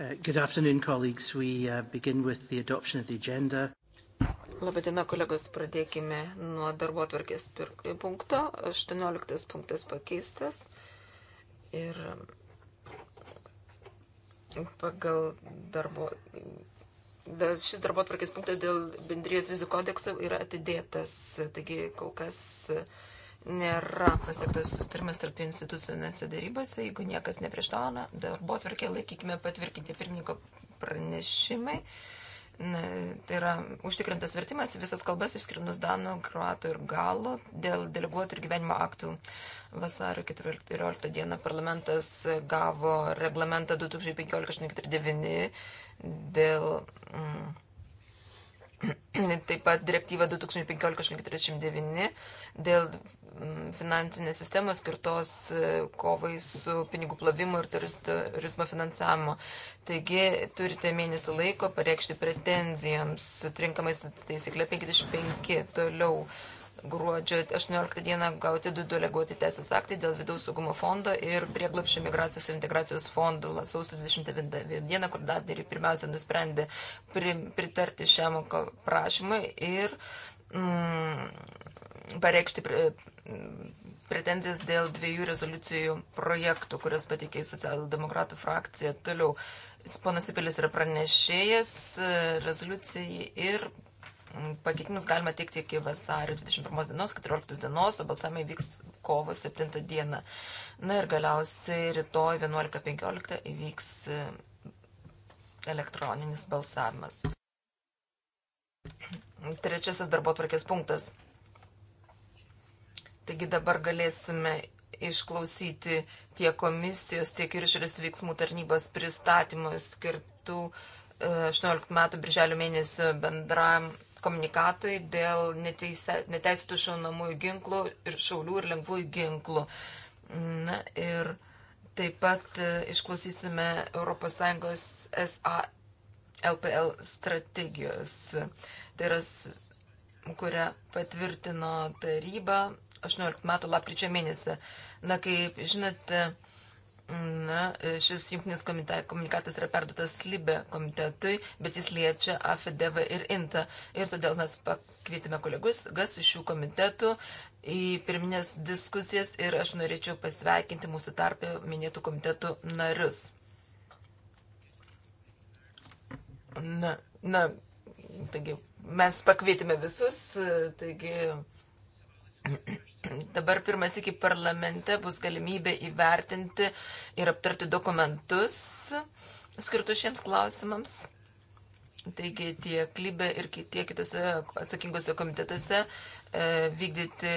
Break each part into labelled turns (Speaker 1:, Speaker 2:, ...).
Speaker 1: Uh, good afternoon, colleagues. We uh, begin with the adoption of the agenda.
Speaker 2: Labadiena, kolegos, pradėkime nuo darbo atvarkės punkto. 18 punktas pakeistas ir pagal darbo. Šis darbo atvarkės punktas dėl bendrijos vizų kodekso yra atidėtas, taigi kol kas uh, nėra pasiektas sustarimas tarp institucinėse darybose. Jeigu niekas neprieštauja, darbo atvarkė laikykime patvirtinti pirmininko pranešimai. Na, tai yra užtikrintas vertimas visas kalbas išskrinus Danų, Kroatų ir Galų dėl deleguotų ir gyvenimo aktų. Vasario 14 dieną parlamentas gavo reglamentą 2015-49 dėl. Mm, Taip pat direktyva 2015-39 dėl mm, finansinės sistemos skirtos e, kovai su pinigų plovimu ir turizmo finansavimo. Taigi turite mėnesį laiko pareikšti pretenzijams sutrinkamai su taisyklė 55 toliau gruodžio 18 dieną gauti du deleguoti teisės aktai dėl vidaus saugumo fondo ir prieglapščio migracijos ir integracijos fondų. Sausio 29 dieną, kur datarį pirmiausia nusprendė pritarti šiam prašymui ir mm, pareikšti pre, pretenzijas dėl dviejų rezoliucijų projektų, kurias pateikė socialdemokratų frakcija. Toliau, ponas Sipilis yra pranešėjas rezoliucijai ir Pakeitimus galima teikti iki vasario 21 dienos, 14 dienos, o balsamai vyks kovo 7 dieną. Na ir galiausiai rytoj 11.15 įvyks e, elektroninis balsavimas. Trečiasis darbo tvarkės punktas. Taigi dabar galėsime išklausyti tiek komisijos, tiek ir išorės veiksmų tarnybos pristatymų skirtų 18 e, metų birželio mėnesio bendram komunikatui dėl neteisėtų šaunamųjų ginklų ir šaulių ir lengvųjų ginklų. Na, ir taip pat e, išklausysime ES SA LPL strategijos. Tai yra, kurią patvirtino taryba 18 metų lapkričio mėnesį. Na, kaip žinote, Na, šis jungtinis komunikatas yra perduotas Libe komitetui, bet jis liečia AFDV ir INTA. Ir todėl mes pakvietėme kolegus, gas iš šių komitetų į pirminės diskusijas ir aš norėčiau pasveikinti mūsų tarpę minėtų komitetų narius. Na, na, taigi mes pakvietėme visus, taigi Dabar pirmas iki parlamente bus galimybė įvertinti ir aptarti dokumentus skirtus šiems klausimams. Taigi tiek Libė ir tiek kitose atsakingose komitetuose e, vykdyti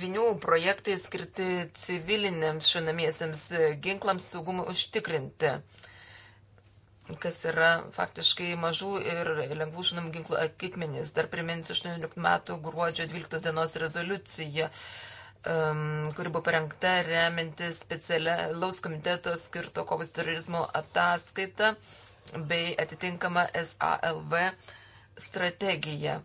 Speaker 2: dvinių projektai skirti civiliniams šunamiesiams ginklams saugumui užtikrinti. E, kas yra faktiškai mažų ir lengvų žinomų ginklų akikmenis. Dar priminsiu 18 metų gruodžio 12 dienos rezoliuciją um, kuri buvo parengta remintis specialiaus komiteto skirto kovos terorizmo ataskaitą bei atitinkama SALV strategija.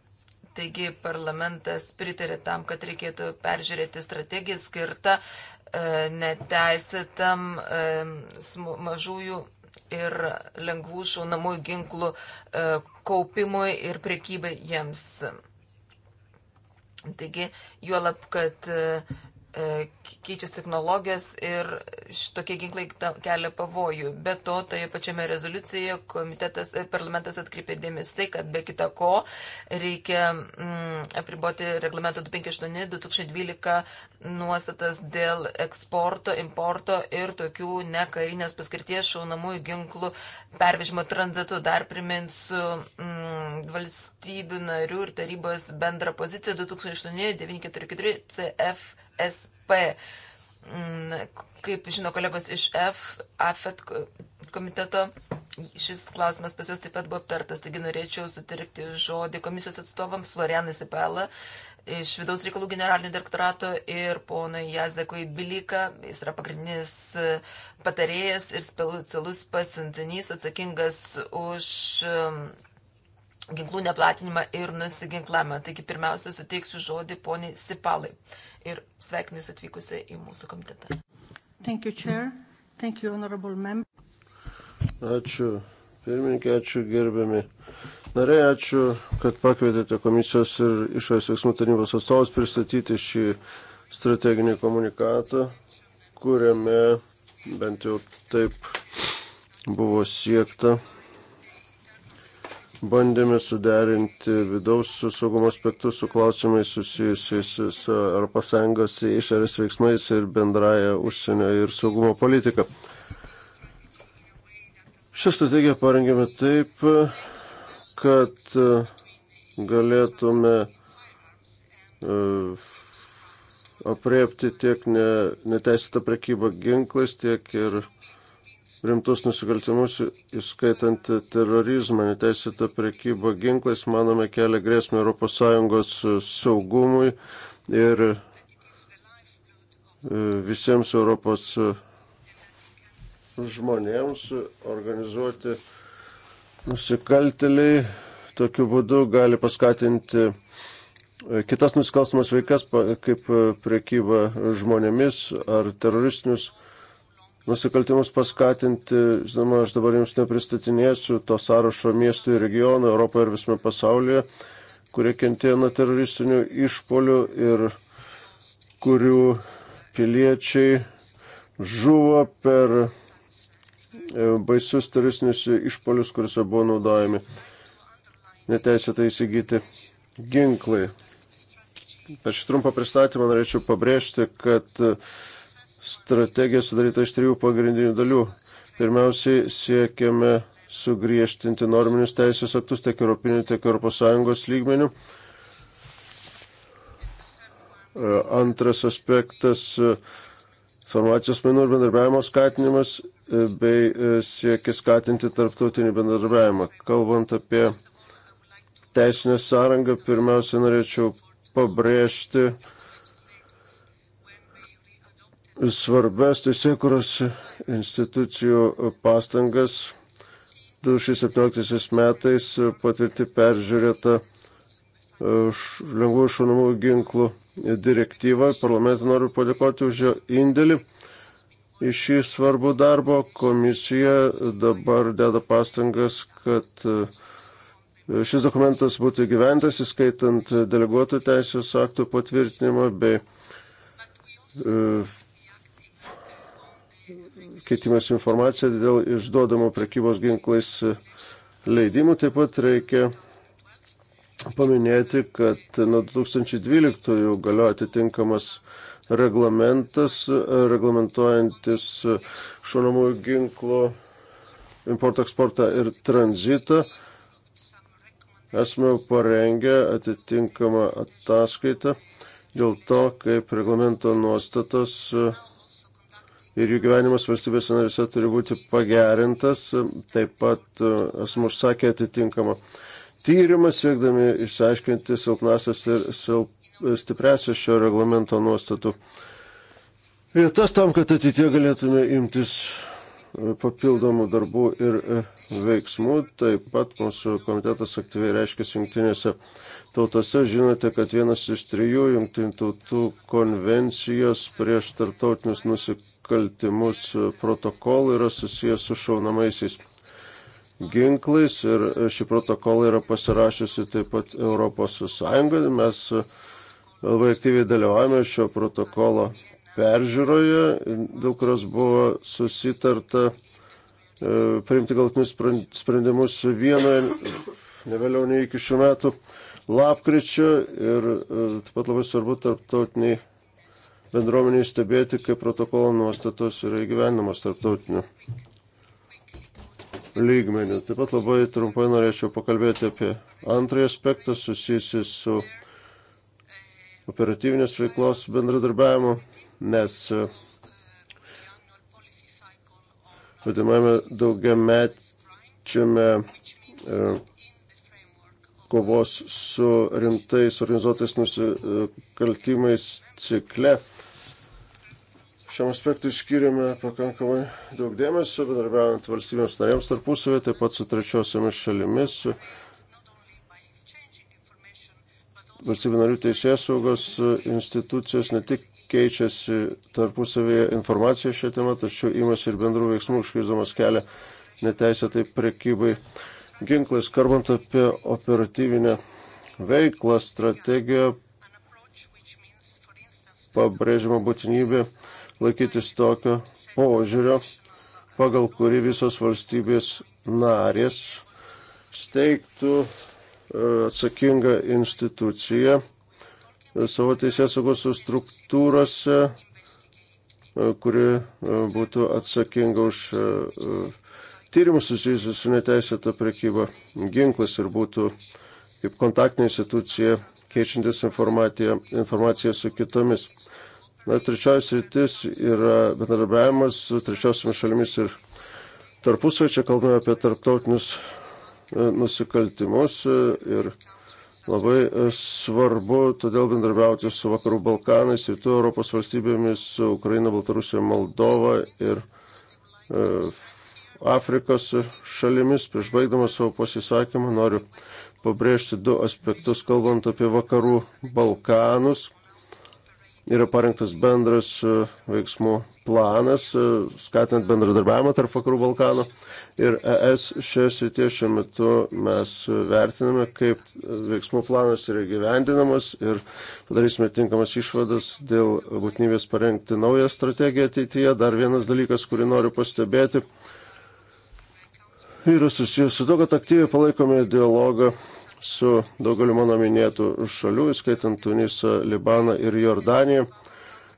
Speaker 2: Taigi parlamentas pritarė tam, kad reikėtų peržiūrėti strategiją skirtą e, neteisėtam e, mažųjų ir lengvų šaunamųjų ginklų e, kaupimui ir prekybai jiems. Taigi, juolab, kad e, E, keičiasi technologijos ir šitokie ginklai kelia pavojų. Be to, toje pačiame rezoliucijoje komitetas ir e, parlamentas atkreipė dėmesį tai, kad be kita ko reikia mm, apriboti reglamento 258-2012 nuostatas dėl eksporto, importo ir tokių nekarinės paskirties šaunamųjų ginklų pervežimo tranzitu. Dar priminsiu mm, valstybių narių ir tarybos bendrą poziciją 2008-944 CF. SP. Mm, kaip žino kolegos iš F, AFET komiteto, šis klausimas pas juos taip pat buvo aptartas, taigi norėčiau sutirkti žodį komisijos atstovams Florianai Sipela iš vidaus reikalų generalinio direktorato ir ponui Jazekui Bilika, jis yra pagrindinis e, patarėjas ir specialus pasiuntinys atsakingas už e, ginklų neplatinimą ir nusiginklamą. Taigi pirmiausia, suteiksiu žodį poniai Sipalai ir sveikinus atvykusią į mūsų komitetą. Thank you, Chair. Thank you, Honorable Member.
Speaker 3: Ačiū, pirmininkė, ačiū gerbiami. Nariai, ačiū, kad pakvietėte komisijos ir išorės veiksmų tarnybos atstovus pristatyti šį strateginį komunikatą, kuriame bent jau taip buvo siekta bandėme suderinti vidaus saugumo aspektus su klausimais susijusiais su ES išorės veiksmais ir bendraja užsienio ir saugumo politika. Šią strategiją parengėme taip, kad e, galėtume e, apriepti tiek neteisėtą prekybą ginklais, tiek ir rimtus nusikaltimus, įskaitant terorizmą, neteisėtą prekybą ginklais, manome, kelia grėsmę ES saugumui ir e, visiems Europos žmonėms organizuoti nusikalteliai. Tokiu būdu gali paskatinti e, kitas nusikalstamas veikas, kaip e, prekyba žmonėmis ar teroristinius nusikaltimus paskatinti. Žinoma, aš dabar jums nepristatinėsiu to sąrašo miestų ir regionų Europoje ir visame pasaulyje, kurie kentėjo nuo teroristinių išpolių ir kurių piliečiai žuvo per e, baisius teroristinius išpolius, kuriuose buvo naudojami neteisėtai įsigyti ginklai. Per šį trumpą pristatymą norėčiau pabrėžti, kad uh, strategija sudaryta iš trijų pagrindinių dalių. Pirmiausiai siekiame sugriežtinti norminius teisės aktus tiek Europinių, tiek ES lygmenių. E, antras aspektas e, - informacijos mainų ir bendarbiavimo skatinimas e, bei siekis skatinti tarptautinį bendarbiavimą. Kalbant apie teisinę sąrangą, pirmiausia norėčiau pabrėžti, svarbes teisėkuros institucijų pastangas 2017 metais patvirti peržiūrėtą e, lengvų šunamų ginklų direktyvą. Parlamentą noriu padėkoti už jo indėlį. Iš šį svarbų darbo komisija dabar deda pastangas, kad e, šis dokumentas būtų gyventas, įskaitant deleguotų teisės aktų patvirtinimą bei e, keitimas informacija dėl išduodamo prekybos ginklais e, leidimų. Taip pat reikia paminėti, kad nuo 2012 galioja atitinkamas reglamentas, e, reglamentuojantis e, šaunamųjų ginklų importą, eksportą ir tranzitą. Esame parengę atitinkamą ataskaitą dėl to, kaip reglamento nuostatos ir jų gyvenimas valstybės narėse turi būti pagerintas. Taip pat esame užsakę atitinkamą tyrimą, siekdami išsiaiškinti silpnasias ir silp... stipresias šio reglamento nuostatų vietas tam, kad ateitie galėtume imtis e, papildomų darbų ir e, veiksmų. Taip pat mūsų komitetas aktyviai reiškia jungtinėse tautose. Žinote, kad vienas iš trijų jungtinių tautų konvencijos prieš tartautinius nusikaltimus protokolų yra susijęs su šaunamaisiais ginklais ir šį protokolą yra pasirašiusi taip pat Europos Sąjunga. Mes labai aktyviai dalyvavome šio protokolo peržiūroje, dėl kurios buvo susitarta E, priimti galtinius sprendimus vieną, ne vėliau nei iki šių metų lapkričio ir e, taip pat labai svarbu tarptautiniai bendruomeniai stebėti, kaip protokolo nuostatos yra įgyvendamos tarptautiniu lygmeniu. Taip pat labai trumpai norėčiau pakalbėti apie antrąjį aspektą susijusi su operatyvinės veiklos bendradarbiavimu, nes e, vadinamame daugiamečiame e, kovos su rimtais organizuotais nusikaltimais cikle. Šiam aspektui skiriame pakankamai daug dėmesio, bendarbiaujant valstybėms narėms tarpusavėje, taip pat su trečiosiamis šalimis, su valstybių narių teisės saugos institucijos ne tik keičiasi tarpusavėje informacija šią temą, tačiau imasi ir bendrų veiksmų užkirzamas kelią neteisėtai prekybai ginklais. Kalbant apie operatyvinę veiklą, strategiją pabrėžiama būtinybė laikytis tokio požiūrio, pagal kurį visos valstybės narės steigtų e, atsakingą instituciją savo teisės saugos struktūrose, e, kuri e, būtų atsakinga už e, tyrimus susijusius su neteisėta prekyba ginklas ir būtų kaip kontaktinė institucija keičiantis informaciją, informaciją su kitomis. Na, trečioji sritis yra bendradarbiavimas su trečiosiamis šalimis ir tarpusavio. Čia kalbame apie tarptautinius nusikaltimus ir Labai e, svarbu todėl bendrabiauti su Vakarų Balkanais, Rytų Europos valstybėmis, su Ukraina, Baltarusija, Moldova ir e, Afrikos šalimis. Prieš baigdamas savo pasisakymą noriu pabrėžti du aspektus, kalbant apie Vakarų Balkanus yra parengtas bendras e, veiksmų planas, e, skatinant bendradarbiavimą tarp Vakarų Balkanų. Ir ES šioje srityje šiuo metu mes vertiname, kaip veiksmų planas yra gyvendinamas ir padarysime tinkamas išvadas dėl būtinybės parengti naują strategiją ateityje. Dar vienas dalykas, kurį noriu pastebėti, yra susijęs su to, kad aktyviai palaikome dialogą su daugeliu mano minėtų šalių, įskaitant Tunisą, Libaną ir Jordaniją,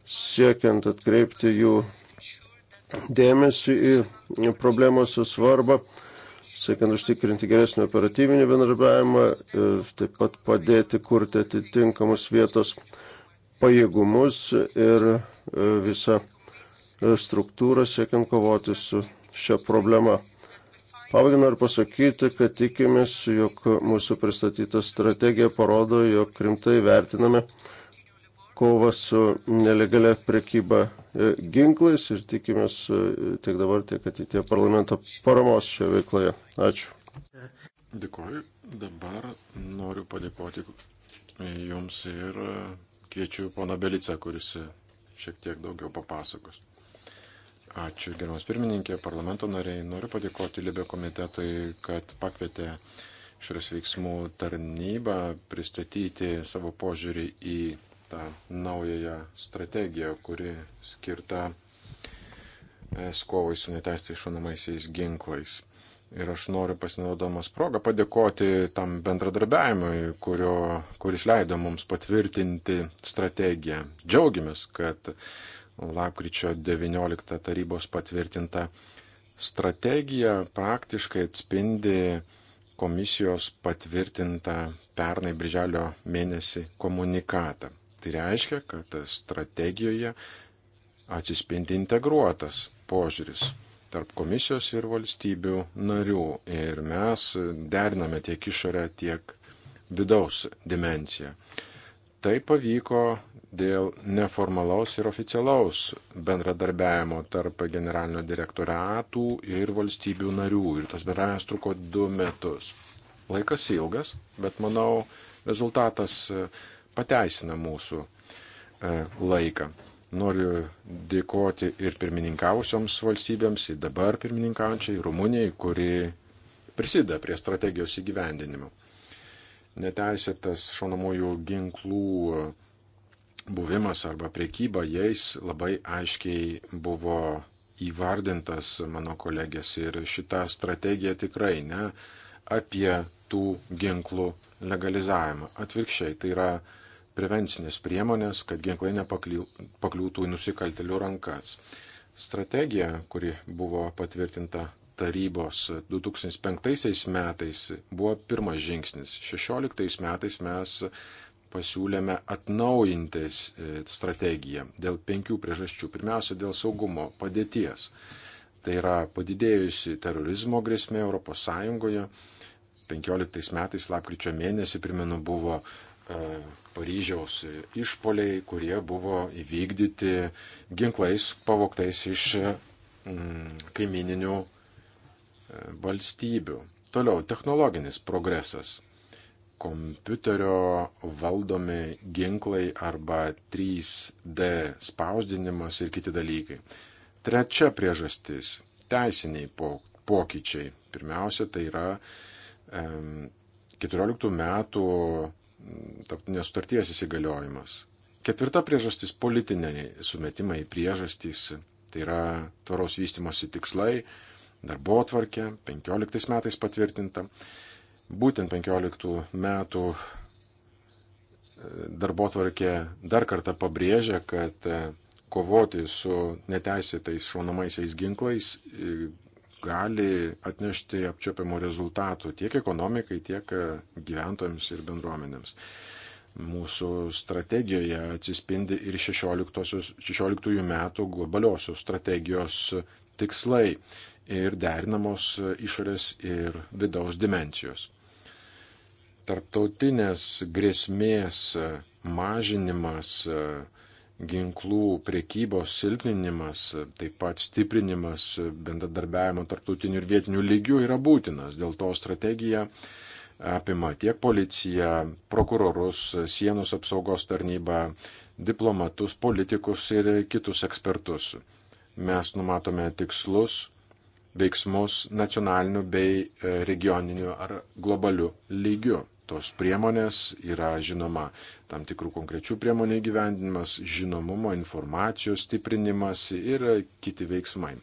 Speaker 3: siekiant atkreipti jų dėmesį į problemos svarbą, siekiant užtikrinti geresnį operatyvinį bendradarbiavimą, e, taip pat padėti kurti atitinkamus vietos pajėgumus ir e, visą e, struktūrą siekiant kovoti su šia problema. Pabaigai noriu pasakyti, kad tikimės, jog mūsų pristatyta strategija parodo, jog rimtai vertiname kovą su nelegalia prekyba e, ginklais ir tikimės e, tiek dabar, tiek ateitie parlamento paramos šioje veikloje. Ačiū.
Speaker 4: Dėkuoju. Dabar noriu padėkoti Jums ir e, kviečiu pana Belicą, kuris šiek tiek daugiau papasakos. Ačiū, gerbiamas pirmininkė, parlamento nariai. Noriu padėkoti Libė komitetui, kad pakvietė šios veiksmų tarnybą pristatyti savo požiūrį į tą naująją strategiją, kuri skirta skovai e, su neteistai šunamaisiais ginklais. Ir aš noriu pasinaudodamas progą padėkoti tam bendradarbiavimui, kurio, kuris leido mums patvirtinti strategiją. Džiaugiamės, kad lapkričio 19 tarybos patvirtinta strategija praktiškai atspindi komisijos patvirtintą pernai birželio mėnesį komunikatą. Tai reiškia, kad strategijoje atsispindi integruotas požiūris tarp komisijos ir valstybių narių. Ir mes deriname tiek išorę, tiek vidaus dimenciją. Tai pavyko dėl neformalaus ir oficialaus bendradarbiavimo tarp generalinio direktoratų ir valstybių narių. Ir tas bendravimas truko du metus. Laikas ilgas, bet manau, rezultatas e, pateisina mūsų e, laiką. Noriu dėkoti ir pirmininkavusioms valstybėms, ir dabar pirmininkaujančiai Rumunijai, kuri prisideda prie strategijos įgyvendinimo. Neteisėtas šaunamųjų ginklų buvimas arba priekyba jais labai aiškiai buvo įvardintas mano kolegės ir šita strategija tikrai ne apie tų ginklų legalizavimą. Atvirkščiai, tai yra prevencinės priemonės, kad ginklai nepakliūtų į nusikaltelių rankas. Strategija, kuri buvo patvirtinta tarybos 2005 metais, buvo pirmas žingsnis. 2016 metais mes pasiūlėme atnaujinti e, strategiją dėl penkių priežasčių. Pirmiausia, dėl saugumo padėties. Tai yra padidėjusi terorizmo grėsmė ES. 15 metais, lapkričio mėnesį, primenu, buvo e, Paryžiaus išpoliai, kurie buvo įvykdyti ginklais pavoktais iš mm, kaimininių e, valstybių. Toliau, technologinis progresas kompiuterio valdomi ginklai arba 3D spausdinimas ir kiti dalykai. Trečia priežastis - teisiniai po, pokyčiai. Pirmiausia, tai yra e, 14 metų taptinės sutarties įsigaliojimas. Ketvirta priežastis - politiniai sumetimai priežastys. Tai yra tvaros vystimosi tikslai, darbo atvarkė, 15 metais patvirtinta būtent 15 metų e, darbo tvarkė dar kartą pabrėžia, kad e, kovoti su neteisėtais šaunamaisiais ginklais e, gali atnešti apčiopiamų rezultatų tiek ekonomikai, tiek gyventojams ir bendruomenėms. Mūsų strategijoje atsispindi ir 16, 16 metų globaliosios strategijos tikslai ir derinamos išorės ir vidaus dimencijos tarptautinės grėsmės mažinimas, ginklų priekybos silpninimas, taip pat stiprinimas bendradarbiavimo tarptautinių ir vietinių lygių yra būtinas. Dėl to strategija apima tiek policiją, prokurorus, sienos apsaugos tarnybą, diplomatus, politikus ir kitus ekspertus. Mes numatome tikslus, veiksmus nacionaliniu bei regioniniu ar globaliu lygiu tos priemonės, yra žinoma tam tikrų konkrečių priemonių įgyvendinimas, žinomumo, informacijos stiprinimas ir kiti veiksmai.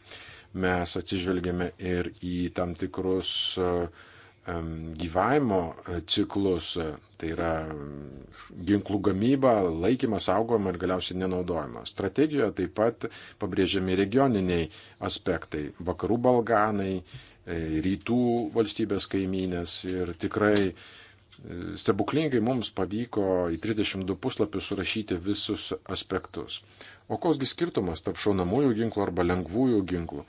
Speaker 4: Mes atsižvelgiame ir į tam tikrus gyvavimo ciklus, tai yra mm, ginklų gamyba, laikymas, saugojama ir galiausiai nenaudojama. Strategijoje taip pat pabrėžiami regioniniai aspektai - vakarų Balganai, e, rytų valstybės kaimynės ir tikrai Stebuklingai mums pavyko į 32 puslapius surašyti visus aspektus. O kosgi skirtumas tarp šaunamųjų ginklų arba lengvųjų ginklų?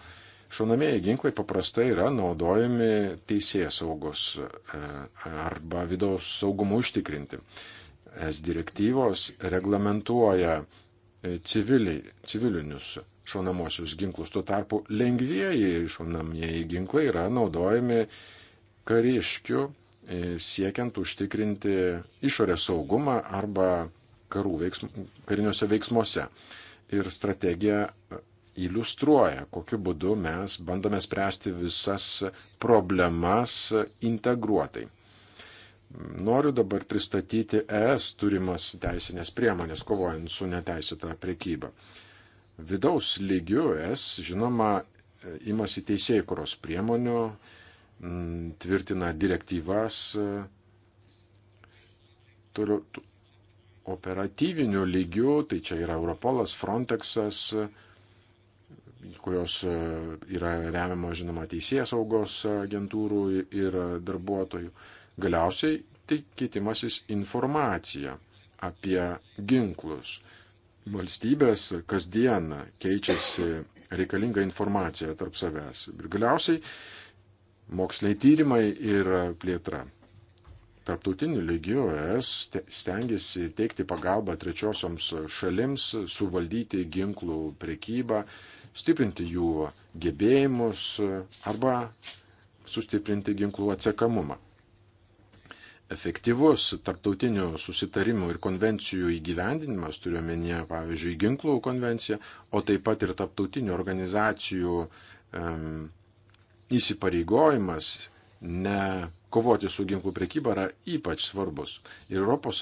Speaker 4: Šaunamieji ginklai paprastai yra naudojami teisėjas saugos e, arba vidaus saugumu užtikrinti. Es direktyvos reglamentuoja e, civiliai, civilinius šaunamosius ginklus. Tuo tarpu lengvieji šaunamieji ginklai yra naudojami kariškių E, siekiant užtikrinti išorės saugumą arba karų veiksm, kariniuose veiksmuose. Ir strategija iliustruoja, kokiu būdu mes bandome spręsti visas problemas integruotai. Noriu dabar pristatyti ES turimas teisinės priemonės kovojant su neteisėta priekyba. Vidaus lygių ES, žinoma, imasi teisėjų kuros priemonių, Mm, tvirtina direktyvas e, toliau operatyviniu lygiu, tai čia yra Europolas, Frontexas, e, kurios e, yra remiamos, žinoma, teisės saugos agentūrų ir darbuotojų. Galiausiai tai keitimasis informacija apie ginklus. Valstybės kasdien keičiasi reikalinga informacija tarp savęs. Ir galiausiai moksliniai tyrimai ir plėtra. Tarptautiniu lygiu ES stengiasi teikti pagalbą trečiosioms šalims, suvaldyti ginklų priekybą, stiprinti jų gebėjimus arba sustiprinti ginklų atsekamumą. Efektyvus tarptautinių susitarimų ir konvencijų įgyvendinimas, turiuomenė, pavyzdžiui, ginklų konvencija, o taip pat ir tarptautinių organizacijų um, įsipareigojimas ne kovoti su ginklų priekyba yra ypač svarbus. Ir ES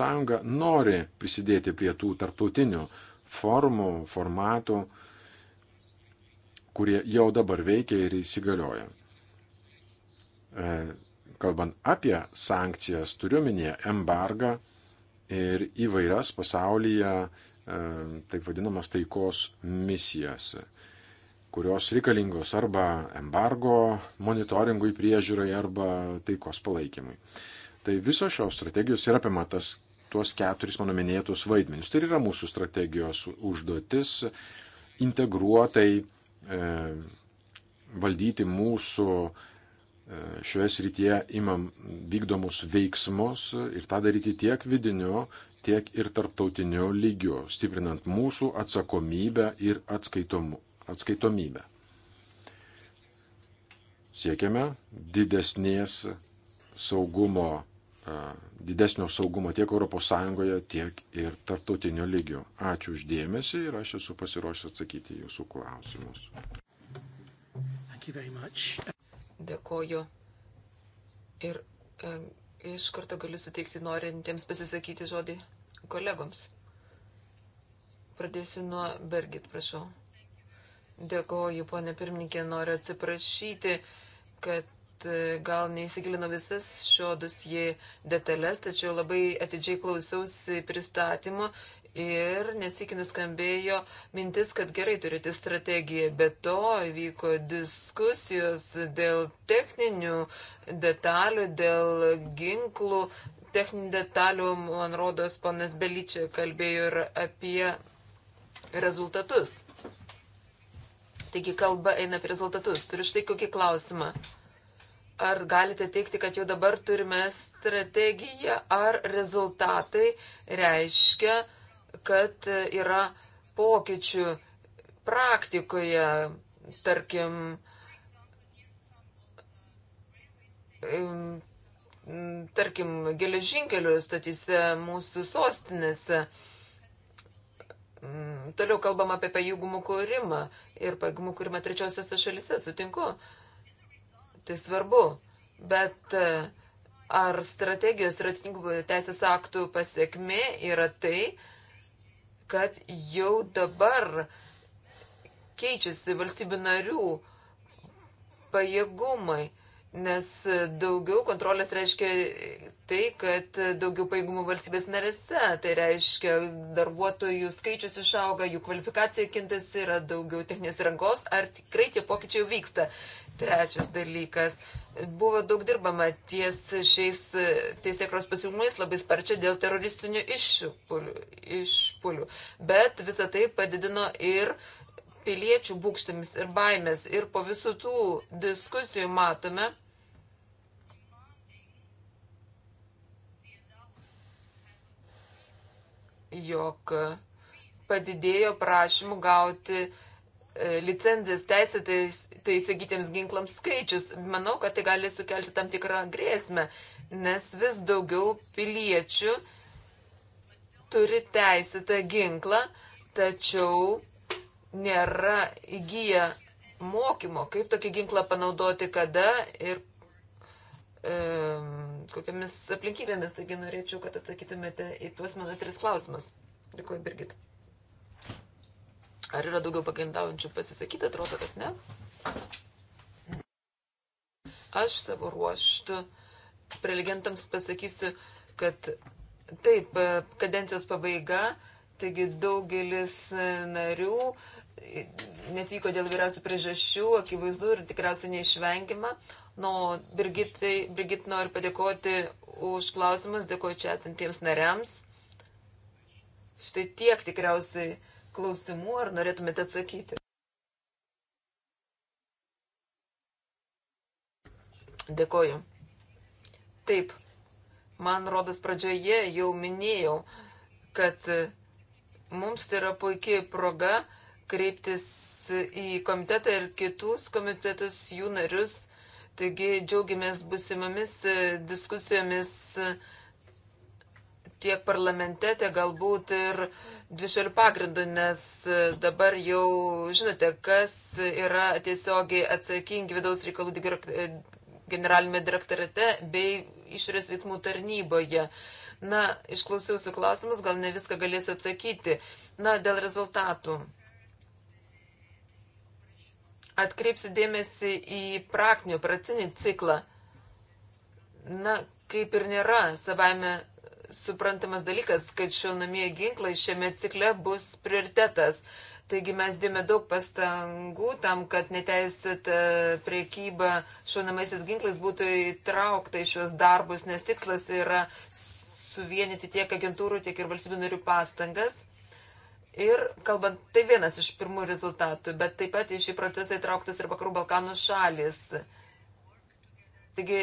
Speaker 4: nori prisidėti prie tų tarptautinių formų, formatų, kurie jau dabar veikia ir įsigalioja. E, kalbant apie sankcijas, turiu minėję embargą ir įvairias pasaulyje e, taip vadinamas taikos misijas kurios reikalingos arba embargo monitoringui, priežiūrai arba taikos palaikymui. Tai visos šios strategijos yra apima tas, tuos keturis mano minėtus vaidmenius. Tai yra mūsų strategijos užduotis integruotai e, valdyti mūsų e, šioje srityje imam vykdomus veiksmus ir tą daryti tiek vidiniu, tiek ir tarptautiniu lygiu, stiprinant mūsų atsakomybę ir atskaitomu, atskaitomybę. Siekiame didesnės saugumo, didesnio saugumo tiek ES, tiek ir tarptautinio lygio. Ačiū uždėmesi ir aš esu pasiruošęs atsakyti jūsų klausimus.
Speaker 2: Dėkoju. Ir e, iš karto galiu suteikti norintiems pasisakyti žodį kolegoms. Pradėsiu nuo Bergit, prašau. Dėkoju, ponė pirmininkė, noriu atsiprašyti, kad e, gal neįsigilino visas šio dusie detalės, tačiau labai atidžiai klausiausi pristatymu ir nesikį nuskambėjo mintis, kad gerai turite strategiją, bet to vyko diskusijos dėl techninių detalių, dėl ginklų. Techninių detalių, man rodos, ponas Belyčia kalbėjo ir apie rezultatus. Taigi kalba eina apie rezultatus. Turiu štai kokį klausimą. Ar galite teikti, kad jau dabar turime strategiją, ar rezultatai reiškia, kad yra pokyčių praktikoje, tarkim, tarkim, geležinkelių statyse mūsų sostinėse. Mm, toliau kalbam apie pajėgumų kūrimą ir pajėgumų kūrimą trečiosiose šalise, sutinku. Tai svarbu. Bet e, ar strategijos ir atitinkų teisės aktų pasiekmė yra tai, kad jau dabar keičiasi valstybių narių pajėgumai. Nes daugiau kontrolės reiškia tai, kad daugiau paėgumų valstybės narėse. Tai reiškia, darbuotojų skaičius išauga, jų kvalifikacija kintasi, yra daugiau techninės rangos. Ar tikrai tie pokyčiai jau vyksta? Trečias dalykas. Buvo daug dirbama ties šiais teisėkros pasiūlymais labai sparčiai dėl teroristinių išpulių. Bet visą tai padidino ir uh, piliečių būkštėmis ir baimės. Ir po visų tų diskusijų matome, jog padidėjo prašymų gauti e, licenzijas teisėtai tai įsigytiems ginklams skaičius. Manau, kad tai gali sukelti tam tikrą grėsmę, nes vis daugiau piliečių turi teisėtą ginklą, tačiau nėra įgyję mokymo, kaip tokį ginklą panaudoti, kada ir e, kokiamis aplinkybėmis. Taigi norėčiau, kad atsakytumėte į tuos mano tris klausimus. Dėkuoju, Birgit. Ar yra daugiau pageidaujančių pasisakyti? Atrodo, kad ne. Aš savo ruoštų prelegentams pasakysiu, kad taip, kadencijos pabaiga, taigi daugelis narių netvyko dėl vyriausių priežasčių, akivaizdu ir tikriausiai neišvengiama. Nu, Brigitai, Brigit noriu padėkoti už klausimus, dėkoju čia esantiems nariams. Štai tiek tikriausiai klausimų, ar norėtumėte atsakyti? Dėkoju. Taip, man rodas pradžioje jau minėjau, kad mums tai yra puikiai proga, kreiptis į komitetą ir kitus komitetus, jų narius. Taigi džiaugiamės busimomis e, diskusijomis e, tiek parlamente, tiek galbūt ir dvišalių pagrindų, nes e, dabar jau žinote, kas yra tiesiogiai atsakingi vidaus reikalų generalinėme direktorate bei išorės veiksmų tarnyboje. Na, išklausiausi klausimus, gal ne viską galėsiu atsakyti. Na, dėl rezultatų atkreipsiu dėmesį į praktinį, operacinį ciklą. Na, kaip ir nėra savaime suprantamas dalykas, kad šaunamieji ginklai šiame cikle bus prioritetas. Taigi mes dėme daug pastangų tam, kad neteisėta priekyba šaunamaisiais ginklais būtų įtraukta į šios darbus, nes tikslas yra suvienyti tiek agentūrų, tiek ir valstybių narių pastangas. Ir, kalbant, tai vienas iš pirmų rezultatų, bet taip pat į šį procesą įtrauktas ir Vakarų Balkanų šalis. Taigi,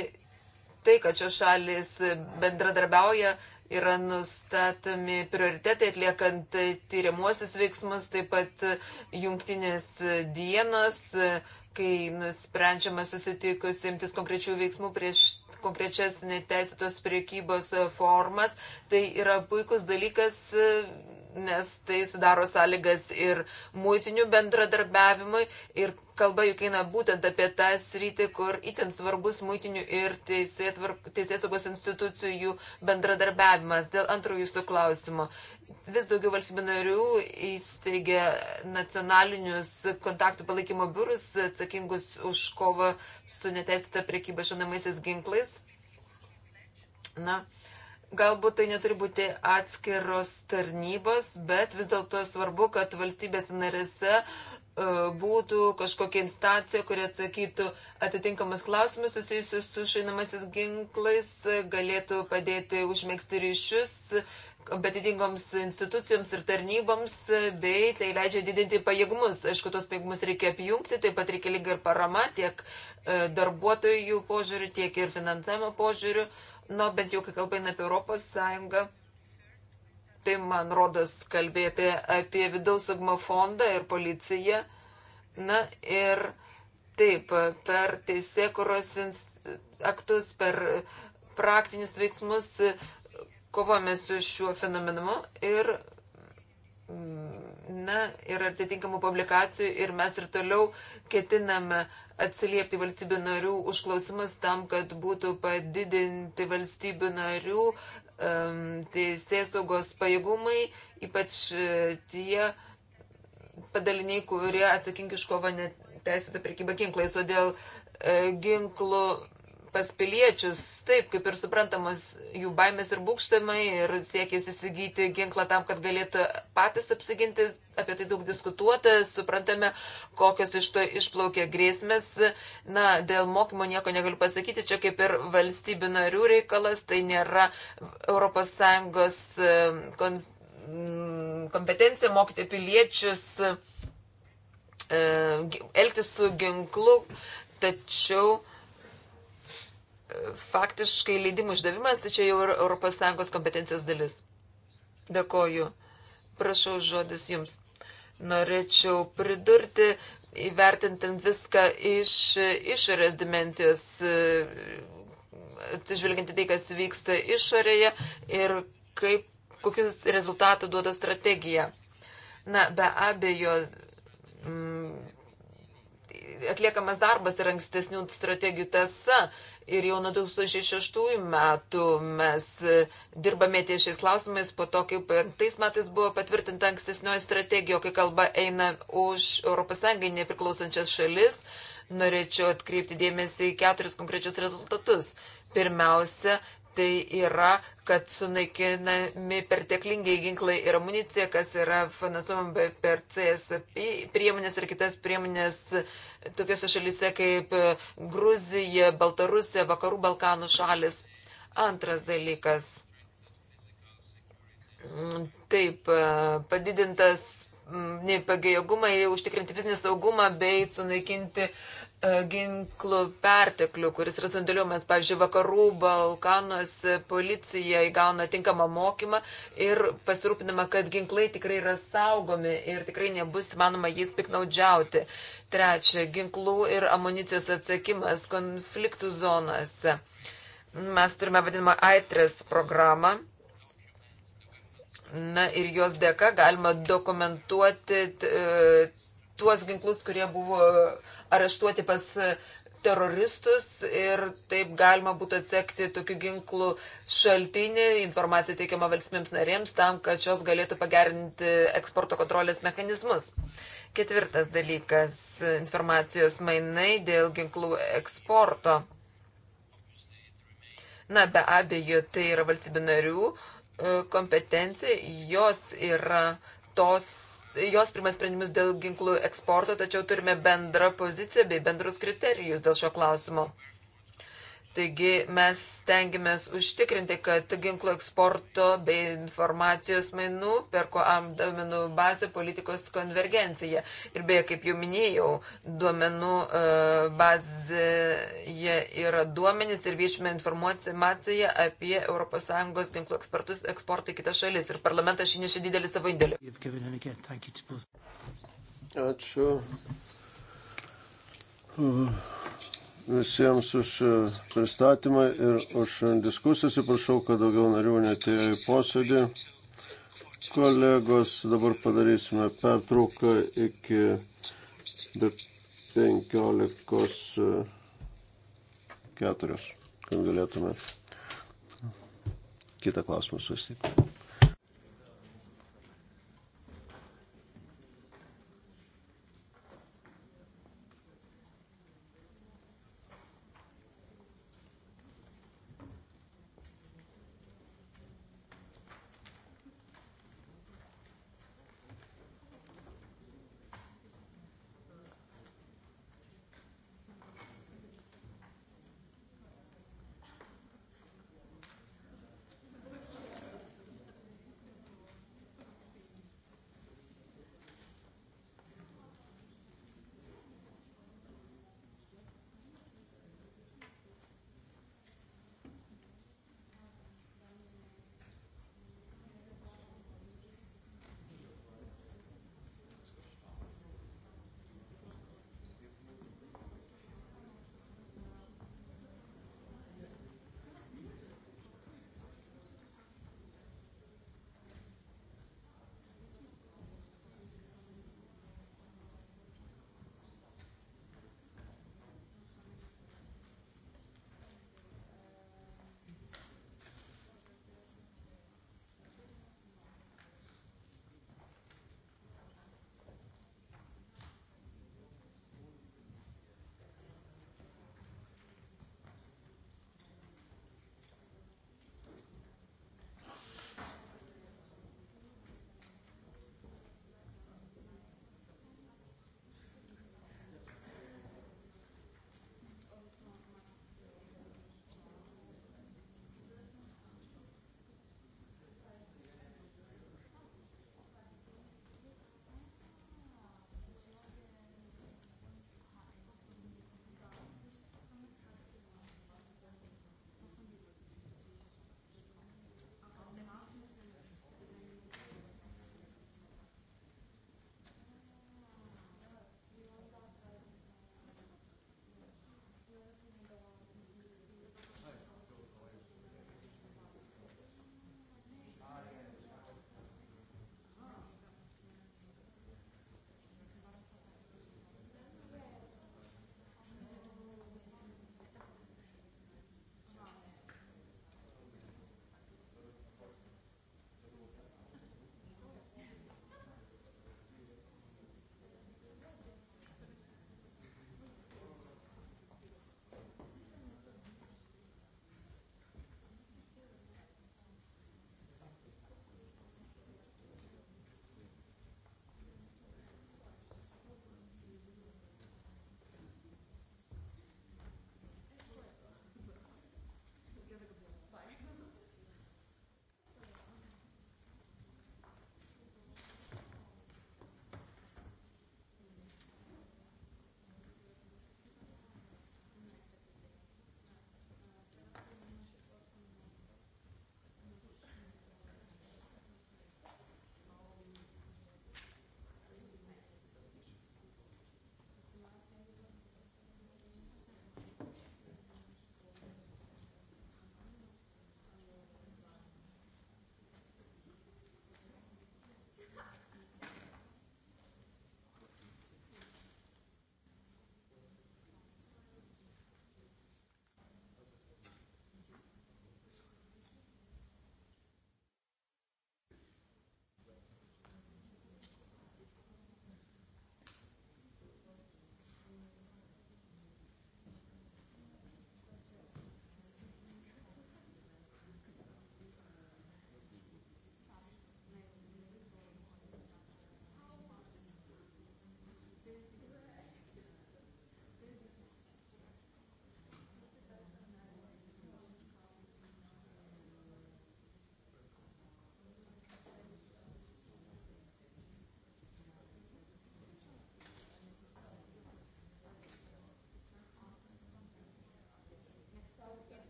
Speaker 2: tai, kad šios šalis bendradarbiauja, yra nustatomi prioritetai atliekant tyriamuosius veiksmus, taip pat jungtinės dienos, kai nusprendžiama susitikus imtis konkrečių veiksmų prieš konkrečias neteisėtos priekybos formas. Tai yra puikus dalykas nes tai sudaro sąlygas ir mūtinių bendradarbiavimui. Ir kalba juk eina būtent apie tą sritį, kur itin svarbus mūtinių ir teisės saugos institucijų bendradarbiavimas. Dėl antrojo jūsų klausimo. Vis daugiau valstybių narių įsteigia nacionalinius kontaktų palaikymo biurus atsakingus už kovą su neteisėta priekyba žinamaisiais ginklais. Na, uh, Galbūt tai neturi būti atskiros tarnybos, bet vis dėlto svarbu, kad valstybės narėse e, būtų kažkokia instancija, kuri atsakytų atitinkamus klausimus susijusius su šainamasis ginklais, galėtų padėti užmėgsti ryšius kompetitingoms institucijoms ir tarnyboms, bei tai leidžia didinti pajėgumus. Aišku, tos pajėgumus reikia apjungti, taip pat reikalinga ir parama tiek e, darbuotojų požiūrių, tiek ir finansavimo požiūrių. Na, bent jau, kai kalbame apie Europos Sąjungą, tai man rodos kalbė apie, apie vidaus saugumo fondą ir policiją. Na ir taip, per teisėkuros aktus, per praktinius veiksmus kovome su šiuo fenomenu ir na, yra atitinkamų publikacijų ir mes ir toliau ketiname atsiliepti valstybių narių užklausimus tam, kad būtų padidinti valstybių narių um, teisės saugos pajėgumai, ypač e, tie padaliniai, kurie atsakingi iš kovo neteisėtą prekybą ginklais. Todėl e, ginklų pas piliečius, taip kaip ir suprantamos jų baimės ir būkštamai ir siekis įsigyti ginklą tam, kad galėtų patys apsiginti, apie tai daug diskutuota, suprantame, kokios iš to išplaukia grėsmės. Na, dėl mokymo nieko negaliu pasakyti, čia kaip ir valstybių narių reikalas, tai nėra ES mm, kompetencija mokyti piliečius elgtis su ginklu, tačiau faktiškai leidimų išdavimas, tai čia jau yra ES kompetencijos dalis. Dėkoju. Prašau žodis jums. Norėčiau pridurti, įvertintant viską iš išorės dimencijos, atsižvelginti tai, kas vyksta išorėje ir kaip, kokius rezultatų duoda strategija. Na, be abejo, m, mm, atliekamas darbas ir ankstesnių strategijų tasa ir jau nuo 2006 metų mes e, dirbame ties šiais klausimais, po to, kai penktais metais buvo patvirtinta ankstesnioji strategija, kai kalba eina už ES nepriklausančias šalis, norėčiau atkreipti dėmesį į keturis konkrečius rezultatus. Pirmiausia, Tai yra, kad sunaikinami perteklingai ginklai ir amunicija, kas yra finansuojama per CSP priemonės ir kitas priemonės tokiuose šalyse kaip Gruzija, Baltarusija, Vakarų Balkanų šalis. Antras dalykas. Mm, taip, e, padidintas mm, nepagėjogumą, užtikrinti fizinį saugumą bei sunaikinti uh, E, ginklų perteklių, kuris yra sandėliuojamas, pavyzdžiui, vakarų Balkanos policija įgauna tinkamą mokymą ir pasirūpinama, kad ginklai tikrai yra saugomi ir tikrai nebus manoma jais piknaudžiauti. Trečia, ginklų ir amunicijos atsakymas konfliktų zonose. Mes turime vadinamą AITRES programą. Na ir jos dėka galima dokumentuoti e, tuos ginklus, kurie buvo uh, areštuoti pas e, teroristus ir taip galima būtų atsekti tokių ginklų šaltinį, informacija teikiama valstybėms narėms tam, kad šios galėtų pagerinti eksporto kontrolės mechanizmus. Ketvirtas dalykas - informacijos mainai dėl ginklų eksporto. Na, be abejo, tai yra valstybių narių e, kompetencija, jos yra tos jos primė sprendimus dėl ginklų eksporto, tačiau turime bendrą poziciją bei bendrus kriterijus dėl šio klausimo. Taigi mes tengiamės užtikrinti, kad ginklų eksporto bei informacijos mainų per koam domenų bazę politikos konvergencija. Ir beje, kaip jau minėjau, duomenų e, bazėje yra duomenys ir viešime informacija apie ES ginklų ekspertus eksportą į kitas šalis. Ir parlamentas šį nešė didelį savo indėlį.
Speaker 3: Ačiū. Uh visiems už e, pristatymą ir už diskusiją. Atsiprašau, kad daugiau narių netėjo į posėdį. Kolegos, dabar padarysime pertrauką iki 15.4, e, kad galėtume kitą klausimą svarstyti.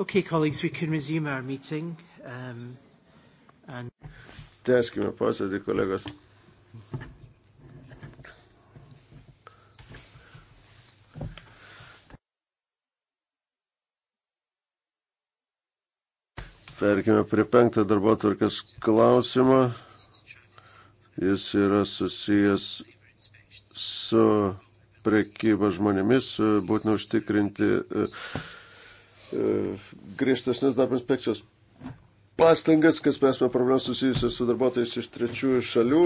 Speaker 1: Okay, colleagues, we can resume our meeting. Um, and...
Speaker 3: Tęskime posėdį, kolegos. Perkime prie penktą darbo tvarkės klausimą. Jis yra susijęs su prekyba žmonėmis, būtina užtikrinti uh, E, griežtesnės darbo inspekcijos pastangas, kad spręsime problemas susijusias su darbuotojais iš trečiųjų šalių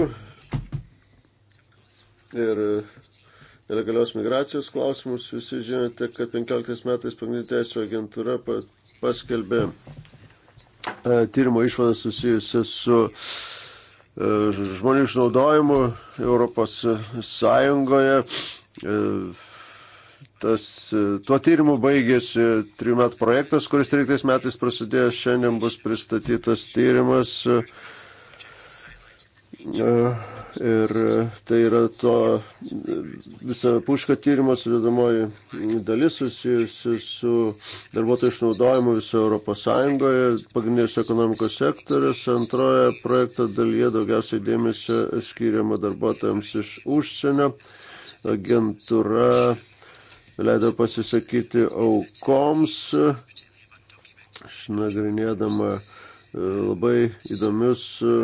Speaker 3: ir e, nelegalios migracijos klausimus. Visi žinote, kad 15 metais pagrindinė teisų agentūra paskelbė e, tyrimo išvadas susijusias su žmonių išnaudojimu Europos Sąjungoje tas, e, tuo tyrimu baigėsi trijų metų projektas, kuris 13 metais prasidėjo, šiandien bus pristatytas tyrimas. E, ir tai yra to visą pušką tyrimo sudėdamoji dalis susijusi su darbuotojų išnaudojimu viso Europos Sąjungoje, pagrindinės ekonomikos sektorius. Antroje projekto dalyje daugiausiai dėmesio skiriama darbuotojams iš užsienio. Agentūra leido pasisakyti aukoms, išnagrinėdama e, labai įdomius e,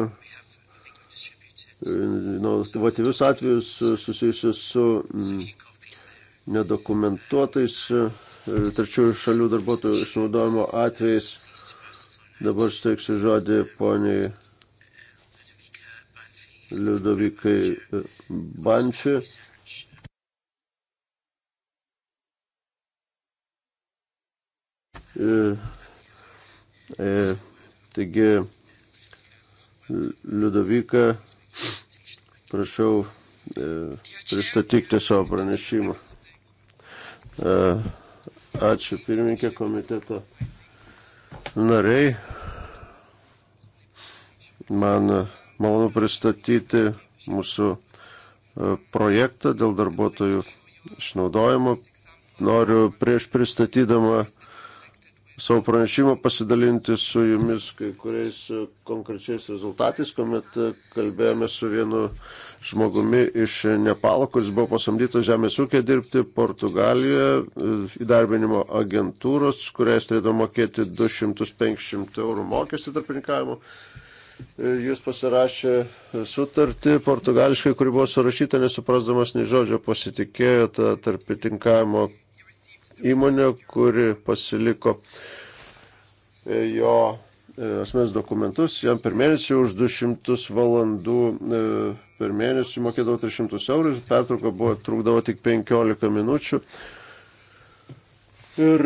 Speaker 3: inovatyvius atvejus susijusius su mm, nedokumentuotais e, trečiųjų šalių darbuotojų išnaudojimo atvejais. Dabar steiksiu žodį poniai Liudovikai Banfi. E, e, taigi, Liudovika, prašau e, pristatykti savo pranešimą. Ačiū pirmininkė komiteto nariai. Man malonu pristatyti mūsų projektą dėl darbuotojų išnaudojimo. Noriu prieš pristatydama savo pranešimą pasidalinti su jumis kai kuriais e, konkrečiais rezultatais, kuomet e, kalbėjome su vienu žmogumi iš Nepalo, kuris buvo pasamdytas žemės ūkė dirbti Portugalijoje e, įdarbinimo agentūros, kuriais turėjo mokėti 250 eurų mokestį tarpininkavimo. Jūs pasirašė sutartį portugališkai, kuri buvo surašyta, nesuprasdamas nei žodžio, pasitikėjo tą tarpitinkavimo įmonė, kuri pasiliko e, jo e, asmens dokumentus, jam per mėnesį už 200 valandų e, per mėnesį mokėdavo 300 eurų, pertrauka buvo trukdavo tik 15 minučių. Ir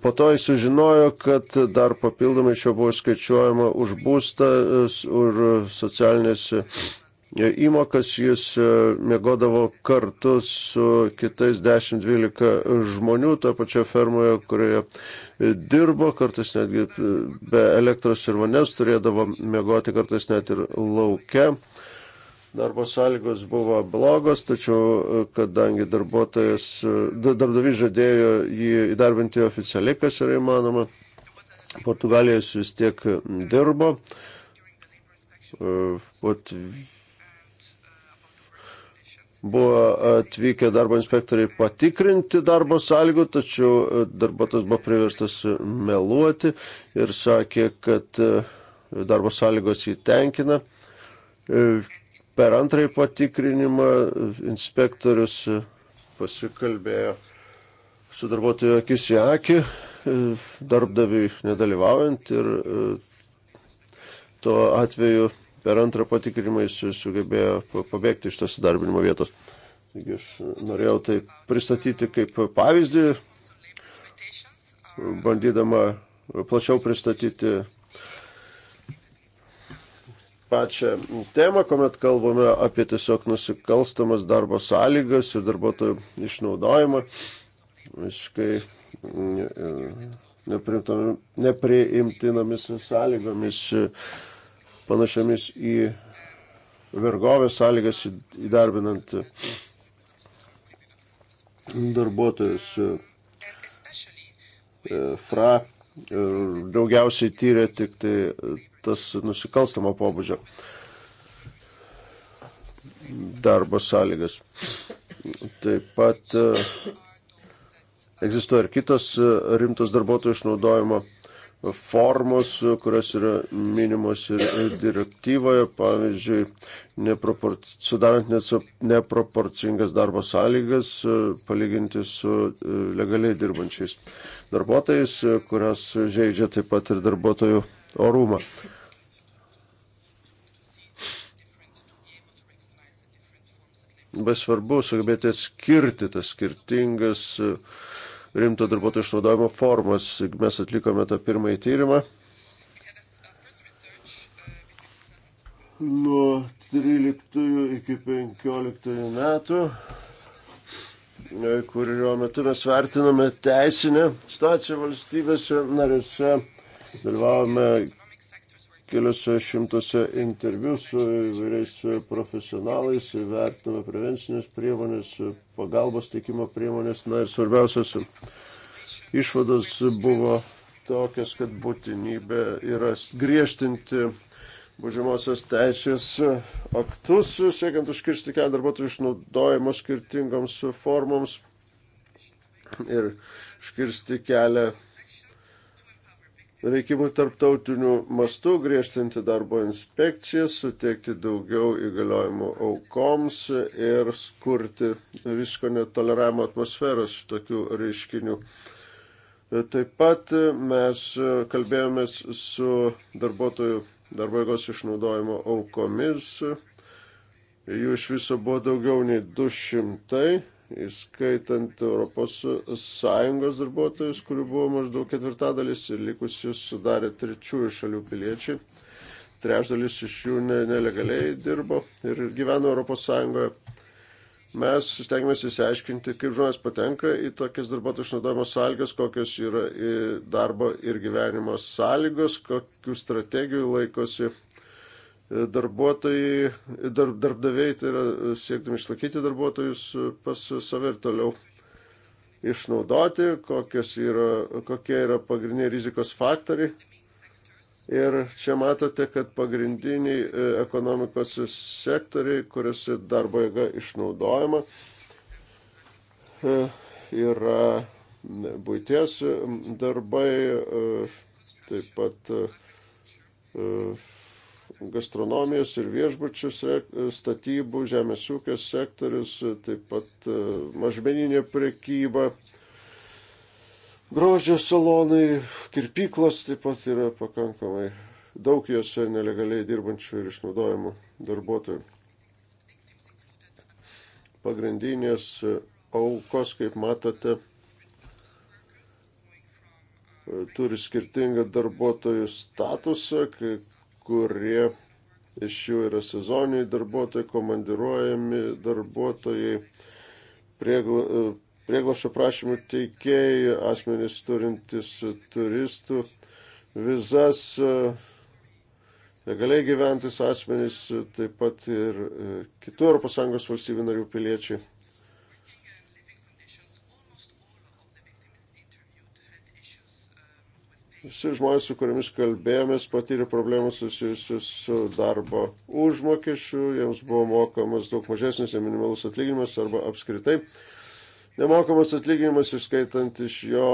Speaker 3: po to jis sužinojo, kad dar papildomai šio buvo skaičiuojama už būstą, už socialinės įmokas, jis e, mėgodavo kartu su kitais 10-12 žmonių toje pačioje fermoje, kurioje e, dirbo, kartais netgi e, be elektros ir vandens turėdavo mėgoti, kartais net ir laukia. Darbo sąlygos buvo blogos, tačiau kadangi darbuotojas, darbdavys žadėjo jį įdarbinti oficialiai, kas yra įmanoma, Portugalijoje jis vis tiek dirbo. Vat buvo atvykę darbo inspektoriai patikrinti darbo sąlygų, tačiau e, darbuotojas buvo priverstas meluoti ir sakė, kad e, darbo sąlygos jį tenkina. E, per antrąjį patikrinimą inspektorius pasikalbėjo su darbuotoju akis į akį, darbdaviui nedalyvaujant ir tuo atveju per antrą patikrinimą jis sugebėjo pabėgti iš tos įdarbinimo vietos. Taigi aš norėjau tai pristatyti kaip pavyzdį, bandydama plačiau pristatyti pačią temą, kuomet kalbame apie tiesiog nusikalstamas darbo sąlygas ir darbuotojų išnaudojimą. Visiškai mm, e, nepriimtinomis sąlygomis panašiamis į vergovės sąlygas įdarbinant uh, darbuotojus. Uh, Fra daugiausiai tyrė tik tai uh, tas nusikalstamo pobūdžio darbo sąlygas. Taip pat egzistuoja ir kitos rimtos darbuotojų išnaudojimo formos, kurios yra minimos ir direktyvoje, pavyzdžiui, neproporc... sudarant neproporcingas darbo sąlygas, palyginti su e, legaliai dirbančiais darbuotojais, kurios žaidžia taip pat ir darbuotojų orumą. Labai svarbu sugebėti atskirti tas skirtingas uh, rimto darbuotojų išnaudojimo formas. Mes atlikome tą pirmąjį tyrimą. Nuo 13 iki 15 metų, kurio metu mes vertiname teisinę situaciją valstybėse narėse, dalyvavome keliuose šimtuose interviu su įvairiais profesionalais, vertiname prevencinės priemonės, pagalbos teikimo priemonės. Na ir svarbiausias išvados buvo tokias, kad būtinybė yra griežtinti Baudžiamosios teisės aktus, siekiant užkirsti kelią darbuotojų išnaudojimo skirtingoms formoms ir užkirsti kelią reikimui tarptautiniu mastu, griežtinti darbo inspekcijas, suteikti daugiau įgaliojimų aukoms ir skurti visko netoleravimo atmosferos tokių reiškinių. Taip pat mes kalbėjomės su darbuotojų darbo jėgos išnaudojimo aukomis. Jų iš viso buvo daugiau nei 200 įskaitant ES darbuotojus, kurių buvo maždaug ketvirtadalis ir likusius sudarė trečiųjų šalių piliečiai. Trečdalis iš jų ne, nelegaliai dirbo ir gyveno ES. Mes stengiamės įsiaiškinti, kaip žmonės patenka į tokias darbuotojų išnaudojimo sąlygas, kokios yra darbo ir gyvenimo sąlygos, kokių strategijų laikosi darbuotojai, dar, darbdaviai, tai yra siekdami išlaikyti darbuotojus pas save ir toliau išnaudoti, yra, kokie yra pagrindiniai rizikos faktoriai. Ir čia matote, kad pagrindiniai e, ekonomikos sektoriai, kuriuose darbo jėga išnaudojama, e, yra būties darbai, e, taip pat gastronomijos ir viešbučių statybų, žemės ūkio sektorius, taip pat e, mažmeninė prekyba, grožio salonai, kirpyklos taip pat yra pakankamai daug juose nelegaliai dirbančių ir išnaudojimų darbuotojų. Pagrindinės aukos, kaip matote, turi skirtingą darbuotojų statusą, kai kurie iš jų yra sezoniniai darbuotojai, komandiruojami darbuotojai, prieglašo prašymų teikėjai, asmenys turintis turistų vizas, legaliai gyventis asmenys, taip pat ir kitų ES valstybių narių piliečiai. Visi žmonės, su kuriamis kalbėjomės, patyrė problemų susijusius su darbo užmokesčiu, jiems buvo mokamas daug mažesnis minimalus atlyginimas arba apskritai nemokamas atlyginimas, įskaitant iš jo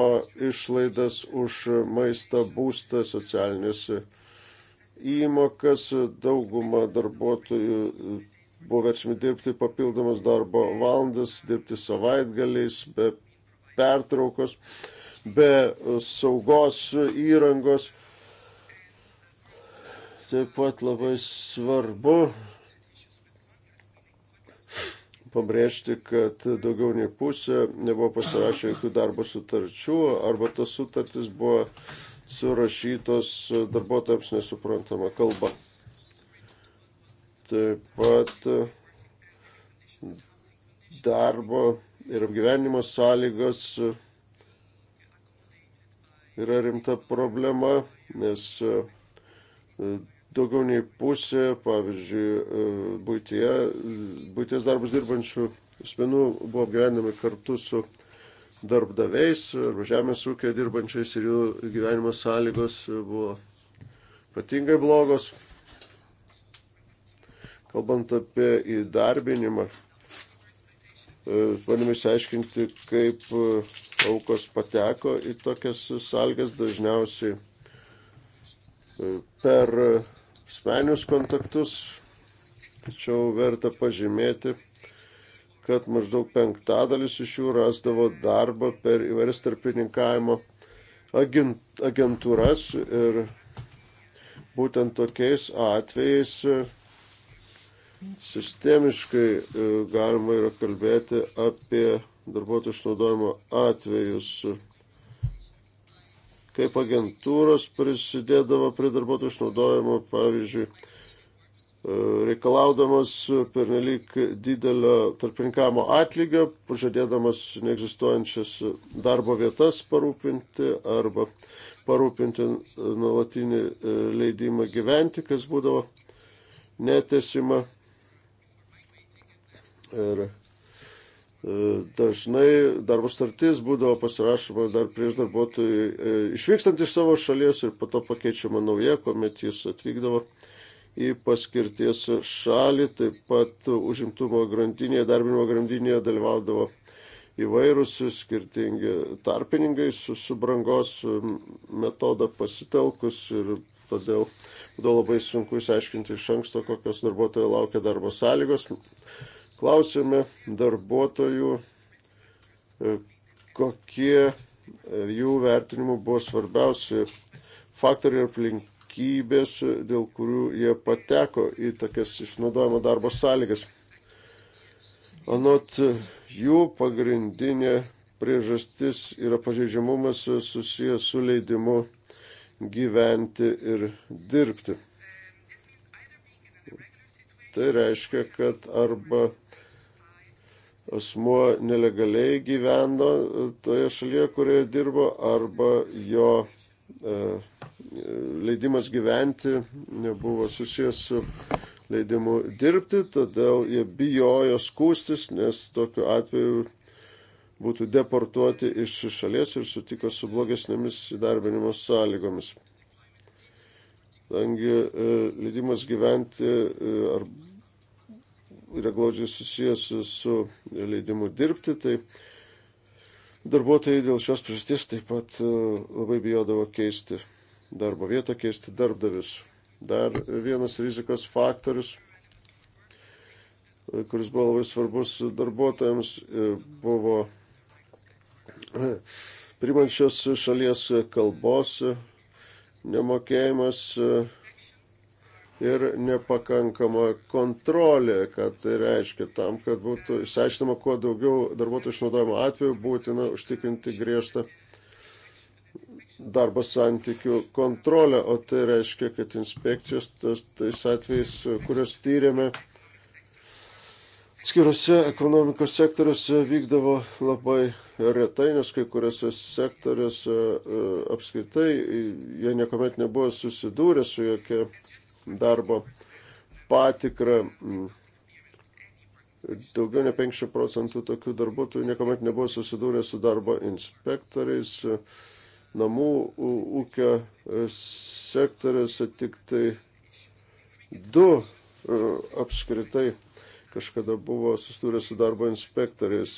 Speaker 3: išlaidas už maistą, būstą, socialinės įmokas, dauguma darbuotojų buvo verčiami dirbti papildomas darbo valandas, dirbti savaitgaliais be pertraukos be saugos įrangos. Taip pat labai svarbu pabrėžti, kad daugiau nei pusė nebuvo pasirašę jokių darbo sutarčių arba tas sutartis buvo surašytos darbuotojams nesuprantama kalba. Taip pat darbo ir apgyvenimo sąlygos yra rimta problema, nes e, daugiau nei pusė, pavyzdžiui, būtie, būties darbus dirbančių asmenų buvo apgyvenami kartu su darbdaviais arba žemės ūkio dirbančiais ir jų gyvenimo sąlygos buvo ypatingai blogos. Kalbant apie įdarbinimą, e, bandome išsiaiškinti, kaip e, aukos pateko į tokias salgas dažniausiai e, per asmenius kontaktus, tačiau verta pažymėti, kad maždaug penktadalis iš jų rasdavo darbą per įvairias tarpininkavimo agentūras ir būtent tokiais atvejais e, sistemiškai e, galima yra kalbėti apie darbuotojų išnaudojimo atvejus. Kaip agentūros prisidėdavo prie darbuotojų išnaudojimo, pavyzdžiui, reikalaudamas pernelyg didelio tarpininkamo atlygio, pažadėdamas neegzistuojančias darbo vietas parūpinti arba parūpinti nuolatinį leidimą gyventi, kas būdavo netesima. Ir Dažnai darbo startis būdavo pasirašoma dar prieš darbuotojų e, išvykstant iš savo šalies ir po to pakeičiama nauja, kuomet jis atvykdavo į paskirties šalį, taip pat užimtumo grandinėje, darbinimo grandinėje dalyvaudavo įvairūs skirtingi tarpininkai su, su brangos metodą pasitelkus ir todėl būdavo labai sunku išsiaiškinti iš anksto, kokios darbuotojo laukia darbo sąlygos. Klausėme darbuotojų, e, kokie e, jų vertinimų buvo svarbiausi faktoriai ir aplinkybės, dėl kurių jie pateko į tokias išnaudojimo darbo sąlygas. Anot jų pagrindinė priežastis yra pažeidžiamumas susijęs su leidimu gyventi ir dirbti. Tai reiškia, kad arba asmuo nelegaliai gyveno toje šalyje, kurioje dirbo, arba jo e, leidimas gyventi nebuvo susijęs su leidimu dirbti, todėl jie bijojo skūstis, nes tokiu atveju būtų deportuoti iš šalies ir sutiko su blogesnėmis įdarbinimo sąlygomis. Tangi e, leidimas gyventi e, ar yra glaudžiai susijęs su leidimu dirbti, tai darbuotojai dėl šios priežasties taip pat e, labai bijodavo keisti darbo vietą, keisti darbdavius. Dar vienas rizikos faktorius, e, kuris buvo labai svarbus darbuotojams, e, buvo primančios šalies kalbos nemokėjimas ir nepakankama kontrolė, kad tai reiškia tam, kad būtų išsiaiškinama kuo daugiau darbuotojų išnaudojimo atveju, būtina užtikrinti griežtą darbo santykių kontrolę, o tai reiškia, kad inspekcijos tas, tais atvejais, kurios tyrėme, skiriuose ekonomikos sektoriuose vykdavo labai retai, nes kai kuriuose sektoriuose e, apskritai jie niekuomet nebuvo susidūrę su jokia darbo patikrą. Daugiau ne 50 procentų tokių darbuotojų niekuomet nebuvo susidūrę su darbo inspektoriais. Namų ūkio e, sektoriuose tik tai du e, apskritai kažkada buvo susidūrę su darbo inspektoriais.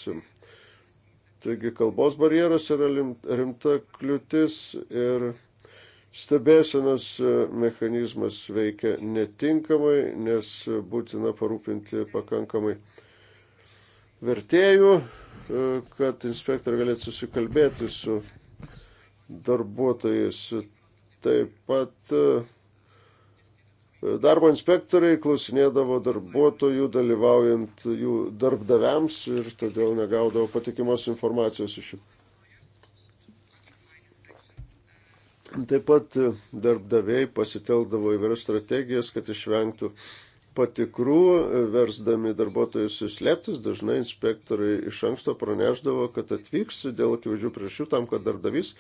Speaker 3: Taigi kalbos barjeras yra rimta kliūtis ir Stebėsenas e, mechanizmas veikia netinkamai, nes būtina parūpinti pakankamai vertėjų, e, kad inspektoriai galėtų susikalbėti su darbuotojais. Taip pat e, darbo inspektoriai klausinėdavo darbuotojų dalyvaujant jų darbdaviams ir todėl negaudavo patikimos informacijos iš jų. Taip pat e, darbdaviai pasiteldavo įvairias strategijas, kad išvengtų patikrų, e, versdami darbuotojus slėptis, dažnai inspektoriai iš anksto praneždavo, kad atvyks dėl akivaizdžių priešių tam, kad darbdavys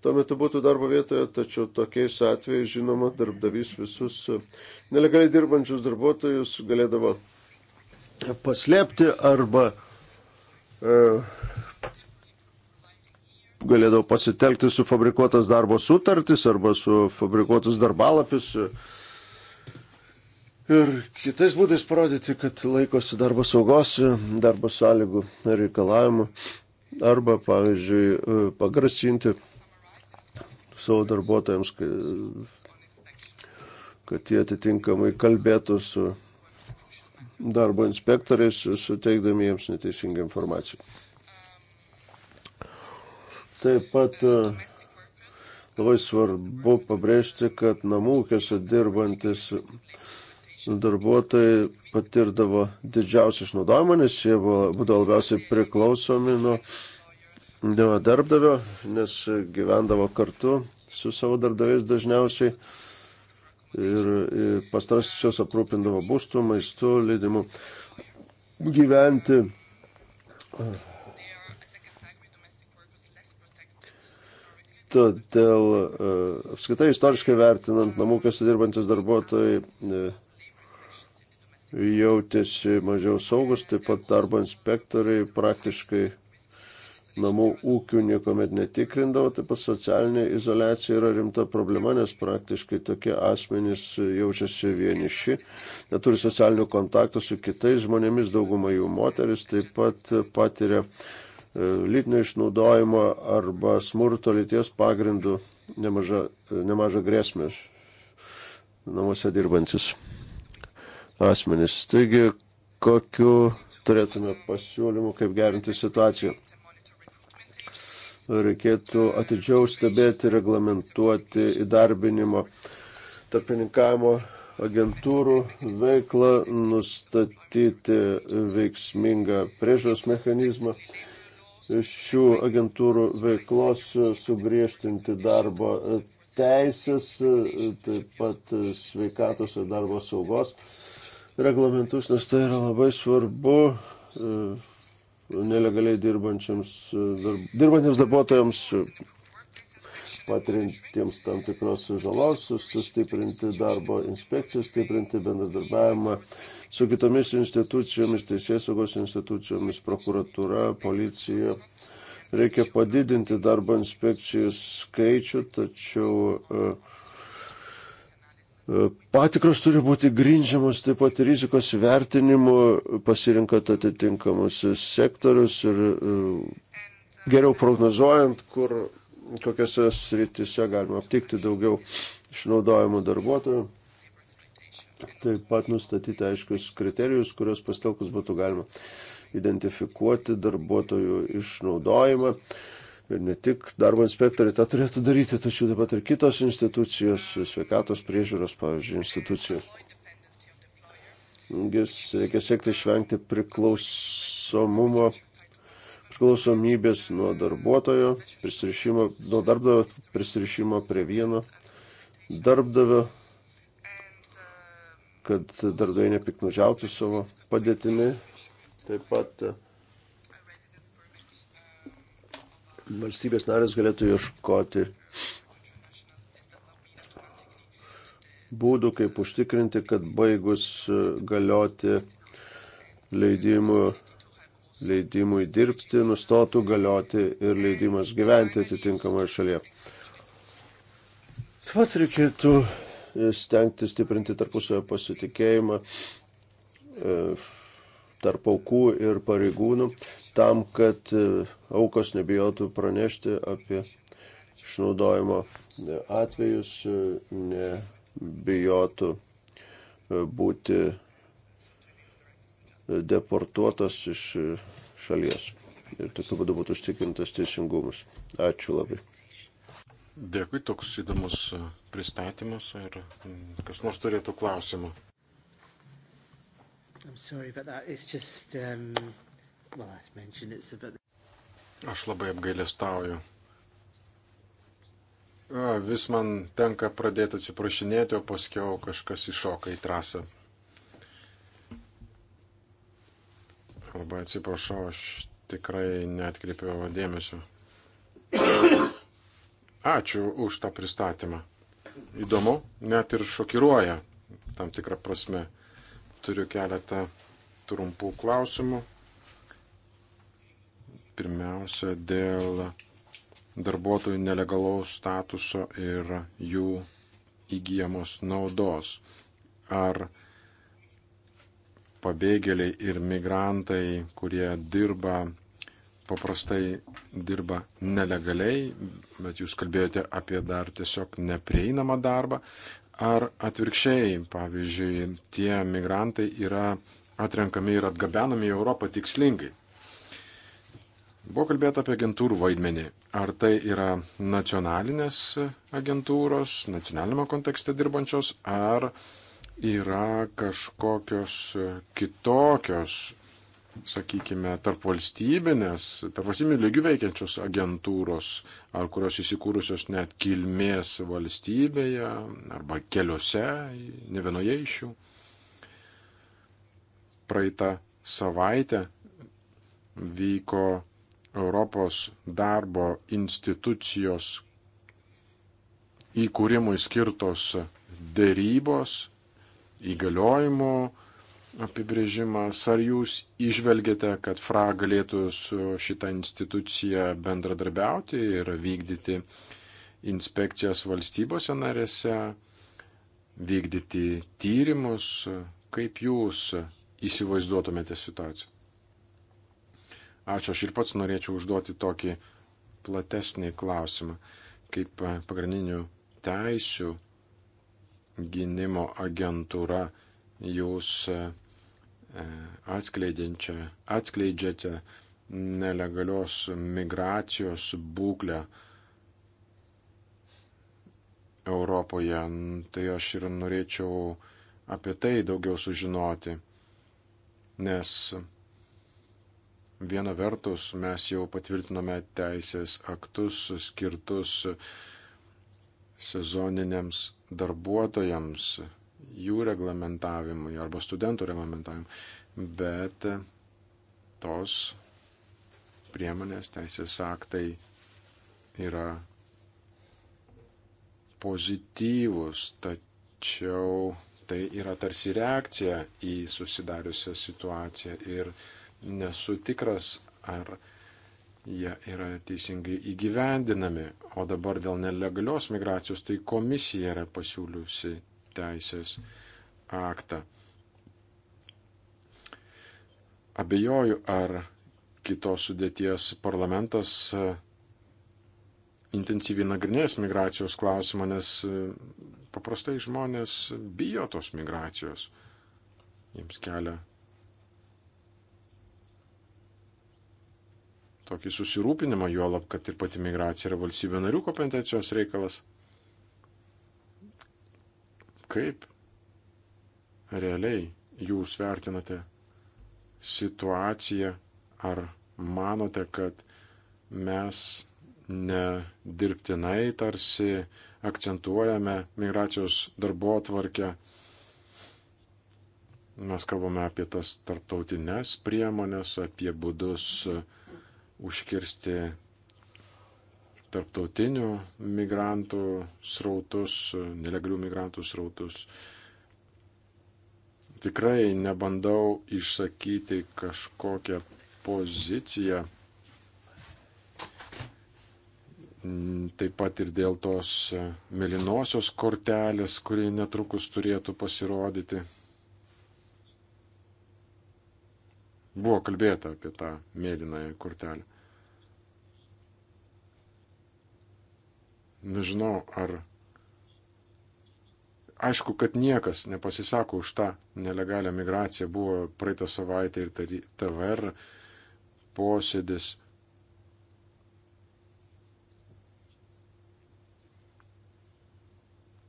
Speaker 3: tuo metu būtų darbo vietoje, tačiau tokiais atvejais, žinoma, darbdavys visus e, nelegaliai dirbančius darbuotojus galėdavo paslėpti arba e, galėdavo pasitelkti sufabrikuotas darbo sutartis arba sufabrikuotus darbalapius ir kitais būdais parodyti, kad laikosi darbo saugos, darbo sąlygų reikalavimų arba, pavyzdžiui, pagrasinti savo darbuotojams, kad jie atitinkamai kalbėtų su darbo inspektoriais, suteikdami jiems neteisingą informaciją. Taip pat e, labai svarbu pabrėžti, kad namų ūkiuose dirbantis darbuotojai patirdavo didžiausią išnaudojimą, nes jie buvo, būdavo labiausiai priklausomi nuo, nuo darbdavio, nes gyvendavo kartu su savo darbdaviais dažniausiai. Ir, ir pastarasis jos aprūpindavo būstų, maistų, leidimu gyventi. Todėl e, apskaitai istoriškai vertinant, namūkiuose dirbantis darbuotojai e, jautėsi mažiau saugus, taip pat darbo inspektoriai praktiškai namų ūkių niekuomet netikrindavo, taip pat socialinė izolacija yra rimta problema, nes praktiškai tokie asmenys jaučiasi vieniši, neturi socialinių kontaktų su kitais žmonėmis, dauguma jų moteris taip pat patiria E, lytinio išnaudojimo arba smurto lyties pagrindų nemažą, e, nemažą grėsmę namuose dirbantis asmenys. Taigi, kokiu turėtume pasiūlymų, kaip gerinti situaciją? Reikėtų atidžiau stebėti, reglamentuoti įdarbinimo, tarpininkavimo agentūrų veiklą, nustatyti veiksmingą priežos mechanizmą šių agentūrų veiklos, sugriežtinti darbo teisės, taip pat sveikatos ir darbo saugos reglamentus, nes tai yra labai svarbu e, nelegaliai dirbančiams, e, darb, dirbantiems darbuotojams patirintiems tam tikros sužalos, sustiprinti darbo inspekciją, stiprinti bendradarbiavimą su kitomis institucijomis, teisėsaugos institucijomis, prokuratūra, policija. Reikia padidinti darbo inspekcijų skaičių, tačiau uh, Patikros turi būti grindžiamos taip pat rizikos vertinimu, pasirinkat atitinkamus sektorius ir e, geriau prognozuojant, kur kokiuose sritise galima aptikti daugiau išnaudojimų darbuotojų. Taip pat nustatyti aiškius kriterijus, kurios pastelkus būtų galima identifikuoti darbuotojų išnaudojimą. Ir ne tik darbo inspektoriai tą turėtų daryti, tačiau taip pat ir kitos institucijos, sveikatos priežiūros, pavyzdžiui, institucijos. Jis reikia siekti išvengti priklausomumo priklausomybės nuo darbuotojo, nuo darbdavio prisirišimo prie vieno darbdavio, kad darbdaviai nepiknudžiautų savo padėtimi. Taip pat e, valstybės narės galėtų ieškoti būdų, kaip užtikrinti, kad baigus e, galioti leidimų leidimui dirbti, nustotų galioti ir leidimas gyventi atitinkamoje šalyje. Taip pat reikėtų e, stengti stiprinti tarpusavio pasitikėjimą e, tarp aukų ir pareigūnų, tam, kad e, aukos nebijotų pranešti apie išnaudojimo atvejus, nebijotų būti deportuotas iš e, šalies. Ir tokiu būdu būtų užtikrintas teisingumas. Ačiū labai.
Speaker 4: Dėkui, toks įdomus e, pristatymas. Ir kas nors turėtų klausimų?
Speaker 1: Just, um, well, about...
Speaker 4: Aš labai apgailestauju. Vis man tenka pradėti atsiprašinėti, o paskiau kažkas iššoka į trasą. Labai atsiprašau, aš tikrai netkreipiau dėmesio. Ačiū už tą pristatymą. Įdomu, net ir šokiruoja tam tikrą prasme. Turiu keletą trumpų klausimų. Pirmiausia, dėl darbuotojų nelegalaus statuso ir jų įgyjamos naudos. Ar pabėgėliai ir migrantai, kurie dirba, paprastai dirba nelegaliai, bet jūs kalbėjote apie dar tiesiog neprieinamą darbą, ar atvirkščiai, pavyzdžiui, tie migrantai yra atrenkami ir atgabenami į Europą tikslingai. Buvo kalbėta apie agentūrų vaidmenį. Ar tai yra nacionalinės agentūros, nacionalinėme kontekste dirbančios, ar uh, yra kažkokios kitokios, sakykime, tarp valstybinės, tarp valstybinių lygių veikiančios agentūros, ar kurios įsikūrusios net kilmės valstybėje, arba keliose, ne vienoje iš jų. Praeitą savaitę vyko Europos darbo institucijos įkūrimui skirtos dėrybos įgaliojimų apibrėžimas. Ar jūs išvelgėte, kad FRA galėtų su šitą instituciją bendradarbiauti ir vykdyti inspekcijas valstybose narėse, vykdyti tyrimus, kaip jūs įsivaizduotumėte situaciją? Ačiū, aš ir pats norėčiau užduoti tokį platesnį klausimą, kaip pagrindinių teisių gynimo agentūra jūs e, e, atskleidžiate nelegalios migracijos būklę Europoje. Tai aš ir norėčiau apie tai daugiau sužinoti, nes viena vertus mes jau patvirtinome teisės aktus skirtus sezoniniams darbuotojams, jų reglamentavimui arba studentų reglamentavimui, bet tos priemonės teisės aktai yra pozityvus, tačiau tai yra tarsi reakcija į susidariusią situaciją ir nesu tikras, ar jie yra teisingai įgyvendinami. O dabar dėl nelegalios migracijos, tai komisija yra pasiūliusi teisės aktą. Abejoju, ar kitos sudėties parlamentas e, intensyviai nagrinės migracijos klausimą, nes e, paprastai žmonės bijo tos migracijos. Jiems kelia tokį susirūpinimą, juolab, kad ir pati migracija yra valstybė narių kompetencijos reikalas. Kaip realiai jūs vertinate situaciją, ar manote, kad mes nedirbtinai tarsi akcentuojame migracijos darbo atvarkę mes kalbame apie tas tarptautines priemonės, apie būdus užkirsti tarptautinių migrantų srautus, nelegalių migrantų srautus. Tikrai nebandau išsakyti kažkokią poziciją, taip pat ir dėl tos melinosios kortelės, kuri netrukus turėtų pasirodyti. Buvo kalbėta apie tą mėlynąją kortelę. Nežinau, ar. Aišku, kad niekas nepasisako už tą nelegalią migraciją. Buvo praeitą savaitę ir TVR posėdis.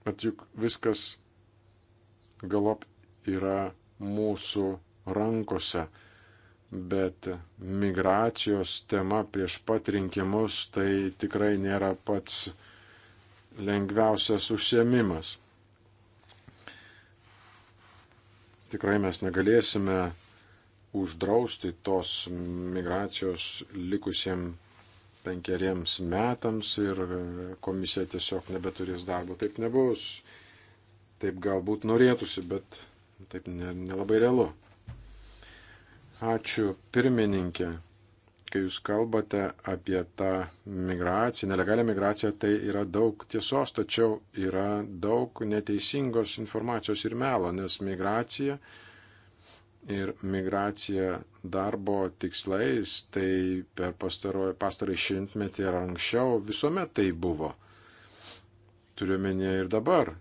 Speaker 4: Bet juk viskas galop yra mūsų rankose bet migracijos tema prieš pat rinkimus tai tikrai nėra pats lengviausias užsiemimas. Tikrai mes negalėsime uždrausti tos migracijos likusiems penkeriems metams ir komisija tiesiog nebeturės darbo. Taip nebus. Taip galbūt norėtųsi, bet taip nelabai realu. Ačiū pirmininkė. Kai jūs kalbate apie tą migraciją, nelegalią migraciją, tai yra daug tiesos, tačiau yra daug neteisingos informacijos ir melo, nes migracija ir migracija darbo tikslais, tai per pastarąjį šimtmetį ir anksčiau visuomet tai buvo. Turiuomenė ir dabar,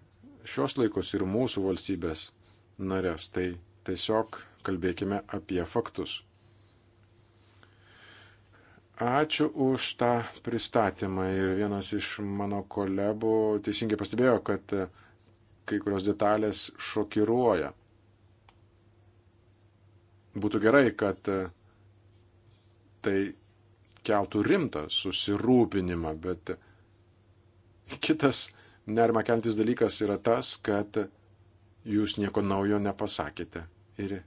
Speaker 4: šios laikos ir mūsų valstybės narės, tai tiesiog kalbėkime apie faktus. Ačiū už tą pristatymą ir vienas iš mano kolegų teisingai pastebėjo, kad kai kurios detalės šokiruoja. Būtų gerai, kad tai keltų rimtą susirūpinimą, bet kitas nerima keltis dalykas yra tas, kad jūs nieko naujo nepasakėte ir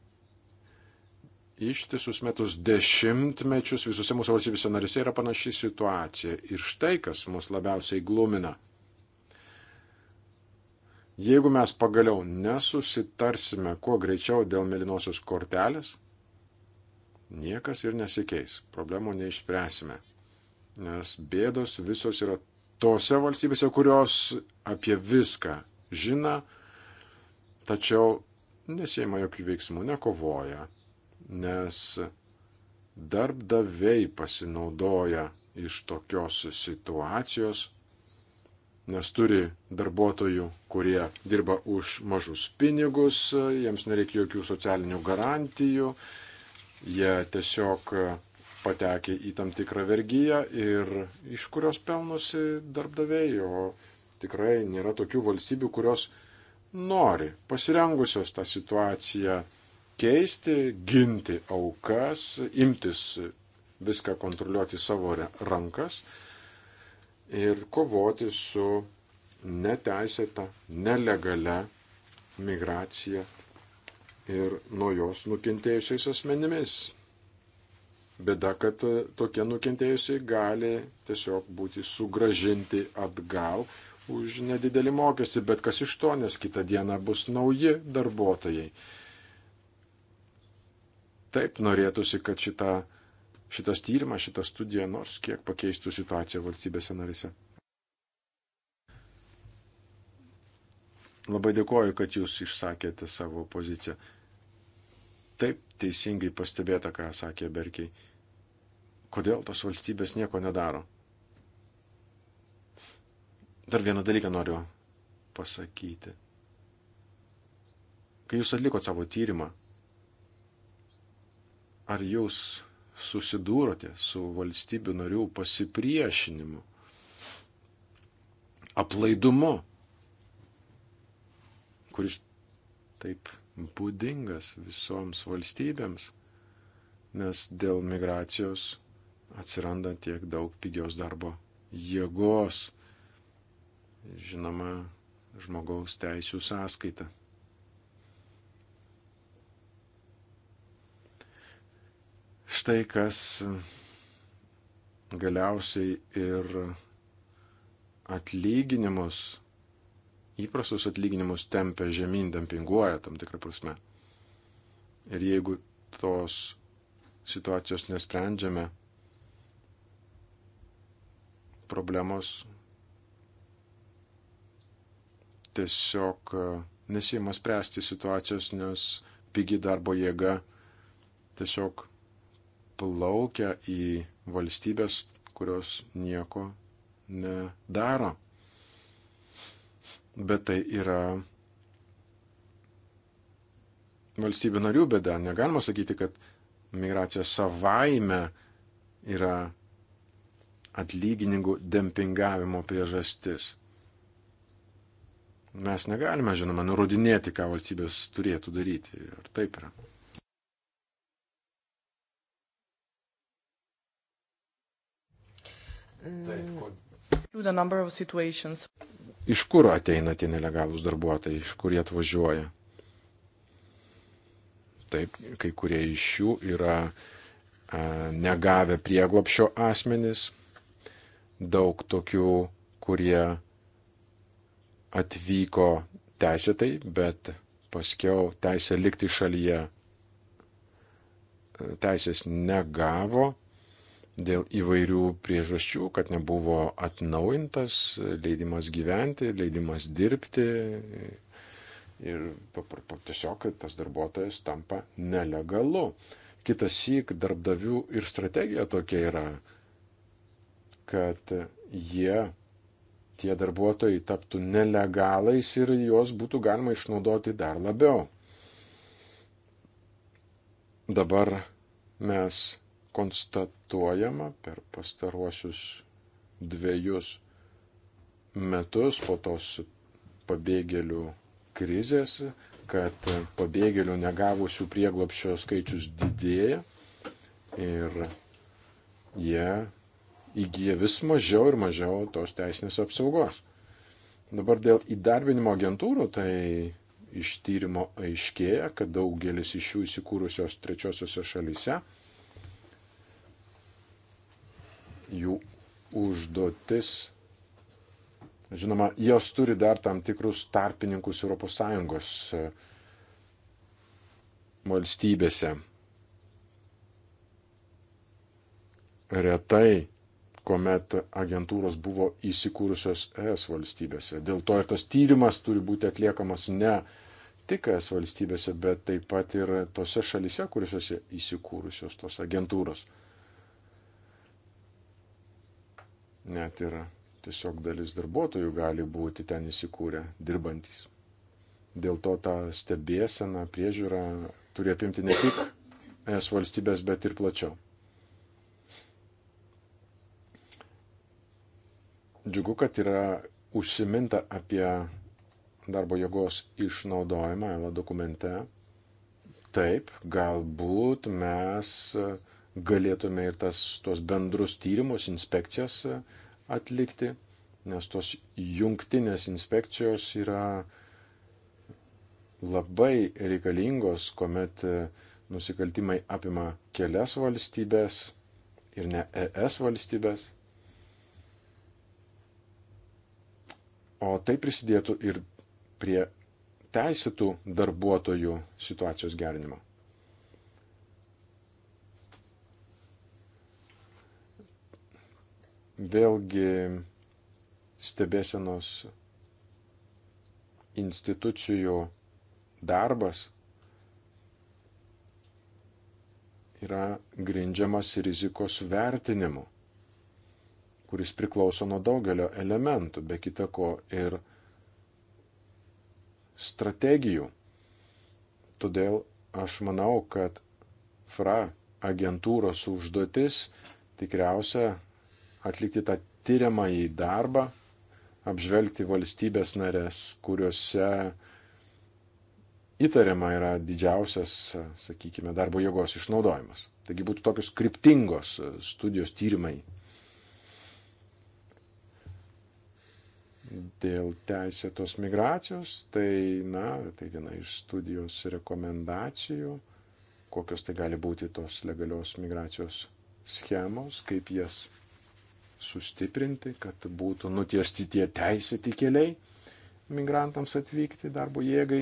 Speaker 4: Ištisus metus, dešimtmečius visose mūsų valstybėse narėse yra panaši situacija. Ir štai kas mus labiausiai glumina. Jeigu mes pagaliau nesusitarsime kuo greičiau dėl melinosios kortelės, niekas ir nesikeis, problemų neišspręsime. Nes bėdos visos yra tose valstybėse, kurios apie viską žino, tačiau nesėima jokių veiksmų, nekovoja, nes darbdaviai pasinaudoja iš tokios situacijos, nes turi darbuotojų, kurie dirba už mažus pinigus, jiems nereikia jokių socialinių garantijų, jie tiesiog patekė į tam tikrą vergyją ir iš kurios pelnosi darbdaviai, o tikrai nėra tokių valstybių, kurios nori, pasirengusios tą situaciją keisti, ginti aukas, imtis viską kontroliuoti savo rankas ir kovoti su neteisėta, nelegale migracija ir nuo jos nukentėjusiais asmenimis. Bėda, kad tokie nukentėjusiai gali tiesiog būti sugražinti atgal už nedidelį mokestį, bet kas iš to, nes kitą dieną bus nauji darbuotojai. Taip norėtųsi, kad šita, šitas tyrimas, šita studija nors kiek pakeistų situaciją valstybėse narise. Labai dėkoju, kad jūs išsakėte savo poziciją. Taip teisingai pastebėta, ką sakė Berkiai. Kodėl tos valstybės nieko nedaro? Dar vieną dalyką noriu pasakyti. Kai jūs atlikot savo tyrimą, Ar jūs susidūrote su valstybių narių pasipriešinimu, aplaidumu, kuris taip būdingas visoms valstybėms, nes dėl migracijos atsiranda tiek daug pigios darbo jėgos, žinoma, žmogaus teisų sąskaita. štai kas galiausiai ir atlyginimus, įprastus atlyginimus tempia žemyn, dempinguoja tam tikrą prasme. Ir jeigu tos situacijos nesprendžiame, problemos tiesiog e, nesima spręsti situacijos, nes pigi darbo jėga tiesiog plaukia į valstybės, kurios nieko nedaro. Bet tai yra valstybių narių bėda. Negalima sakyti, kad migracija savaime yra atlyginimų dempingavimo priežastis. Mes negalime, žinoma, nurodinėti, ką valstybės turėtų daryti. Ir taip yra. Taip, mm.
Speaker 2: ko...
Speaker 4: Iš kur ateina tie nelegalūs darbuotojai, iš kur jie atvažiuoja? Taip, kai kurie iš jų yra a, negavę prieglopšio asmenys, daug tokių, kurie atvyko teisėtai, bet paskiau teisę likti šalyje teisės negavo dėl įvairių priežasčių, kad nebuvo atnaujintas leidimas gyventi, leidimas dirbti ir tiesiog, kad tas darbuotojas tampa nelegalu. Kitas syk darbdavių ir strategija tokia yra, kad jie, tie darbuotojai taptų nelegalais ir juos būtų galima išnaudoti dar labiau. Dabar mes konstatuojama per pastaruosius dviejus metus po tos pabėgėlių krizės, kad pabėgėlių negavusių prieglopščio skaičius didėja ir jie įgyja vis mažiau ir mažiau tos teisinės apsaugos. Dabar dėl įdarbinimo agentūrų, tai iš tyrimo aiškėja, kad daugelis iš jų įsikūrusios trečiosiuose šalyse jų užduotis. Žinoma, jos turi dar tam tikrus tarpininkus ES e, valstybėse. Retai, kuomet agentūros buvo įsikūrusios ES valstybėse. Dėl to ir tas tyrimas turi būti atliekamas ne tik ES valstybėse, bet taip pat ir tose šalise, kuriuose įsikūrusios tos agentūros. Net ir tiesiog dalis darbuotojų gali būti ten įsikūrę, dirbantis. Dėl to ta stebėsena, priežiūra turi apimti ne tik es valstybės, bet ir plačiau. Džiugu, kad yra užsiminta apie darbo jėgos išnaudojimą ELA dokumente. Taip, galbūt mes galėtume ir tas, tuos bendrus tyrimus, inspekcijas e, atlikti, nes tos jungtinės inspekcijos yra labai reikalingos, kuomet e, nusikaltimai apima kelias valstybės ir ne ES valstybės. O tai prisidėtų ir prie teisėtų darbuotojų situacijos gerinimo. Vėlgi stebėsenos institucijų darbas yra grindžiamas rizikos vertinimu, kuris priklauso nuo daugelio elementų, be kita ko ir strategijų. Todėl aš manau, kad FRA agentūros užduotis tikriausia atlikti tą tyriamąjį darbą, apžvelgti valstybės narės, kuriuose įtariama yra didžiausias, sakykime, darbo jėgos išnaudojimas. Taigi būtų tokios kryptingos studijos tyrimai dėl teisėtos migracijos, tai, na, tai viena iš studijos rekomendacijų, kokios tai gali būti tos legalios migracijos schemos, kaip jas sustiprinti, kad būtų nutiesti tie teisėti keliai migrantams atvykti darbo jėgai,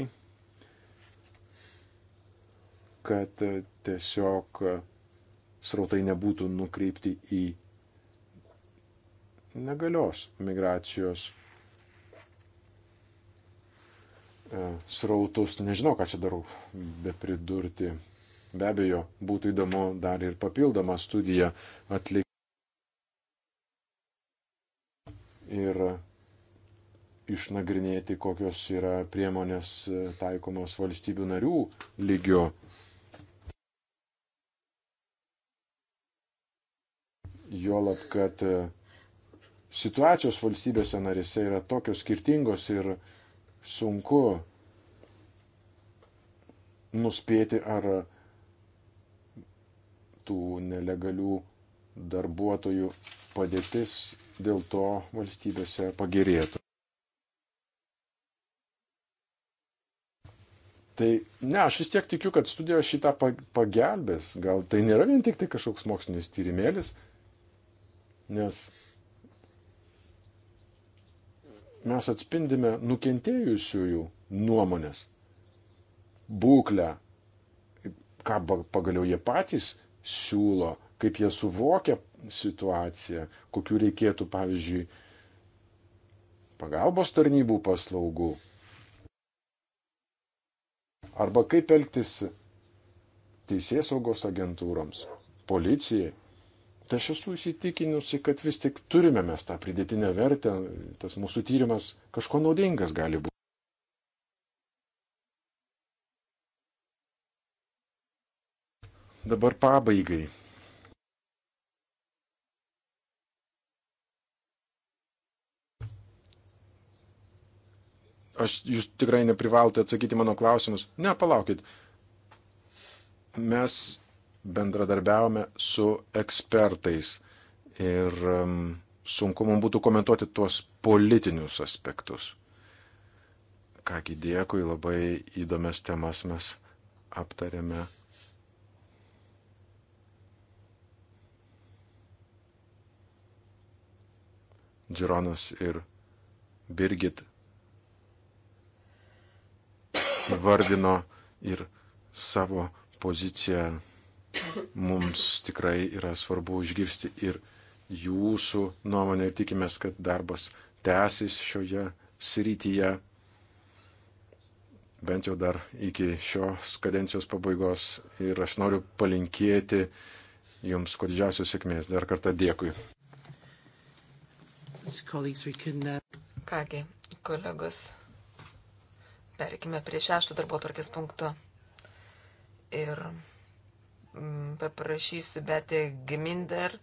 Speaker 4: kad tiesiog srautai nebūtų nukreipti į negalios migracijos e, srautus. Nežinau, ką čia darau, be pridurti. Be abejo, būtų įdomu dar ir papildomą studiją atlikti. ir išnagrinėti, kokios yra priemonės taikomos valstybių narių lygio. Juolab, kad situacijos valstybėse narise yra tokios skirtingos ir sunku nuspėti, ar tų nelegalių darbuotojų padėtis dėl to valstybėse pagerėtų. Tai ne, aš vis tiek tikiu, kad studijos šitą pagelbės. Gal tai nėra vien tik tai kažkoks mokslinis tyrimėlis, nes mes atspindime nukentėjusiųjų nuomonės, būklę, ką pagaliau jie patys siūlo, kaip jie suvokia situacija, kokiu reikėtų, pavyzdžiui, pagalbos tarnybų paslaugų. Arba kaip elgtis teisės saugos agentūroms, policijai. Tai aš esu įsitikinusi, kad vis tik turime mes tą pridėtinę vertę, tas mūsų tyrimas kažko naudingas gali būti. Dabar pabaigai aš, jūs tikrai neprivalote atsakyti mano klausimus. Ne, palaukit. Mes bendradarbiavome su ekspertais ir um, sunku mums būtų komentuoti tuos politinius aspektus. Kągi dėkui, labai įdomias temas mes aptarėme. Džironas ir Birgit įvardino ir savo poziciją. Mums tikrai yra svarbu išgirsti ir jūsų nuomonę ir tikimės, kad darbas tęsis šioje srityje bent jau dar iki šios kadencijos pabaigos ir aš noriu palinkėti Jums kuo didžiausios sėkmės. Dar kartą dėkui.
Speaker 2: Uh, Kągi, kolegos, Perikime prie šešto darbo tvarkės punkto. Ir mm, paprašysiu Betė Giminder,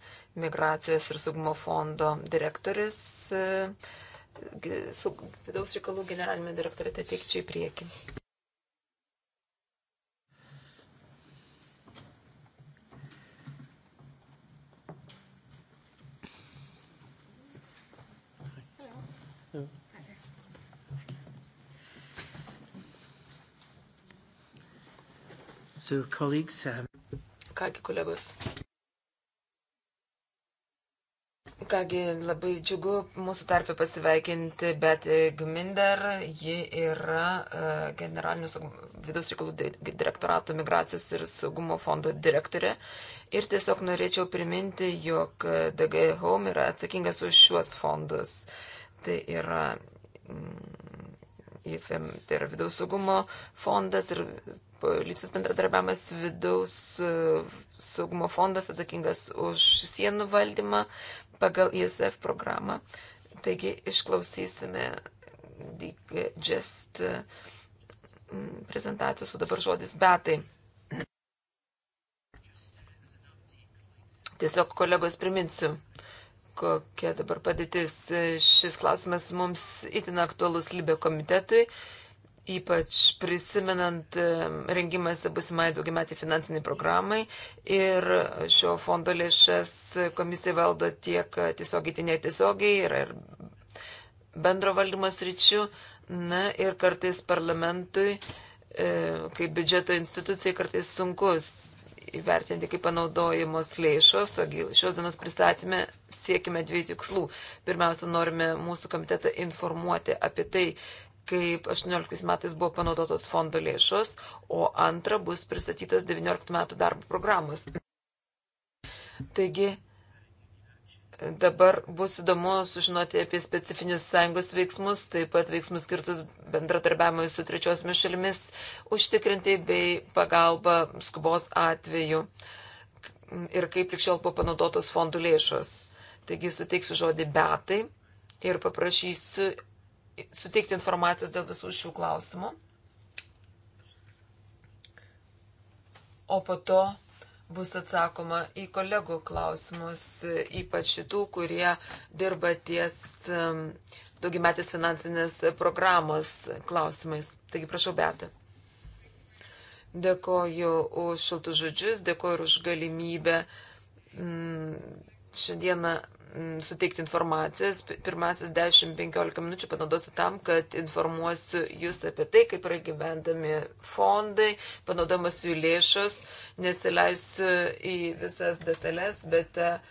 Speaker 2: migracijos ir saugumo fondo direktoris, e, vidaus reikalų generalinė direktorė, tai teikčiau į priekį.
Speaker 1: So, colleagues, um...
Speaker 2: Kągi, kolegos. Kągi, labai džiugu mūsų tarpę pasiveikinti, bet Gminder, ji yra uh, e, generalinius vidaus reikalų direktorato migracijos ir saugumo fondo direktorė. Ir tiesiog norėčiau priminti, jog DG Home yra atsakingas už šiuos fondus. Tai yra. Mm, IFM, tai yra vidaus saugumo fondas ir policijos bendradarbiavimas vidaus e, saugumo fondas atsakingas už sienų valdymą pagal ISF programą. Taigi išklausysime just e, prezentacijos, o dabar žodis betai. Tiesiog kolegos priminsiu, kokia dabar padėtis. Šis klausimas mums itin aktualus Libė komitetui ypač prisimenant rengimąsi busimai daugiametį finansiniai programai ir šio fondo lėšas komisija valdo tiek tiesiogiai, netiesiogiai, yra ir bendro valdymas ryčių, na ir kartais parlamentui, e, kaip biudžeto institucijai, kartais sunkus įvertinti, kaip panaudojamos lėšos, o šios dienos pristatymė siekime dviejų tikslų. Pirmiausia, norime mūsų komitetą informuoti apie tai, kaip 18 metais buvo panaudotos fondo lėšos, o antra bus pristatytos 19 metų darbo programos. Taigi, Dabar bus įdomu sužinoti apie specifinius sąjungos veiksmus, taip pat veiksmus skirtus bendratarbiavimui su trečiosiomis šalimis, užtikrinti bei pagalba skubos atveju ir kaip likščiau buvo panaudotos fondų lėšos. Taigi suteiksiu žodį betai ir paprašysiu suteikti informacijos dėl visų šių klausimų. O po to bus atsakoma į kolegų klausimus, ypač šitų, kurie dirba ties daugiametės finansinės programos klausimais. Taigi prašau, Beata. Dėkoju už šiltus žodžius, dėkoju už galimybę mm, šiandieną Mm, suteikti informacijas. Pirmasis 10-15 minučių panaudosiu tam, kad informuosiu jūs apie tai, kaip yra gyvendami fondai, panaudojamas jų lėšos. Nesileisiu į visas detalės, bet uh,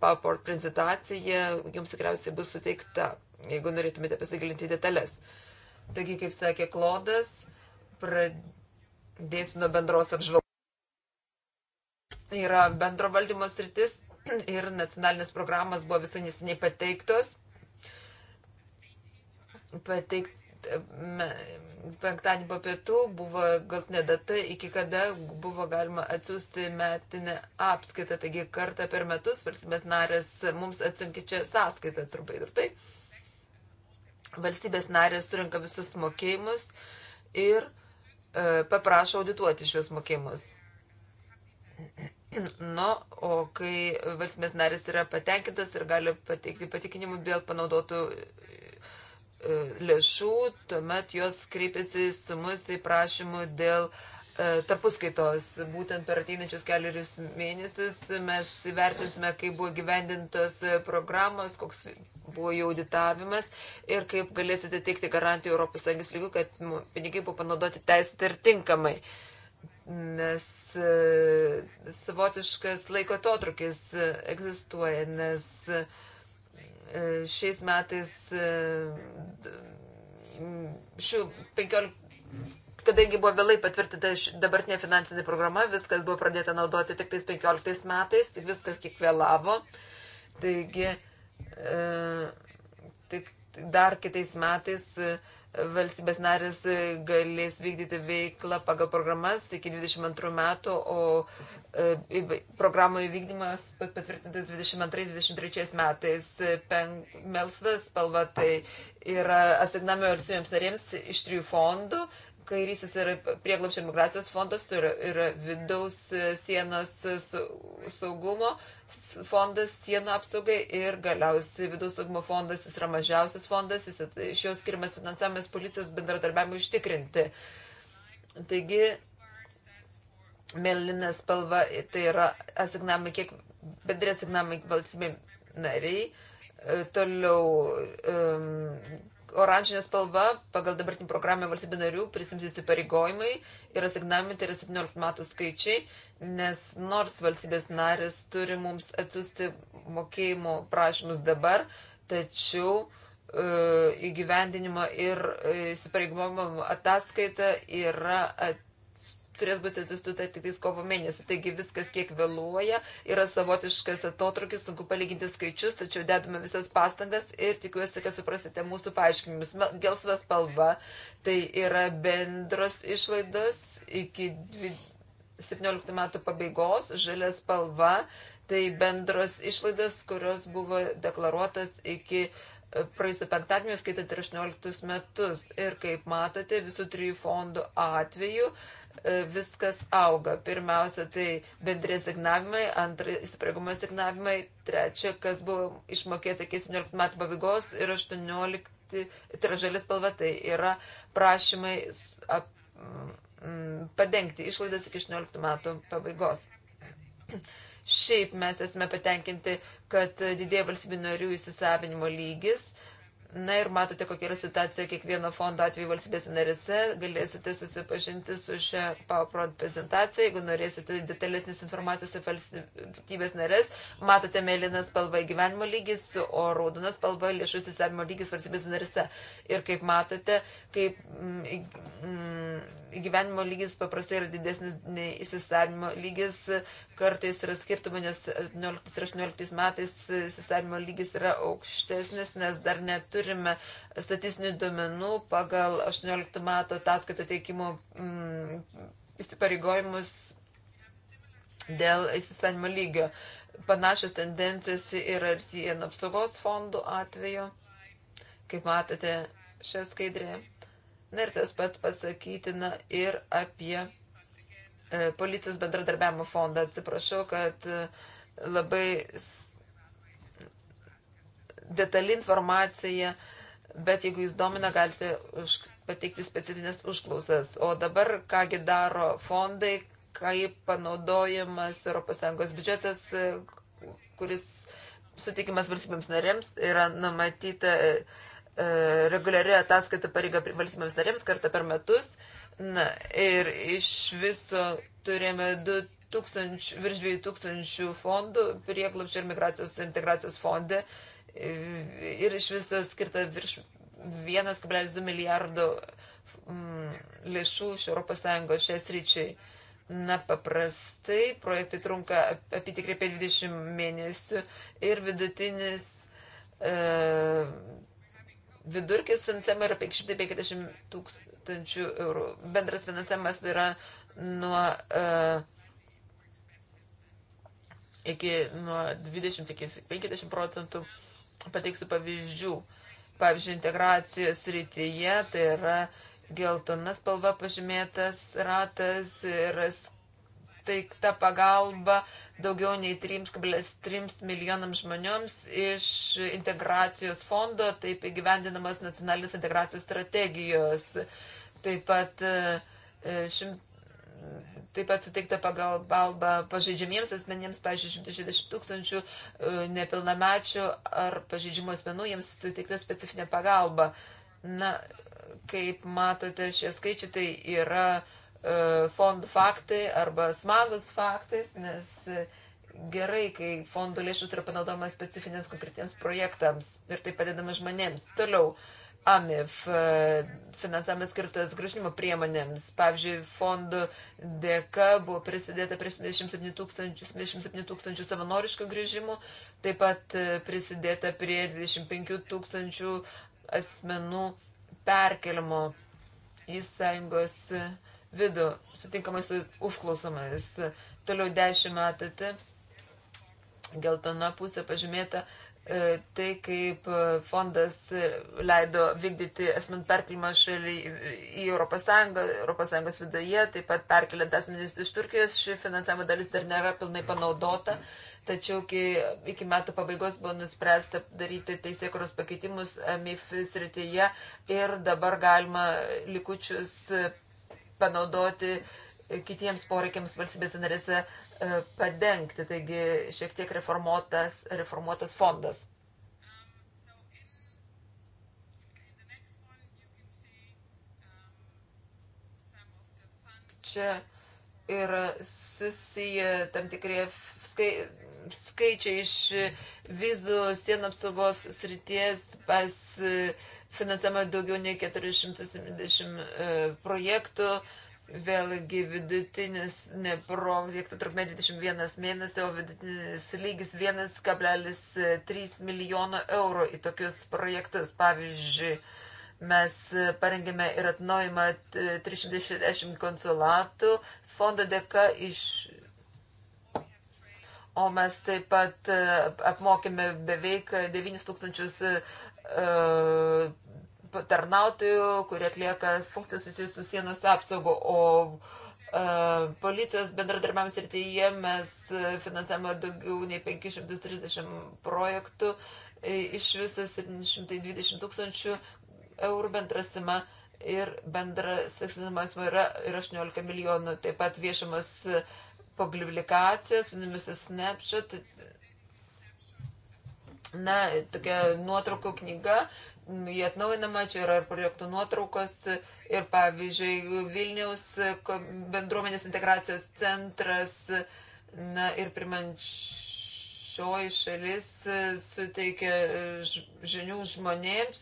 Speaker 2: PowerPoint prezentacija jums tikriausiai bus suteikta, jeigu norėtumėte pasigilinti į detalės. Taigi, kaip sakė Klodas, pradėsiu nuo bendros apžvalgos. Yra bendro valdymo sritis ir nacionalinės programos buvo visai nesiniai pateiktos. Pateikt, penktadienį po pietų buvo galtinė data, iki kada buvo galima atsiųsti metinę apskaitą. Taigi kartą per metus valstybės narės mums atsiunkia čia sąskaitą trumpai ir tai. Valstybės narės surinka visus mokėjimus ir e, paprašo audituoti šios mokėjimus. Na, o kai valstybės narės yra patenkintos ir gali pateikti patikinimų dėl panaudotų e, lėšų, tuomet jos kreipiasi su mus į prašymų dėl e, tarpuskaitos. Būtent per ateinančius keliarius mėnesius mes įvertinsime, kaip buvo gyvendintos programos, koks buvo jų auditavimas ir kaip galėsite teikti garantijų ES lygių, kad pinigai buvo panaudoti teisėtai ir tinkamai. Uh, nes e, savotiškas laiko atotrukis egzistuoja, nes e, šiais metais e, šių 15. Kadangi buvo vėlai patvirtinta dabartinė finansinė programa, viskas buvo pradėta naudoti tik tais 15 metais, viskas kiek vėlavo. Taigi, e, tik dar kitais metais e, valstybės narės galės vykdyti veiklą pagal programas iki 22 metų, o e, programų įvykdymas patvirtintas 22-23 metais. Melsvas spalva tai yra asignami valstybėms narėms iš trijų fondų kairysis yra prieglapščio migracijos fondas, tai yra, yra vidaus e, sienos e, saugumo fondas, sienų apsaugai ir galiausiai vidaus saugumo fondas, jis yra mažiausias fondas, jis iš jo skirimas finansavimas policijos bendradarbiavimui užtikrinti. Taigi, mėlyna spalva, tai yra asignami kiek bendrė asignami valstybė nariai, e, toliau um, oranžinė spalva pagal dabartinį programą valstybių narių prisims įsipareigojimai ir asignavimai, tai yra 17 metų skaičiai, nes nors valstybės narės turi mums atsiųsti mokėjimo prašymus dabar, tačiau e, įgyvendinimo ir e, įsipareigojimo ataskaita yra at, turės būti atsistuta tik tais kovo mėnesį. Taigi viskas kiek vėluoja, yra savotiškas atotrukis, sunku palyginti skaičius, tačiau dedame visas pastangas ir tikiuosi, kad suprasite mūsų paaiškinimus. Gelsvas spalva tai yra bendros išlaidos iki 17 metų pabaigos, žalia spalva tai bendros išlaidos, kurios buvo deklaruotas iki e, praėjusio penktadienio skaitant ir 18 metus. Ir kaip matote, visų trijų fondų atveju E, viskas auga. Pirmiausia, tai bendrė signavimai, antra, įsipareigumo signavimai, trečia, kas buvo išmokėta iki 17 metų pabaigos ir 18, tai yra žalis spalva, tai yra prašymai ap, m, padengti išlaidas iki 18 metų pabaigos. Šiaip mes esame patenkinti, kad didėja valstybinio narių įsisavinimo lygis Na ir matote, kokia yra situacija kiekvieno fondo atveju valstybės narise. Galėsite susipažinti su šią PowerPoint prezentaciją. Jeigu norėsite detalesnės informacijos apie valstybės narės, matote mėlynas spalva gyvenimo lygis, o raudonas spalva lėšų įsisavimo lygis valstybės narise. Ir kaip matote, kaip mm, mm, gyvenimo lygis paprastai yra didesnis nei įsisavimo lygis, kartais yra skirtumai, nes 19 ir 18 metais įsisavimo lygis yra aukštesnis, nes dar neturi turime statistinių duomenų pagal 18 metų ataskaito teikimo mm, įsipareigojimus dėl įsisavinimo lygio. Panašios tendencijos yra ir sienų apsaugos fondų atveju, kaip matote šią skaidrę. Na ir tas pats pasakytina ir apie e, policijos bendradarbiavimo fondą. Atsiprašau, kad e, labai detali informacija, bet jeigu jūs domina, galite už, pateikti specifines užklausas. O dabar kągi daro fondai, kaip panaudojamas ES biudžetas, kuris sutikimas valstybėms narėms, yra numatyta e, reguliari ataskaita pareiga valstybėms narėms kartą per metus. Na, ir iš viso turėjome 2 tūkstančių, virš 2000 fondų prieglapščio ir migracijos integracijos fonde ir iš viso skirta virš 1,2 milijardo mm, lėšų iš ES šias ryčiai. Na, paprastai projektai trunka apitikriai apie 20 mėnesių ir vidutinis e, vidurkis finansavimo yra 550 tūkstančių eurų. Bendras finansavimas yra nuo e, iki nuo 20 iki 50 procentų. E, Pateiksiu pavyzdžių. Pavyzdžiui, integracijos rytyje tai yra geltonas spalva pažymėtas ratas ir teikta pagalba daugiau nei 3,3 milijonams žmonėms iš integracijos fondo, taip įgyvendinamos nacionalinės integracijos strategijos. Taip pat e, šimt taip pat suteikta pagalba pažeidžiamiems asmenims, pažiūrėjau, 160 tūkstančių e, nepilnamečių ar pažeidžiamų asmenų, jiems suteikta specifinė pagalba. Na, kaip matote, šie skaičiai tai yra e, fondų faktai arba smagus faktais, nes e, gerai, kai fondų lėšus yra panaudojamas specifinėms konkretiems projektams ir tai padedama žmonėms. Toliau, uh, AMIF e, finansavimas skirtas gražinimo priemonėms. Pavyzdžiui, fondų dėka buvo prisidėta prie 77 tūkstančių, 77 tūkstančių savanoriškų grįžimų, taip pat e, prisidėta prie 25 tūkstančių asmenų perkelimo į sąjungos vidų, sutinkamai su užklausomais. Toliau 10 matote, geltona pusė pažymėta E, tai, kaip e, fondas leido vykdyti asmenų perkelimą šalį į ES, ES viduje, taip pat perkeliant asmenys iš Turkijos, ši finansavimo dalis dar nėra pilnai panaudota. Tačiau iki, iki metų pabaigos buvo nuspręsta daryti teisėkuros pakeitimus e, MIF srityje ir dabar galima likučius panaudoti uh, kitiems poreikiams valstybės narėse e, padengti, taigi šiek tiek reformuotas, reformuotas fondas. Čia yra susiję tam tikrie skai, skaičiai iš vizų sienų apsaugos srities pas e, finansavimą daugiau nei 470 e, projektų. Uh, Vėlgi vidutinis projekto trukmė 21 mėnesį, o vidutinis lygis 1,3 milijono eurų į tokius projektus. Pavyzdžiui, mes parengėme ir atnaujimą 360 konsulatų fondo dėka iš. O mes taip pat e, apmokėme beveik 9 tūkstančius uh, tarnautojų, kurie atlieka funkcijas susijusius su sienos apsaugo, o e, policijos bendradarbiavimas rytyje mes e, finansavome daugiau nei 530 projektų, iš viso 720 tūkstančių eurų bendras suma ir bendras seksimas yra, yra 18 milijonų. Taip pat viešamas e, publikacijos, vadinamis snapshot. Na, tokia nuotraukų knyga, jie atnaujinama, čia yra ir projektų nuotraukos, ir pavyzdžiui Vilniaus bendruomenės integracijos centras, na ir primančioji šalis suteikia e, žinių žmonėms,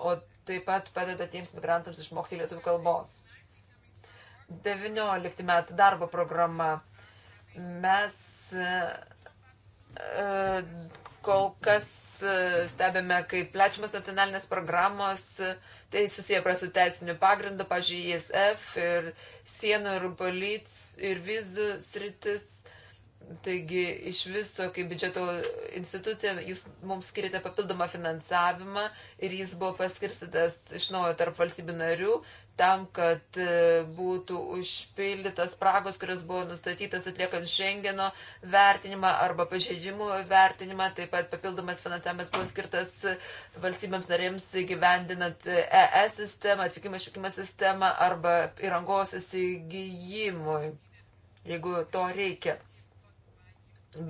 Speaker 2: o taip pat padeda tiems migrantams išmokti lietuvių kalbos. 19 metų darbo programa. Mes e, kol kas e, stebime, kaip plečiamas nacionalinės programos, e, tai susiję su teisiniu pagrindu, pažiūrėjau, ISF ir sienų ir polic ir vizų sritis. Taigi iš viso, kaip biudžeto institucija, jūs mums skirite papildomą finansavimą ir jis buvo paskirstytas iš naujo tarp valstybių narių tam, kad e, būtų užpildytos spragos, kurios buvo nustatytos atliekant Schengeno vertinimą arba pažeidimų vertinimą. Taip pat papildomas finansavimas buvo skirtas valstybėms narėms gyvendinant ES e sistemą, atvykimo išvykimo sistemą arba įrangos įsigijimui, jeigu to reikia.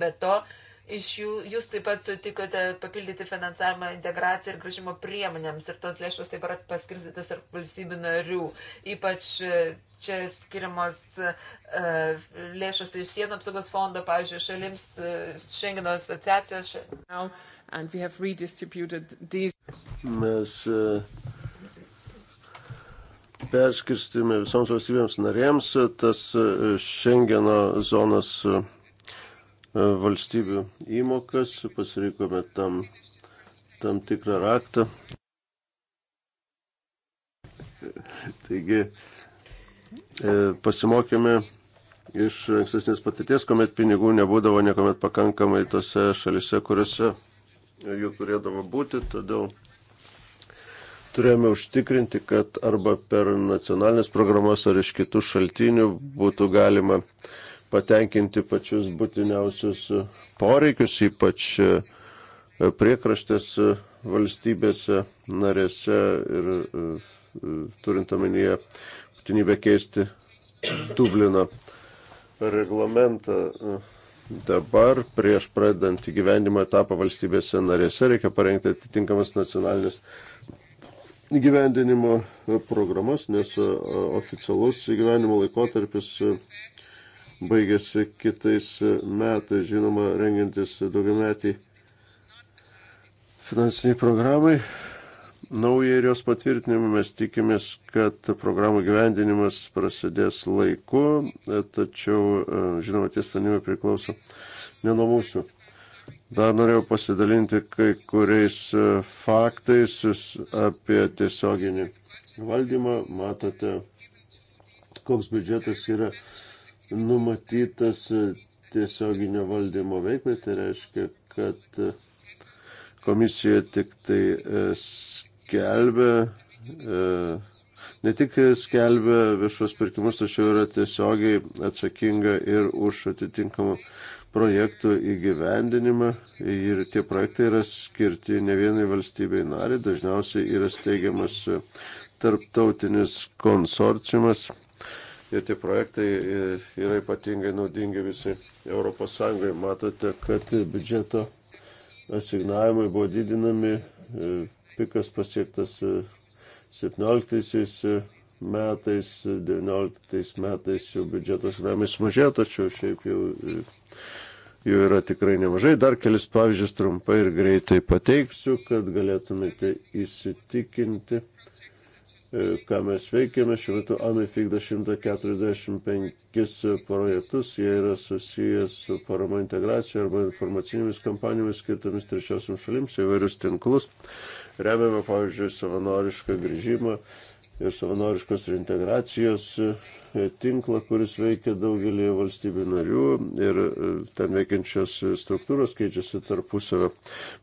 Speaker 2: Be to, Iš jų jūs taip pat sutikote papildyti finansavimą integraciją ir grįžimo priemonėms ir tos lėšos taip pat paskirstytas ir valstybių narių. Ypač e, čia skiriamos uh, lėšos iš sienų apsaugos fondo, pavyzdžiui, šalims uh, e, Šengino asociacijos.
Speaker 3: Mes uh, perskirstime visoms valstybėms narėms tas Šengeno zonas. Uh, E, valstybių įmokas, pasirinkome tam, tam tikrą raktą. Taigi e, pasimokėme iš ankstesnės patirties, kuomet pinigų nebūdavo niekuomet pakankamai tose šalise, kuriuose jų turėdavo būti, todėl turėjome užtikrinti, kad arba per nacionalinės programas ar iš kitų šaltinių būtų galima uh, patenkinti pačius būtiniausius poreikius, ypač e, priekraštės e, valstybėse narėse ir e, turint omenyje būtinybę keisti Dublino reglamentą. Dabar prieš pradant įgyvendimo etapą valstybėse narėse reikia parengti atitinkamas nacionalinės įgyvendinimo programas, nes oficialus įgyvendinimo laikotarpis baigėsi kitais metais, žinoma, rengiantis daugiametį finansiniai programai. Naujai ir jos patvirtinimą mes tikimės, kad programų gyvendinimas prasidės laiku, tačiau, žinoma, tie sprendimai priklauso ne nuo mūsų. Dar norėjau pasidalinti kai kuriais e, faktais apie tiesioginį valdymą. Matote, koks biudžetas yra numatytas tiesioginio valdymo veiklai, tai reiškia, kad komisija tik tai e, skelbia, e, ne tik skelbia viešos pirkimus, tačiau yra tiesiogiai atsakinga ir už atitinkamą projektų įgyvendinimą. Ir tie projektai yra skirti ne vienai valstybei nariai, dažniausiai yra steigiamas tarptautinis konsorciumas ir tie projektai e, yra ypatingai naudingi visai ES. Matote, kad biudžeto asignavimai buvo didinami, e, pikas pasiektas 17 e, metais, 19 metais jau biudžeto asignavimai sumažėjo, tačiau šiaip jau jų yra tikrai nemažai. Dar kelis pavyzdžius trumpai ir greitai pateiksiu, kad galėtumėte įsitikinti E, ką mes veikiame. Šiuo metu AMIF vykdo 145 projektus, jie yra susijęs su parama integracija arba informacinėmis kampanijomis skirtomis trečiosiam šalims, įvairius tinklus. Remiame, pavyzdžiui, savanorišką grįžimą ir savanoriškos reintegracijos e, tinklą, kuris veikia daugelį valstybių narių ir e, ten veikiančios struktūros keičiasi tarpusavio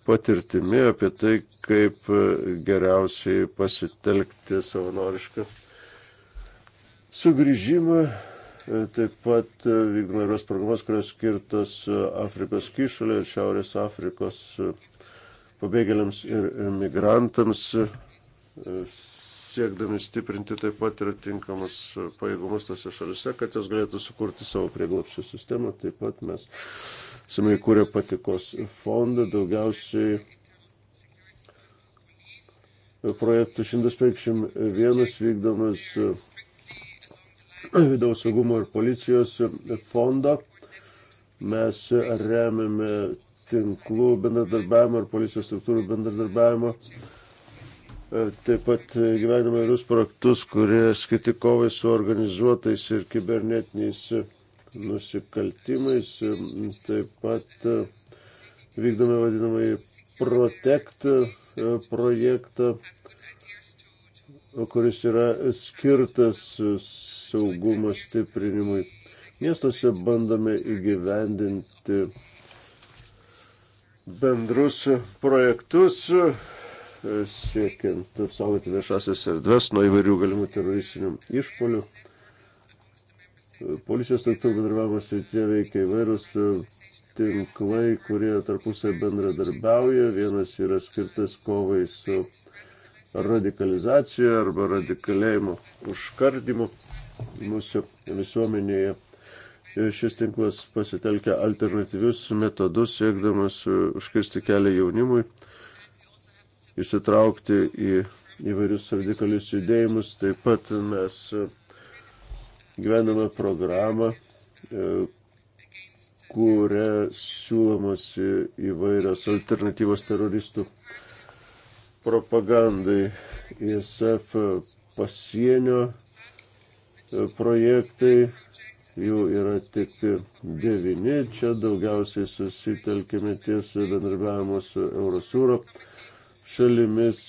Speaker 3: patirtimi apie tai, kaip e, geriausiai pasitelkti savanorišką sugrįžimą. Taip pat vykdoma įvairios programos, kurios skirtos Afrikos kišulė ir Šiaurės Afrikos pabėgėliams ir migrantams siekdami stiprinti taip pat ir tinkamus pajėgumus tose šalise, kad jos galėtų sukurti savo prieglapščių sistemą. Taip pat mes esame įkūrę patikos fondą, daugiausiai projektų 151 vykdomas vidaus saugumo ir policijos fondo. Mes remiame tinklų bendradarbiavimo ir policijos struktūrų bendradarbiavimo Taip pat e, gyvename įvairius projektus, kurie skirti kovai su organizuotais ir kibernetiniais e, nusikaltimais. E, taip pat vykdome vadinamąjį Protect projektą, kuris yra skirtas saugumo stiprinimui. Miestuose bandome įgyvendinti bendrus projektus siekiant apsaugoti viešasias erdves nuo įvairių galimų teroristinių išpolių. Policijos struktūrų bendravimo srityje veikia įvairūs e, tinklai, kurie tarpusai bendradarbiauja. Vienas yra skirtas kovai su radikalizacija arba radikalėjimo užkardimu mūsų visuomenėje. E, šis tinklas pasitelkia alternatyvius metodus, siekdamas e, užkirsti kelią jaunimui įsitraukti į įvairius radikalius judėjimus. Taip pat mes e, gyvename programą, e, kuria siūlomos įvairios alternatyvos teroristų propagandai. ISF pasienio e, projektai, jų yra tik devyni, čia daugiausiai susitelkime ties bendradarbiavimo su Eurosūro šalimis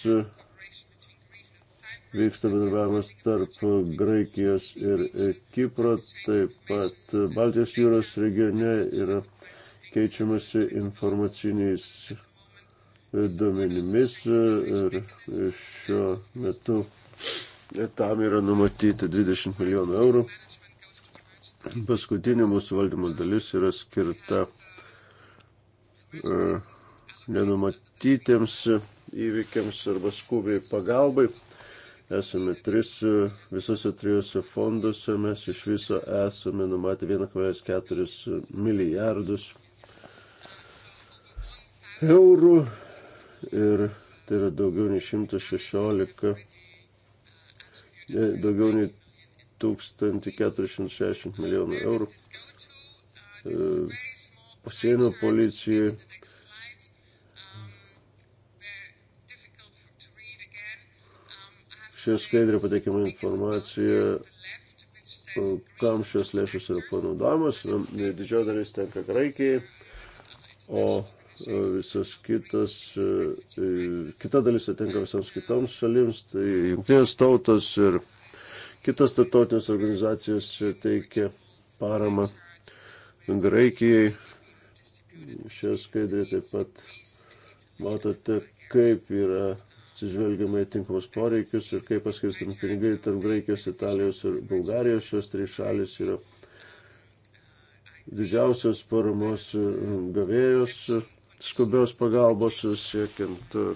Speaker 3: vyksta bendradarbiavimas tarp Graikijos ir Kipro, taip pat Baltijos jūros regione yra keičiamasi informaciniais duomenimis ir šiuo metu tam yra numatyti 20 milijonų eurų. Paskutinė mūsų valdymo dalis yra skirta e, nenumatytiems uh, įvykiams arba skubiai pagalbai. Esame tris, visose trijose fonduose mes iš viso esame numatę 1,4 milijardus eurų ir tai yra daugiau nei 116, daugiau nei 1460 milijonų eurų e, pasienio policijai Šioje skaidrė pateikiama informacija, kam šios lėšos yra panaudojamos. Didžioji dalis tenka Graikijai, o e, visas kitas, e, e, kita dalis atinka visoms kitoms šalims, tai jungtinės tautos ir kitas tarptautinės organizacijos teikia paramą Graikijai. Šioje skaidrėje taip pat matote, kaip yra atsižvelgiama į tinkamus poreikius ir kaip paskirstami pinigai tarp Graikijos, Italijos ir Bulgarijos. Šios trys šalis yra didžiausios paramos gavėjos skubios pagalbos siekiant e,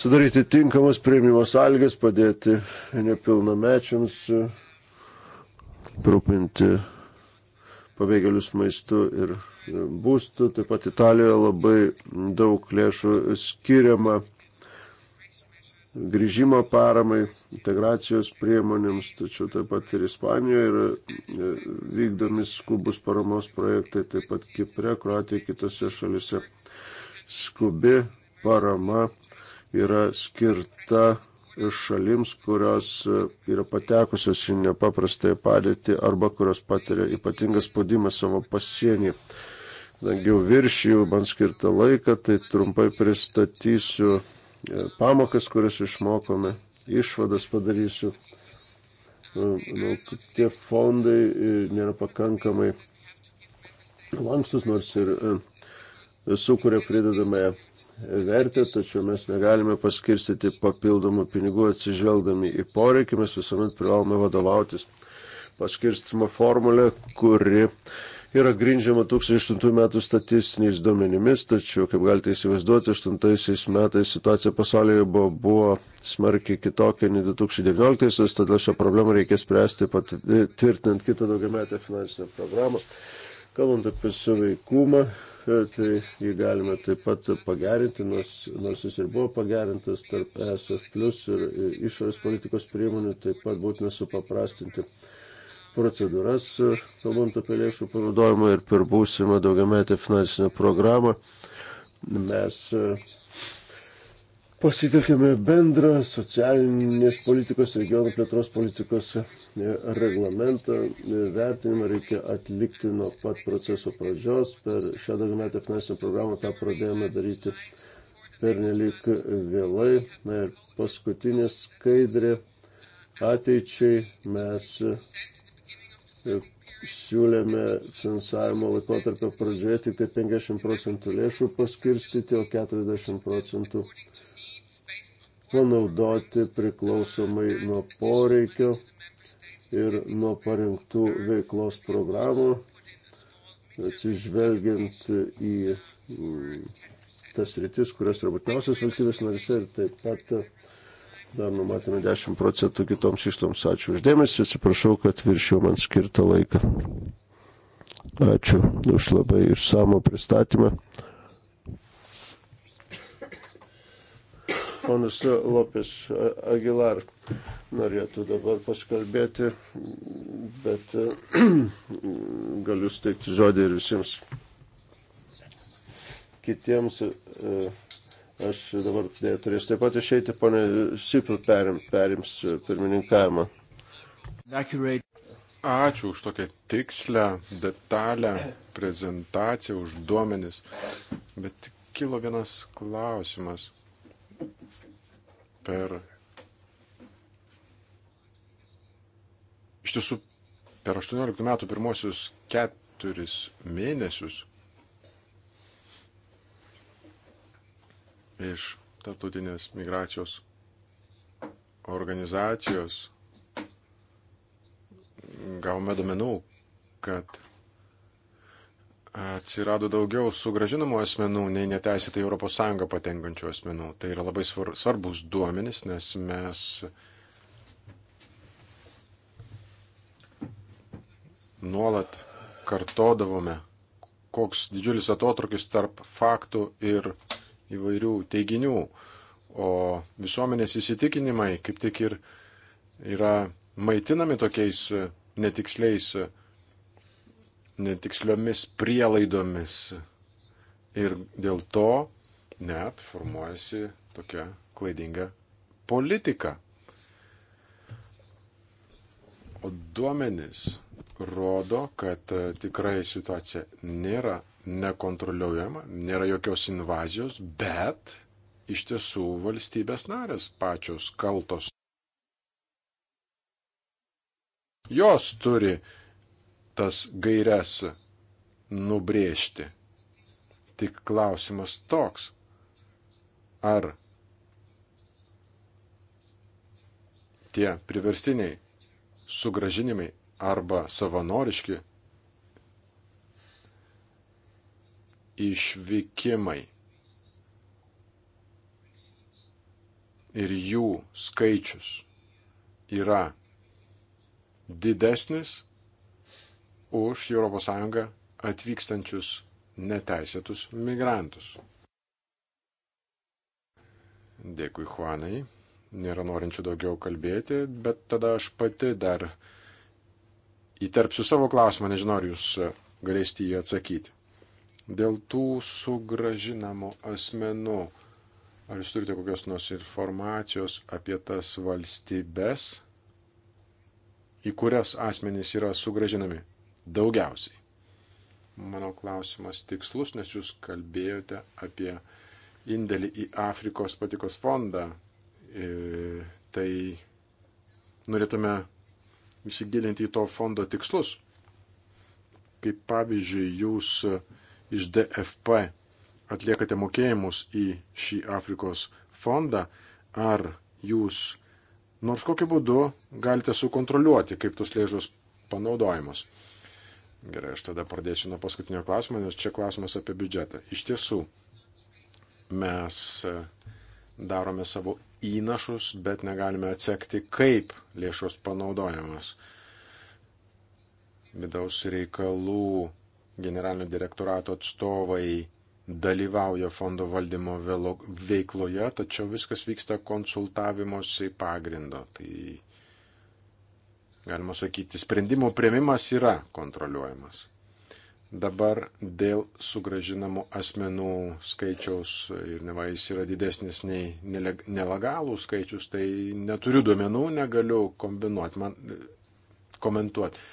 Speaker 3: sudaryti tinkamas prieimimo sąlygas, padėti nepilnamečiams, e, rūpinti pabėgėlius maistu ir būstu. Taip pat Italijoje labai daug lėšų skiriama grįžimo paramai, integracijos priemonėms, tačiau taip pat ir Ispanijoje yra e, vykdomi skubus paramos projektai, taip pat Kipre, Kroatijoje, kitose šalise. Skubi parama yra skirta šalims, kurios e, yra patekusios į nepaprastąją padėtį arba kurios patiria ypatingą spaudimą savo pasienį. Kadangi jau viršijau man skirtą laiką, tai trumpai pristatysiu e, pamokas, kurias išmokome, išvadas padarysiu. Manau, kad nu, tie fondai e, nėra pakankamai lankstus, nors ir sukuria pridedamąją vertę, tačiau mes negalime paskirstyti papildomų pinigų atsižvelgdami į poreikį, mes visuomet privalome vadovautis paskirstimo formulė, kuri yra grindžiama 2008 metų statistiniais duomenimis, tačiau, kaip galite įsivaizduoti, 2008 metais situacija pasaulyje buvo, buvo smarkiai kitokia nei 2019, todėl šią problemą reikės spręsti patvirtinant e, kitą daugiametę finansinę programą. Kalbant apie suveikumą, tai jį galime taip pat pagerinti, nors, nors jis ir buvo pagerintas tarp ESF plus ir išorės politikos priemonių, taip pat būtina supaprastinti procedūras, kalbant apie lėšų panaudojimą ir per būsimą daugiametę finansinę programą. Mes pasitelkėme bendrą socialinės politikos, regionų plėtros politikos e, reglamentą. E, vertinimą reikia atlikti nuo pat proceso pradžios. Per šią daugiametę finansinę programą tą pradėjome daryti pernelik vėlai. Na ir paskutinė skaidrė ateičiai mes e, siūlėme finansavimo laikotarpio pradžioje tik tai 50 procentų lėšų paskirstyti, o 40 procentų panaudoti priklausomai nuo poreikio ir nuo parengtų veiklos programų, atsižvelgiant į mm, tas rytis, kurios yra būtiniausios valstybės narise ir taip pat e, dar numatėme 10 procentų kitoms ištoms. Ačiū uždėmesi, atsiprašau, kad viršiau man skirtą laiką. Ačiū už labai išsamų pristatymą. Ponas Lopes Agilar norėtų dabar paskalbėti, bet galiu steikti žodį ir visiems kitiems. E, aš dabar turėsiu taip pat išeiti, ponė Sipil perim, perims pirmininkavimą.
Speaker 4: Ačiū už tokią tikslę, detalę prezentaciją, už duomenis. Bet kilo vienas klausimas per iš tiesų per 18 metų pirmosius keturis mėnesius iš tarptautinės migracijos organizacijos gavome domenų, kad atsirado daugiau sugražinamų asmenų nei neteisėtai ES patenkančių asmenų. Tai yra labai svar, svarbus duomenis, nes mes nuolat kartodavome, koks didžiulis atotrukis tarp faktų ir įvairių teiginių, o visuomenės įsitikinimai kaip tik ir yra maitinami tokiais netiksliais netiksliomis prielaidomis. Ir dėl to net formuojasi tokia klaidinga politika. O duomenys rodo, kad e, tikrai situacija nėra nekontroliuojama, nėra jokios invazijos, bet iš tiesų valstybės narės pačios kaltos. Jos turi tas gairias nubrėžti. Tik klausimas toks, ar tie priverstiniai sugražinimai arba savanoriški išvykimai ir jų skaičius yra didesnis už į ES atvykstančius neteisėtus migrantus. Dėkui, Juanai. Nėra norinčių daugiau kalbėti, bet tada aš pati dar įterpsiu savo klausimą, nežinau, ar jūs galėsite jį atsakyti. Dėl tų sugražinamų asmenų, ar jūs turite kokios nors informacijos apie tas valstybės, į kurias asmenys yra sugražinami? daugiausiai. Mano klausimas tikslus, nes jūs kalbėjote apie indėlį į Afrikos patikos fondą. E, tai norėtume įsigilinti į to fondo tikslus. Kaip pavyzdžiui, jūs iš DFP atliekate mokėjimus į šį Afrikos fondą, ar jūs nors kokiu būdu galite sukontroliuoti, kaip tos lėšos panaudojamos. Gerai, aš tada pradėsiu nuo paskutinio klausimo, nes čia klausimas apie biudžetą. Iš tiesų, mes e, darome savo įnašus, bet negalime atsekti, kaip lėšos panaudojamas. Vidaus reikalų generalinio direktorato atstovai dalyvauja fondo valdymo veikloje, tačiau viskas vyksta konsultavimosi pagrindo. Tai galima sakyti, sprendimų prieimimas yra kontroliuojamas. Dabar dėl sugražinamų asmenų skaičiaus ir neva jis yra didesnis nei nelegalų skaičius, tai neturiu duomenų, negaliu kombinuoti, man, komentuoti.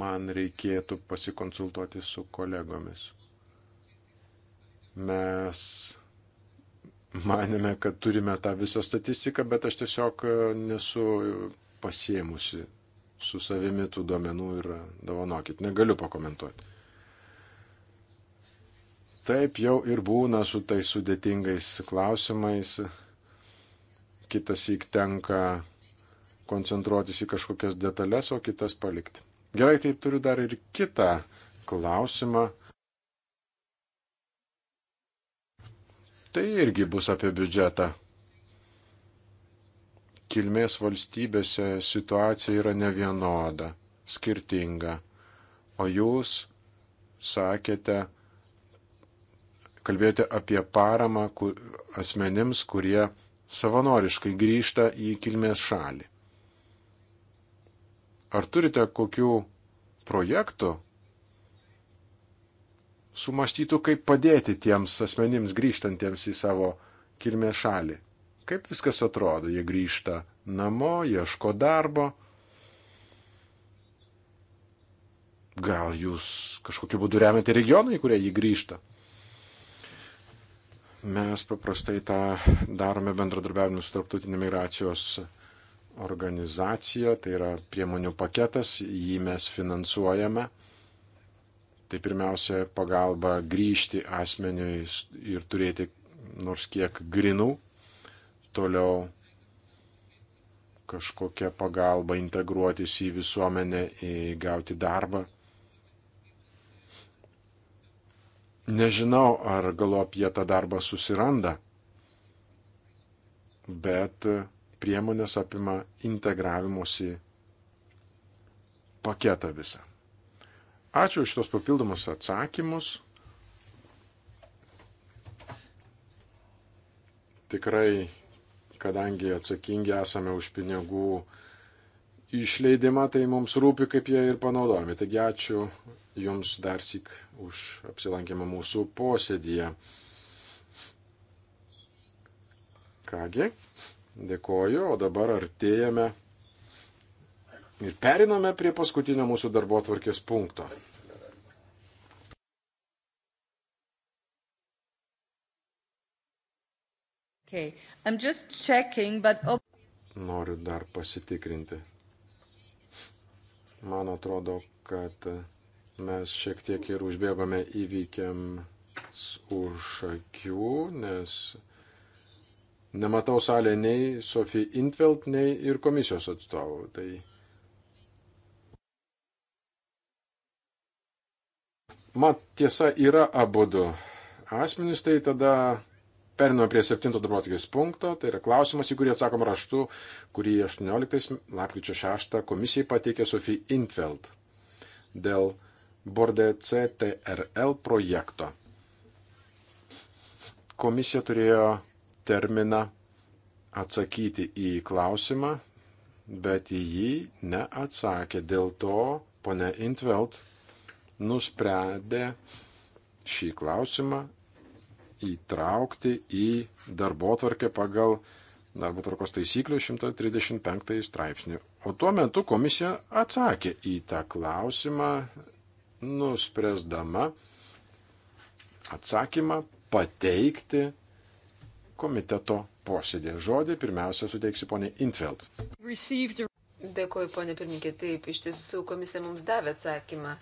Speaker 4: Man reikėtų pasikonsultuoti su kolegomis. Mes manėme, kad turime tą visą statistiką, bet aš tiesiog nesu pasiemusi su savimi tų duomenų ir davonokit. Negaliu pakomentuoti. Taip jau ir būna su tais sudėtingais klausimais. Kitas įk tenka koncentruotis į kažkokias detalės, o kitas palikti. Gerai, tai turiu dar ir kitą klausimą. Tai irgi bus apie biudžetą kilmės valstybėse situacija yra nevienoda, skirtinga. O jūs sakėte, kalbėjote apie paramą asmenims, kurie savanoriškai grįžta į kilmės šalį. Ar turite kokių projektų sumastytų, kaip padėti tiems asmenims grįžtantiems į savo kilmės šalį? Kaip viskas atrodo? Jie grįžta namo, ieško darbo. Gal jūs kažkokiu būdu remiate regioną, į kurią jį grįžta? Mes paprastai tą darome bendradarbiavimu su tarptautinė migracijos organizacija, tai yra priemonių paketas, jį mes finansuojame. Tai pirmiausia, pagalba grįžti asmeniui ir turėti nors kiek grinų toliau kažkokia pagalba integruotis į visuomenę, į gauti darbą. Nežinau, ar galop jie tą darbą susiranda, bet priemonės apima integravimosi paketą visą. Ačiū už tos papildomus atsakymus. Tikrai kadangi atsakingi esame už pinigų išleidimą, tai mums rūpi, kaip jie ir panaudojami. Taigi ačiū Jums dar sik už apsilankymą mūsų posėdėje. Kągi, dėkoju, o dabar artėjame ir periname prie paskutinio mūsų darbo atvarkės punkto.
Speaker 2: Okay. Checking, but... Oh.
Speaker 4: Noriu dar pasitikrinti. Man atrodo, kad mes šiek tiek ir užbėgome įvykiams už akių, nes nematau salė nei Sofie Intveld, nei ir komisijos atstovų. Tai Mat tiesa yra abu du asmenys, tai tada Periname prie septinto darbuotojas punkto, tai yra klausimas, į kurį atsakom raštu, kurį 18 lapkričio 6 komisijai pateikė Sofija Intveld dėl Borde CTRL projekto. Komisija turėjo terminą atsakyti į klausimą, bet į jį neatsakė. Dėl to ponia Intveld nusprendė šį klausimą įtraukti į darbo tvarkę pagal darbo tvarkos taisyklių 135 straipsnį. O tuo metu komisija atsakė į tą klausimą, nuspręsdama atsakymą pateikti komiteto posėdė. Žodį pirmiausia suteiksiu ponė Intfeld.
Speaker 2: Dėkuoju, ponė pirmininkė. Taip, iš tiesų komisija mums davė atsakymą.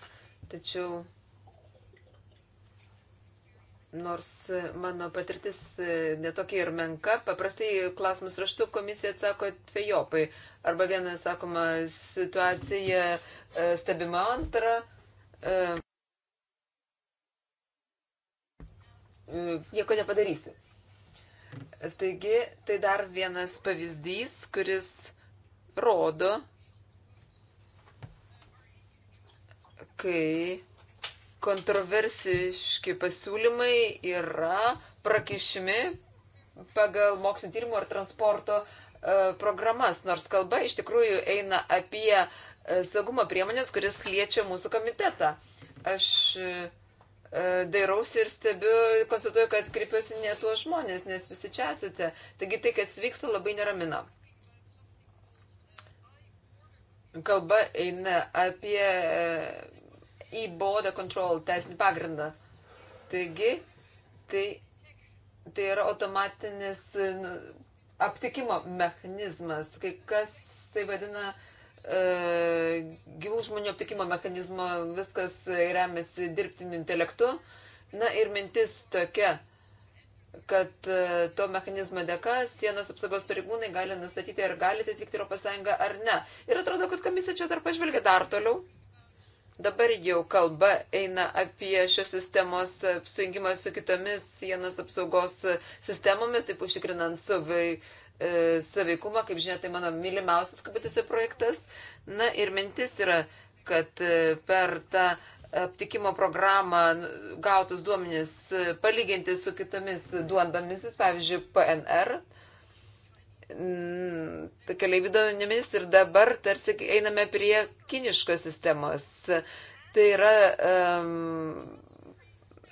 Speaker 2: Tačiau nors mano patirtis e, netokia ir menka, paprastai klausimus raštu komisija atsako dviejopai. Arba viena sakoma situacija e, stebima antra. E, nieko nepadarysi. Taigi, tai dar vienas pavyzdys, kuris rodo, kai kontroversiški pasiūlymai yra prakišimi pagal mokslinio tyrimo ir transporto e, programas, nors kalba iš tikrųjų eina apie e, saugumo priemonės, kuris liečia mūsų komitetą. Aš e, dairausi ir stebiu, konstatuoju, kad kreipiuosi ne tuos žmonės, nes visi čia esate. Taigi tai, kas vyksta, labai neramina. Kalba eina apie į border control teisinį pagrindą. Taigi, tai, tai yra automatinis nu, aptikimo mechanizmas, kai kas tai vadina e, gyvų žmonių aptikimo mechanizmo, viskas remiasi dirbtiniu intelektu. Na ir mintis tokia, kad e, to mechanizmo dėka sienos apsaugos pareigūnai gali nustatyti, ar galite atvykti Europos Sąjungą ar ne. Ir atrodo, kad komisija čia dar pažvelgia dar toliau Dabar jau kalba eina apie šios sistemos sujungimą su kitomis sienos apsaugos sistemomis, taip užtikrinant savai, e, saveikumą, kaip žinia, tai mano mylimiausias kabutėse projektas. Na ir mintis yra, kad e, per tą aptikimo programą gautus duomenis e, palyginti su kitomis duomenimis, pavyzdžiui, PNR Mm, keliaivių duomenimis ir dabar tarsi einame prie kiniškos sistemos. Tai yra um,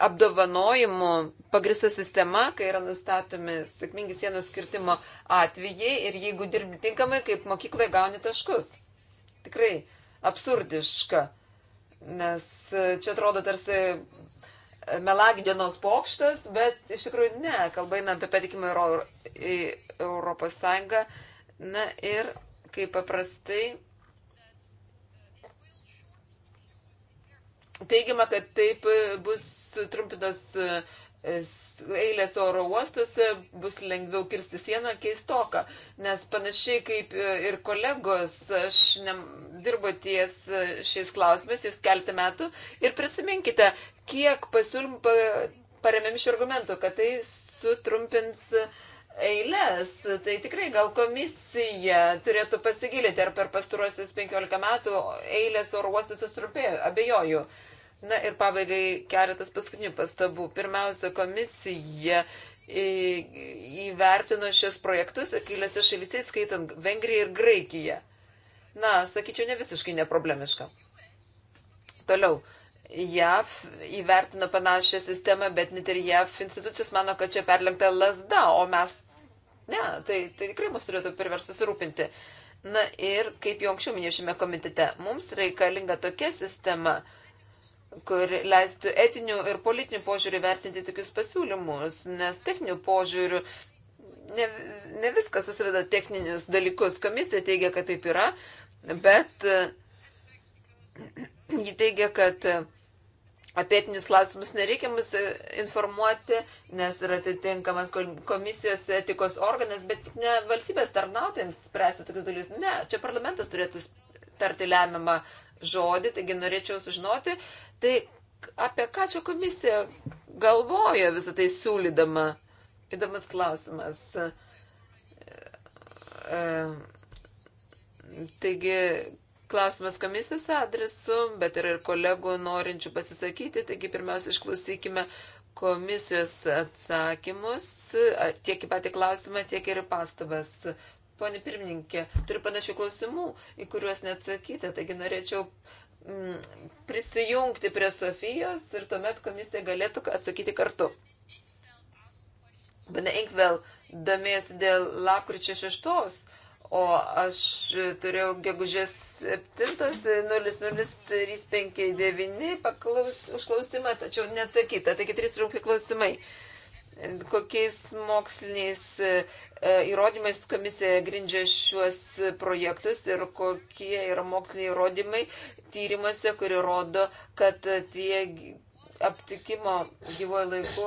Speaker 2: apdovanojimų pagrista sistema, kai yra nustatomi sėkmingi sienos skirtimo atvejai ir jeigu dirbi tinkamai, kaip mokykloje gauni taškus. Tikrai absurdiška, nes čia atrodo tarsi melagį dienos pokštas, bet iš tikrųjų ne, kalba eina apie patikimą Europos Sąjunga. Na ir, kaip paprastai, teigiama, kad taip bus sutrumpintos e, eilės oro uostose, bus lengviau kirsti sieną keistoką, nes panašiai kaip e, ir kolegos, aš ne, dirbu ties e, šiais klausimais jau keltą metų ir prisiminkite, kiek pasiūlymų paremėm iš argumentų, kad tai sutrumpins uh, eilės, tai tikrai gal komisija turėtų pasigilinti, ar per pastaruosius 15 metų eilės oro uostas sustrupėjo, abejoju. Na ir pabaigai keletas paskutinių pastabų. Pirmiausia, komisija įvertino šios projektus keliose šalyse, skaitant Vengriją ir Graikiją. Na, sakyčiau, ne visiškai neproblemiška. Toliau, JAV įvertino panašią sistemą, bet net ir JAV institucijos mano, kad čia perlengta lasda, o mes, ne, tai, tai tikrai mus turėtų priversus rūpinti. Na ir, kaip jau anksčiau minėjau šiame komitete, mums reikalinga tokia sistema, kur leistų etinių ir politinių požiūrių vertinti tokius pasiūlymus, nes techninių požiūrių ne, ne viskas susiveda techninius dalykus. Komisija teigia, kad taip yra, bet ji teigia, kad apie etinius klausimus nereikia mus e, informuoti, nes yra atitinkamas komisijos etikos organas, bet ne valstybės tarnautojams spręsti tokius dalykus. Ne, čia parlamentas turėtų tarti lemiamą žodį, taigi norėčiau sužinoti, tai apie ką čia komisija galvoja visą tai siūlydama. Įdomus klausimas. E, e, taigi, klausimas komisijos adresu, bet yra ir kolegų norinčių pasisakyti, taigi pirmiausia išklausykime komisijos atsakymus, tiek į patį klausimą, tiek ir pastabas. Pone pirmininkė, turiu panašių klausimų, į kuriuos neatsakyta, taigi norėčiau mm, prisijungti prie Sofijos ir tuomet komisija galėtų atsakyti kartu. Bane Inkvel domėjosi dėl lapkričio 6 O aš turėjau gegužės 7.00359 paklaus, užklausimą, tačiau neatsakyta. Taigi trys trumpi klausimai. Kokiais moksliniais e, įrodymais komisija grindžia šiuos projektus ir kokie yra moksliniai įrodymai tyrimuose, kurie rodo, kad tie aptikimo gyvojo laiku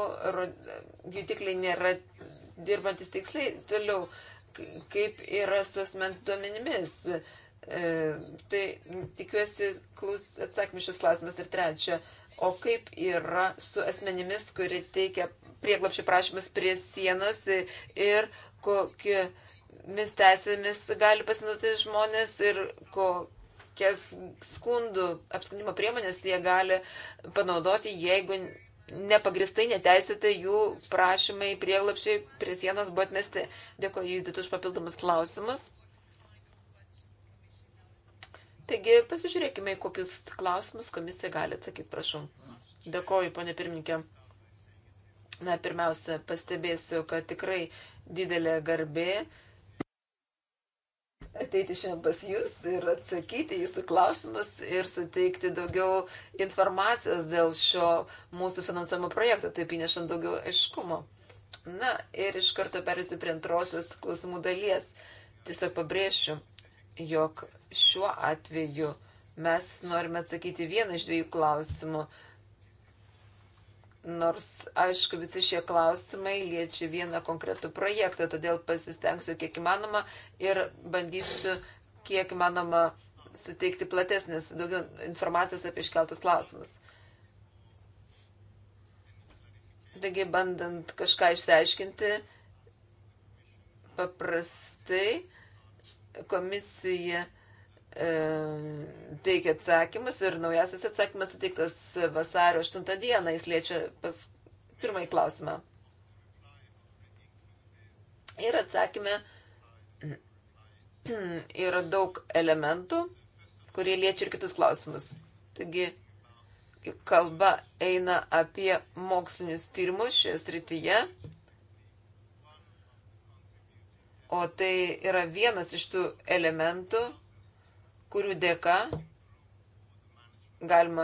Speaker 2: jutikliai nėra dirbantis tiksliai. Toliau. E, kaip yra su asmens duomenimis. E, tai tikiuosi atsakymų šis klausimas ir trečia. O kaip yra su asmenimis, kurie teikia prieglapšį prašymus prie sienos ir kokiomis teisėmis gali pasinaudoti žmonės ir kokias skundų apskundimo priemonės jie gali panaudoti, jeigu nepagristai, neteisėtai jų prašymai prieglapšiai prie sienos buvo atmesti. Dėkoju Judit už papildomus klausimus. Taigi pasižiūrėkime, kokius klausimus komisija gali atsakyti, prašau. Dėkoju, ponė pirmininkė. Na, pirmiausia, pastebėsiu, kad tikrai didelė garbė uh, ateiti šiandien pas Jūs ir atsakyti Jūsų klausimus ir suteikti daugiau informacijos dėl šio mūsų finansuojamo projekto, taip įnešant daugiau aiškumo. Na ir iš karto perėsiu prie antrosios klausimų dalies. Tiesiog pabrėšiu, jog šiuo atveju mes norime atsakyti vieną iš dviejų klausimų Nors, aišku, visi šie klausimai liečia vieną konkretų projektą, todėl pasistengsiu kiek įmanoma ir bandysiu kiek įmanoma suteikti platesnės, daugiau informacijos apie iškeltus klausimus. Taigi, bandant kažką išsiaiškinti, paprastai komisija E, teikia atsakymus ir naujasis atsakymas suteiktas vasario 8 dieną, jis liečia pas pirmąjį klausimą. Ir atsakymė yra daug elementų, kurie liečia ir kitus klausimus. Taigi, kalba eina apie mokslinius tyrimus šioje srityje, o tai yra vienas iš tų elementų, kurių dėka galima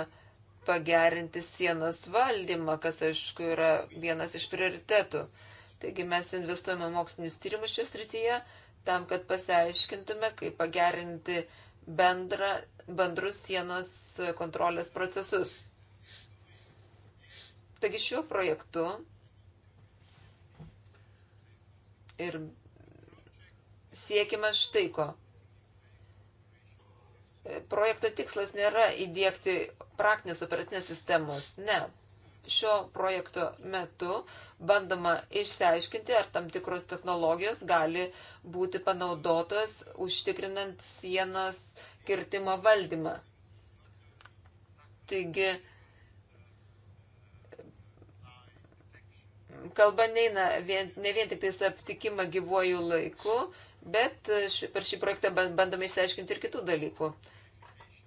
Speaker 2: pagerinti sienos valdymą, kas aišku yra vienas iš prioritetų. Taigi mes investuojame mokslinius tyrimus šios rytyje tam, kad pasiaiškintume, kaip pagerinti bendra, bendrus sienos kontrolės procesus. Taigi šiuo projektu ir siekime štai ko projekto tikslas nėra įdėkti praktinės operacinės sistemos. Ne. Šio projekto metu bandoma išsiaiškinti, ar tam tikros technologijos gali būti panaudotos užtikrinant sienos kirtimo valdymą. Taigi, kalba neina vien, ne vien tik tais aptikimą gyvuoju laiku, bet ši, per šį projektą bandome išsiaiškinti ir kitų dalykų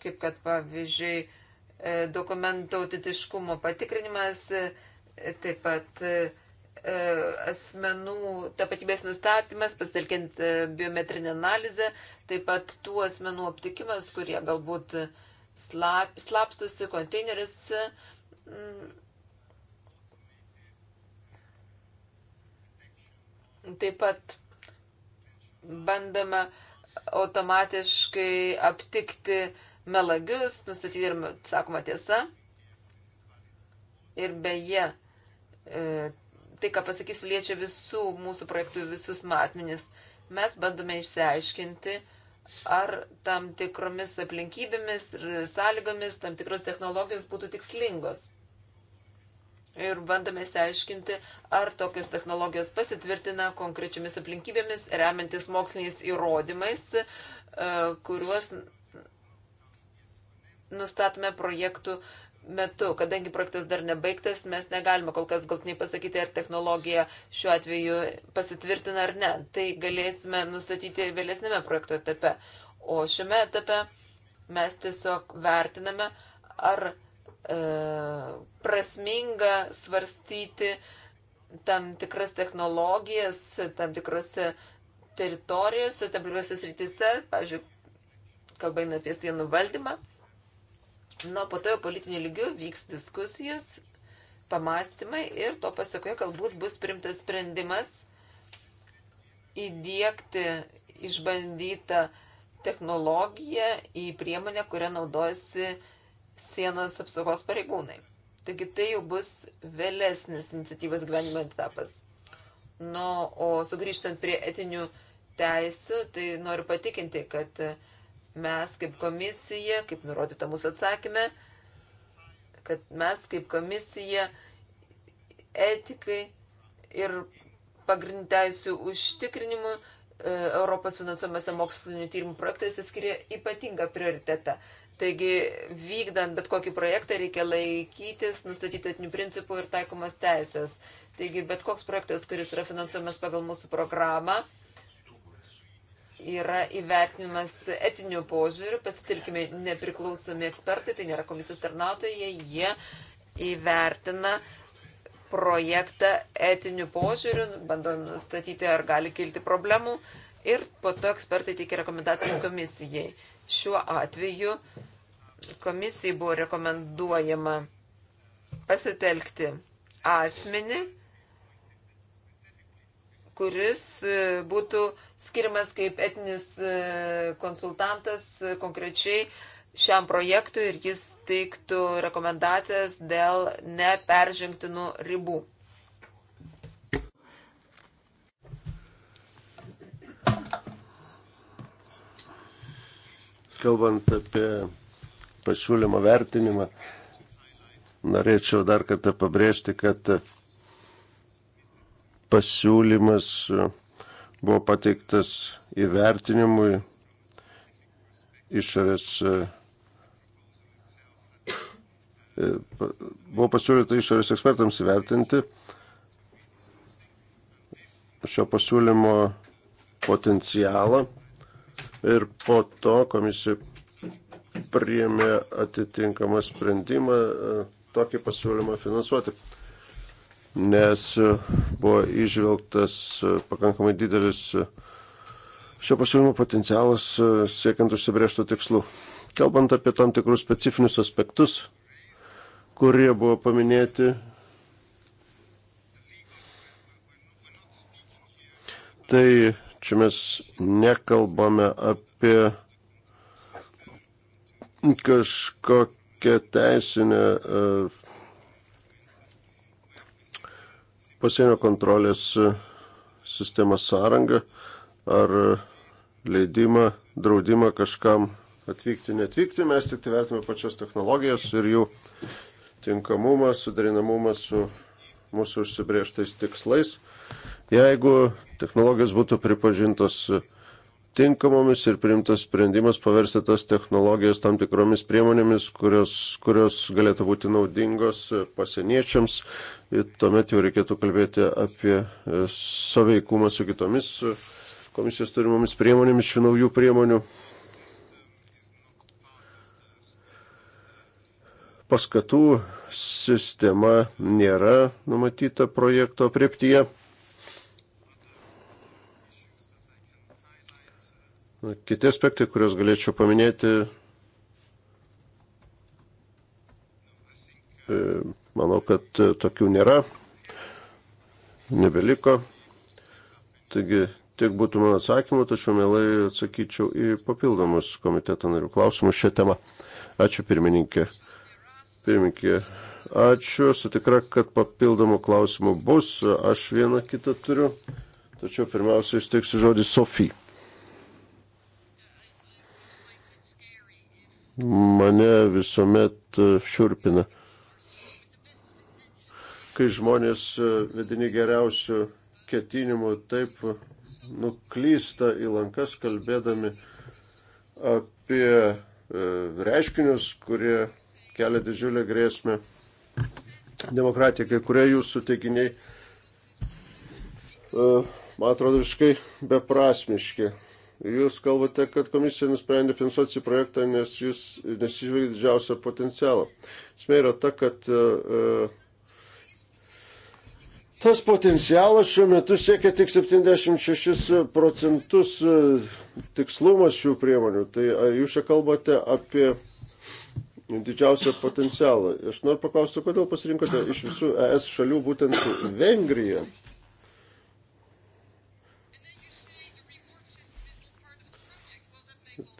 Speaker 2: kaip kad pavyzdžiui e, dokumento autentiškumo patikrinimas, e, taip pat e, asmenų tapatybės nustatymas, pasitelkiant biometrinę analizę, taip pat tų asmenų aptikimas, kurie galbūt slap, slapstosi konteineriuose. Mm. Taip pat bandome automatiškai aptikti uh, melagius, nustatyti ir sakoma tiesa. Ir beje, e, tai, ką pasakysiu, liečia visų mūsų projektų, visus matmenis. Mes bandome išsiaiškinti, ar tam tikromis aplinkybėmis ir sąlygomis tam tikros technologijos būtų tikslingos. Ir bandome įsiaiškinti, ar tokios technologijos pasitvirtina konkrečiamis aplinkybėmis, remiantis moksliniais įrodymais, e, kuriuos nustatome projektų metu. Kadangi projektas dar nebaigtas, mes negalime kol kas galtinai pasakyti, ar technologija šiuo atveju pasitvirtina ar ne. Tai galėsime nustatyti vėlesnėme projekto etape. O šiame etape mes tiesiog vertiname, ar e, prasminga svarstyti tam tikras technologijas, tam tikrose teritorijose, tam tikrose srityse, pavyzdžiui, kalba eina apie sienų valdymą. Na, po to jau politiniu lygiu vyks diskusijos, pamastymai ir to pasakoje galbūt bus primtas sprendimas įdėkti išbandytą technologiją į priemonę, kurią naudojasi sienos apsaugos pareigūnai. Taigi tai jau bus vėlesnis iniciatyvos gyvenimo etapas. Nu, o sugrįžtant prie etinių teisų, tai noriu patikinti, kad uh, Mes kaip komisija, kaip nurodyta mūsų atsakymė, kad mes kaip komisija etikai ir pagrindinių teisų užtikrinimu e, Europos finansuojamose mokslinio tyrimų projektuose skiria ypatingą prioritetą. Taigi, vykdant bet kokį projektą, reikia laikytis nustatytinių principų ir taikomas teisės. Taigi, bet koks projektas, kuris yra finansuojamas pagal mūsų programą, yra įvertinimas etiniu požiūriu, pasitelkime nepriklausomi ekspertai, tai nėra komisijos tarnautojai, jie įvertina projektą etiniu požiūriu, bando nustatyti, ar gali kilti problemų ir po to ekspertai teikia rekomendacijas komisijai. Šiuo atveju komisijai buvo rekomenduojama pasitelkti asmenį, kuris e, būtų skirimas kaip etinis e, konsultantas e, konkrečiai šiam projektui ir jis teiktų rekomendacijas dėl neperžengtinų ribų.
Speaker 3: Kalbant apie pasiūlymo vertinimą, norėčiau dar kartą pabrėžti, kad pasiūlymas e, buvo pateiktas įvertinimui išorės. E, e, buvo pasiūlyta išorės ekspertams įvertinti šio pasiūlymo potencialą ir po to komisija priėmė atitinkamą sprendimą tokį pasiūlymą finansuoti nes e, buvo išvelgtas e, pakankamai didelis e, šio pasiūlymo potencialas siekiant užsibriežtų tikslų. Kalbant apie tam tikrus specifinius aspektus, kurie buvo paminėti, tai čia mes nekalbame apie kažkokią teisinę uh, pasienio kontrolės e, sistemos sąrangą ar e, leidimą, draudimą kažkam atvykti, netvykti. Mes tik tai vertiname pačias technologijas ir jų tinkamumą, sudarinamumą su mūsų užsibrieštais tikslais. Jeigu technologijos būtų pripažintos e, tinkamomis ir primtas sprendimas paversti tas technologijas tam tikromis priemonėmis, kurios, kurios galėtų būti naudingos pasieniečiams. Ir tuomet jau reikėtų kalbėti apie e, saveikumą su kitomis e, komisijos turimomis priemonėmis, šių naujų priemonių. Paskatų sistema nėra numatyta projekto prieptyje. Kiti aspektai, kuriuos galėčiau paminėti, e, manau, kad tokių nėra, nebeliko. Taigi tiek būtų mano atsakymų, tačiau mielai atsakyčiau į papildomus komiteto narių klausimus šią temą. Ačiū pirmininkė. Pirmininkė, ačiū, sutikra, kad papildomų klausimų bus. Aš vieną kitą turiu, tačiau pirmiausia, išteiksiu žodį Sofijai. mane visuomet e, šiurpina. Kai žmonės e, vedini geriausių ketinimų taip nuklysta į lankas, kalbėdami apie e, reiškinius, kurie kelia didžiulę grėsmę demokratijai. Kai kurie jūsų teiginiai, man atrodo, visiškai beprasmiški. Jūs kalbate, kad komisija nusprendė finansuoti šį projektą, nes jis nesižvelgia didžiausią potencialą. Esmė yra ta, kad uh, Tas potencialas šiuo metu siekia tik 76 procentus e, tikslumas šių priemonių. Tai ar jūs čia kalbate apie didžiausią potencialą? Aš noriu paklausti, kodėl pasirinkote iš visų ES šalių būtent Vengriją?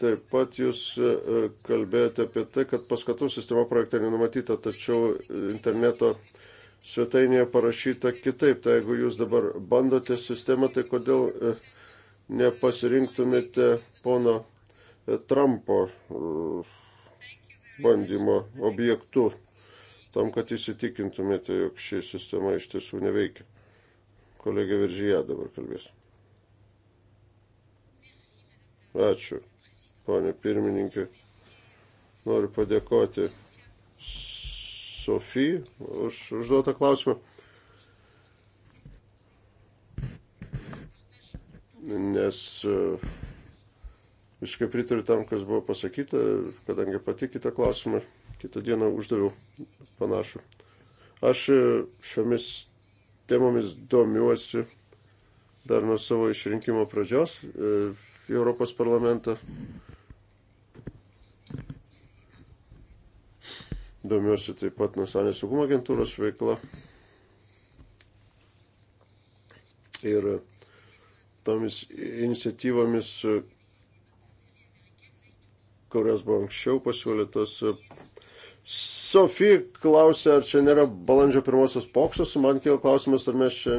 Speaker 3: Taip pat jūs e, kalbėjote apie tai, kad paskatų sistema projekte nenumatyta, tačiau interneto svetainėje parašyta kitaip. Tai jeigu jūs dabar bandote sistemą, tai kodėl e, nepasirinktumėte pono e, Trumpo bandymo objektų, tam, kad įsitikintumėte, jog ši sistema iš tiesų neveikia. Kolegė Viržyje dabar kalbės. Ačiū ponė pirmininkė. Noriu padėkoti Sofijai už užduotą klausimą. Nes e, visiškai pritariu tam, kas buvo pasakyta, kadangi pati kitą klausimą kitą dieną uždaviau panašų. Aš e, šiomis temomis domiuosi dar nuo savo išrinkimo pradžios į e, Europos parlamentą. Domiuosi taip pat nacionalinės saugumo agentūros veikla. Ir tomis iniciatyvomis, kurios buvo anksčiau pasiūlytos, Sofija klausė, ar čia nėra balandžio pirmosios pokštas, man kėl klausimas, ar mes čia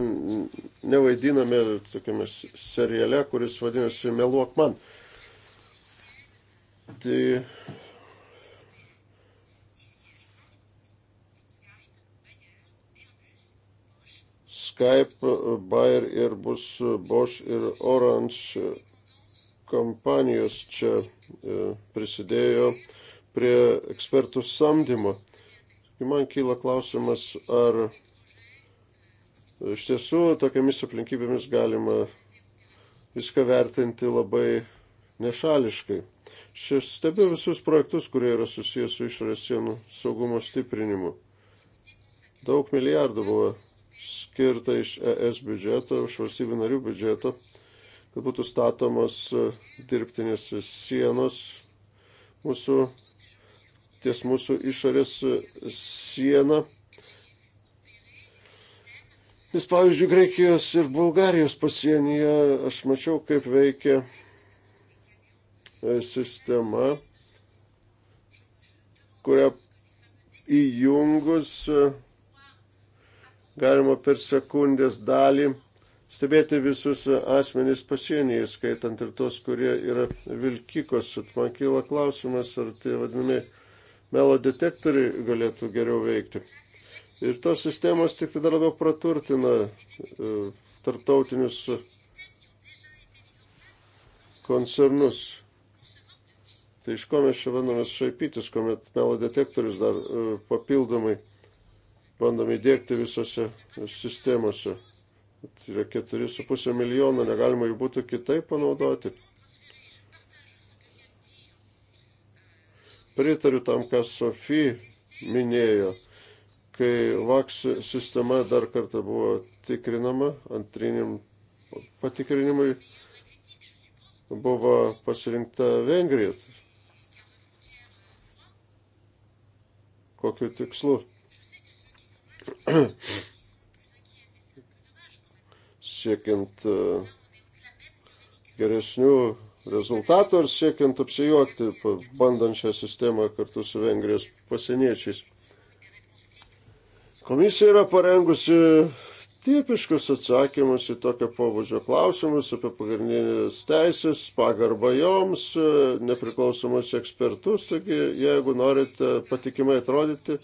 Speaker 3: nevaidiname tokiame seriale, kuris vadinasi Meluok man. Tai Skype, Bayer ir bus Bosch ir Orange kompanijos čia e, prisidėjo prie ekspertų samdymo. Ir man kyla klausimas, ar iš tiesų tokiamis aplinkybėmis galima viską vertinti labai nešališkai. Šis stebiu visus projektus, kurie yra susijęs su išorės sienų saugumo stiprinimu. Daug milijardų buvo skirta iš ES biudžeto, iš valstybių narių biudžeto, kad būtų statomos e, dirbtinės sienos mūsų, ties mūsų išorės e, siena. Nes pavyzdžiui, Graikijos ir Bulgarijos pasienyje aš mačiau, kaip veikia e, sistema, kurią įjungus galima per sekundės dalį stebėti visus asmenys pasienyje, skaitant ir tos, kurie yra vilkikos. Man kyla klausimas, ar tai vadinami melo detektoriai galėtų geriau veikti. Ir tos sistemos tik tai dar labiau praturtina e, tarptautinius koncernus. Tai iš ko mes čia bandome šaipytis, kuomet melo detektorius dar e, papildomai bandome įdėkti visose sistemose. Bet yra 4,5 milijono, negalima jų būtų kitaip panaudoti. Pritariu tam, ką Sofija minėjo, kai VAX sistema dar kartą buvo tikrinama antrinim patikrinimui, buvo pasirinkta Vengrija. Kokiu tikslu? siekiant e, geresnių rezultatų ar siekiant apsijuokti, bandant šią sistemą kartu su Vengrijos pasieniečiais. Komisija yra parengusi tipiškus atsakymus į tokio pobūdžio klausimus apie pagrindinės teisės, pagarbą joms, e, nepriklausomus ekspertus. Taigi, jeigu norite patikimai atrodyti,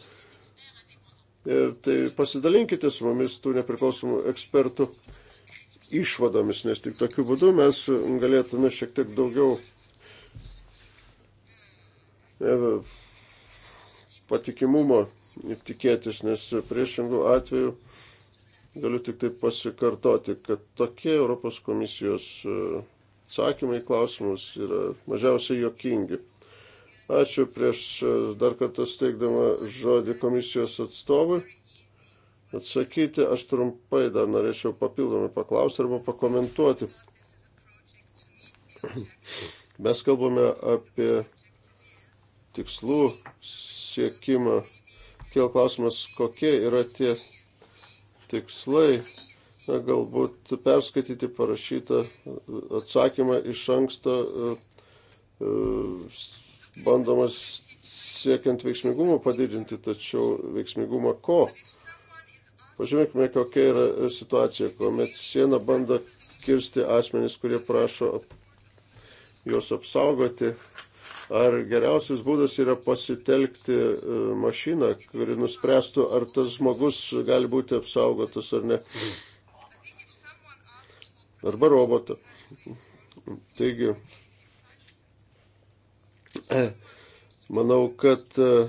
Speaker 3: tai pasidalinkite su mumis tų nepriklausomų ekspertų išvadomis, nes tik tokiu būdu mes galėtume šiek tiek daugiau e, patikimumo tikėtis, nes priešingų atveju galiu tik tai pasikartoti, kad tokie Europos komisijos e, atsakymai klausimus yra mažiausiai jokingi. Ačiū prieš e, dar kartą steigdama žodį komisijos atstovui. Atsakyti aš trumpai dar norėčiau papildomai paklausti arba pakomentuoti. Mes kalbame apie tikslų siekimą. Kiel klausimas, kokie yra tie tikslai. Na, galbūt perskaityti parašytą atsakymą iš anksto e, e, bandomas siekiant veiksmingumą padidinti, tačiau veiksmingumą ko? Pažiūrėkime, kokia yra situacija, kuomet sieną bando kirsti asmenys, kurie prašo juos apsaugoti. Ar geriausias būdas yra pasitelkti e, mašiną, kuri nuspręstų, ar tas žmogus gali būti apsaugotas ar ne. Arba robotų. Taigi, Manau, kad e,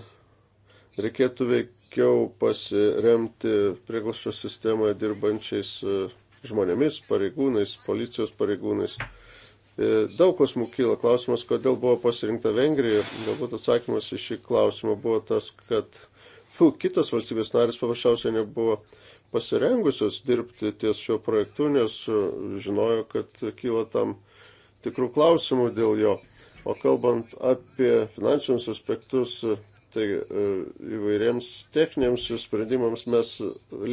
Speaker 3: reikėtų veikiau pasiremti prieglašio sistemoje dirbančiais e, žmonėmis, pareigūnais, policijos pareigūnais. E, daug klausimų kyla. Klausimas, kodėl buvo pasirinkta Vengrija. Galbūt atsakymas į šį klausimą buvo tas, kad fu, kitos valstybės narės paprasčiausiai nebuvo pasirengusios dirbti ties šio projektu, nes žinojo, kad kyla tam tikrų klausimų dėl jo. O kalbant apie finansinius aspektus, tai e, įvairiems techniniams sprendimams mes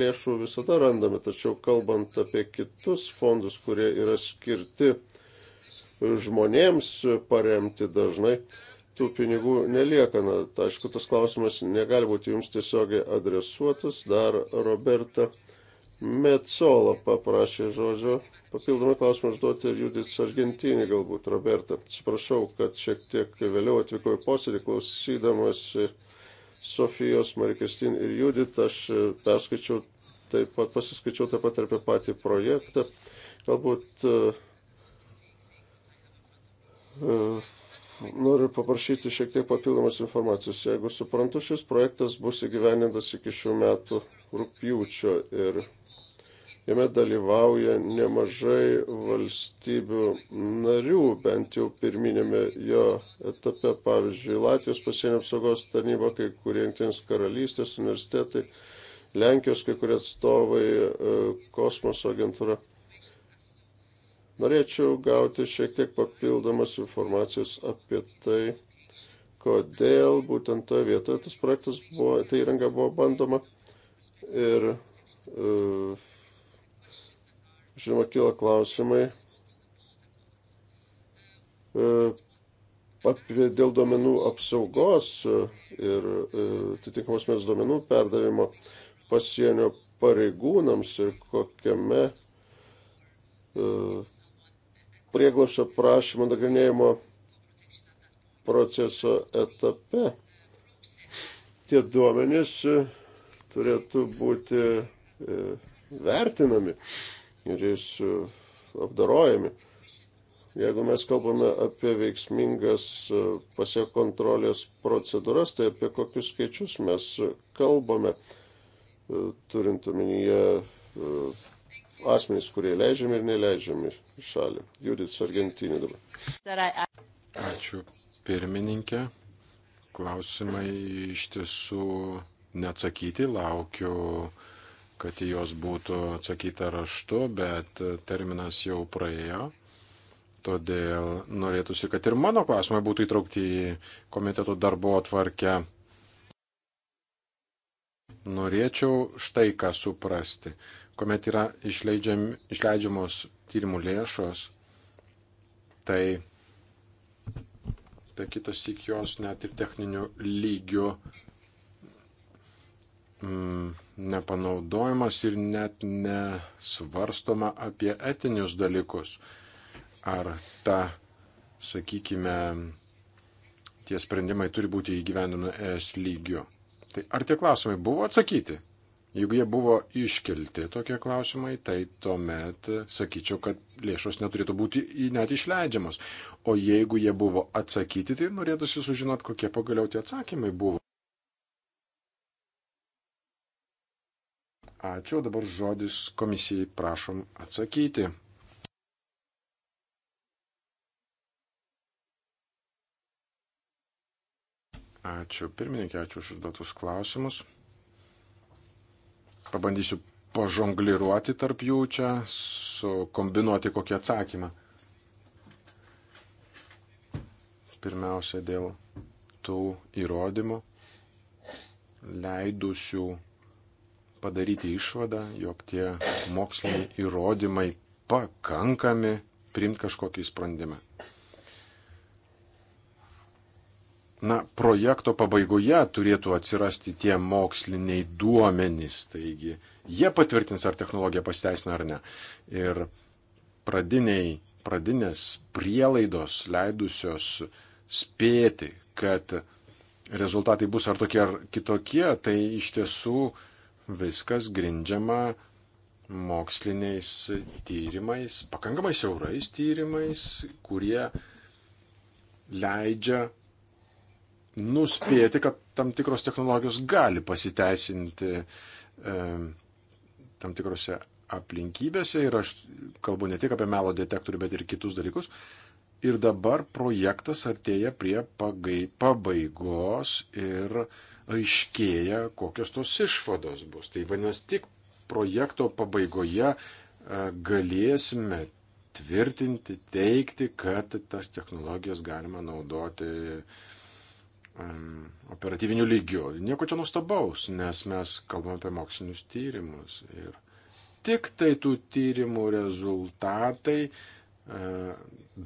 Speaker 3: lėšų visada randame, tačiau kalbant apie kitus fondus, kurie yra skirti žmonėms paremti dažnai, tų pinigų nelieka. Na, ta, aišku, tas klausimas negali būti jums tiesiogiai adresuotas. Dar Roberta Metzola paprašė žodžio. Papildomai klausimą užduoti ir Judis Argentinį, galbūt Roberta. Atsiprašau, kad šiek tiek vėliau atvykau į posėdį, klausydamas Sofijos, Marikestin ir Judit, aš perskaičiau, taip pat pasiskaičiau taip pat apie patį projektą. Galbūt uh, uh, noriu paprašyti šiek tiek papildomas informacijos. Jeigu suprantu, šis projektas bus įgyvenintas iki šių metų rūpjūčio ir Jame dalyvauja nemažai valstybių narių, bent jau pirminėme jo etape, pavyzdžiui, Latvijos pasienio apsaugos tarnyba, kai kurie Junktinės karalystės universitetai, Lenkijos kai kurie atstovai, e, kosmoso agentūra. Norėčiau gauti šiek tiek papildomas informacijos apie tai, kodėl būtent toje vietoje tas projektas buvo, ta įranga buvo bandoma ir uh, Žinoma, kila klausimai e, apie dėl duomenų apsaugos ir e, atitinkamos mes duomenų perdavimo pasienio pareigūnams ir kokiame e, prieglapšio prašymo nagrinėjimo proceso etape tie duomenys turėtų būti vertinami ir jis e, apdarojami. Jeigu mes kalbame apie veiksmingas e, pasiekontrolės procedūras, tai apie kokius skaičius mes kalbame, e, turint omenyje asmenys, kurie leidžiami ir neleidžiami į šalį. Judith
Speaker 4: Argentinė
Speaker 1: dabar.
Speaker 4: Ačiū pirmininkė. Klausimai iš tiesų neatsakyti, laukiu kad jos būtų atsakyta raštu, bet terminas jau praėjo. Todėl norėtųsi, kad ir mano klausimai būtų įtraukti į komiteto darbo atvarkę. Norėčiau štai ką suprasti. Komet yra išleidžiam, išleidžiamos tyrimų lėšos, tai, tai kitas įk jos net ir techniniu lygiu mm, nepanaudojamas ir net nesvarstoma apie etinius dalykus. Ar ta, sakykime, tie sprendimai turi būti įgyvendami ES lygiu. Tai ar tie klausimai buvo atsakyti? Jeigu jie buvo iškelti tokie klausimai, tai tuomet sakyčiau, kad lėšos neturėtų būti net išleidžiamos. O jeigu jie buvo atsakyti, tai norėtųsi sužinot, kokie pagaliau tie atsakymai buvo. Ačiū, dabar žodis komisijai prašom atsakyti. Ačiū pirmininkė, ačiū už užduotus klausimus. Pabandysiu pažongliruoti tarp jų čia, sukombinuoti kokį atsakymą. Pirmiausia, dėl tų įrodymų leidusių padaryti išvadą, jog tie moksliniai įrodymai pakankami priimti kažkokį sprendimą. Na, projekto pabaigoje turėtų atsirasti tie moksliniai duomenys, taigi jie patvirtins, ar technologija pasiteisina ar ne. Ir pradiniai, pradinės prielaidos leidusios spėti, kad rezultatai bus ar tokie ar kitokie, tai iš tiesų viskas grindžiama moksliniais tyrimais, pakankamai siaurais tyrimais, kurie leidžia nuspėti, kad tam tikros technologijos gali pasiteisinti e, tam tikrose aplinkybėse ir aš kalbu ne tik apie melo detektorių, bet ir kitus dalykus. Ir dabar projektas artėja prie pagai, pabaigos ir e, aiškėja, kokios tos išvados bus. Tai vadinasi, tik projekto pabaigoje e, galėsime tvirtinti, teikti, kad tas technologijas galima naudoti operatyvinių lygių. Nieko čia nustabaus, nes mes kalbame apie mokslinius tyrimus. Ir tik tai tų tyrimų rezultatai e,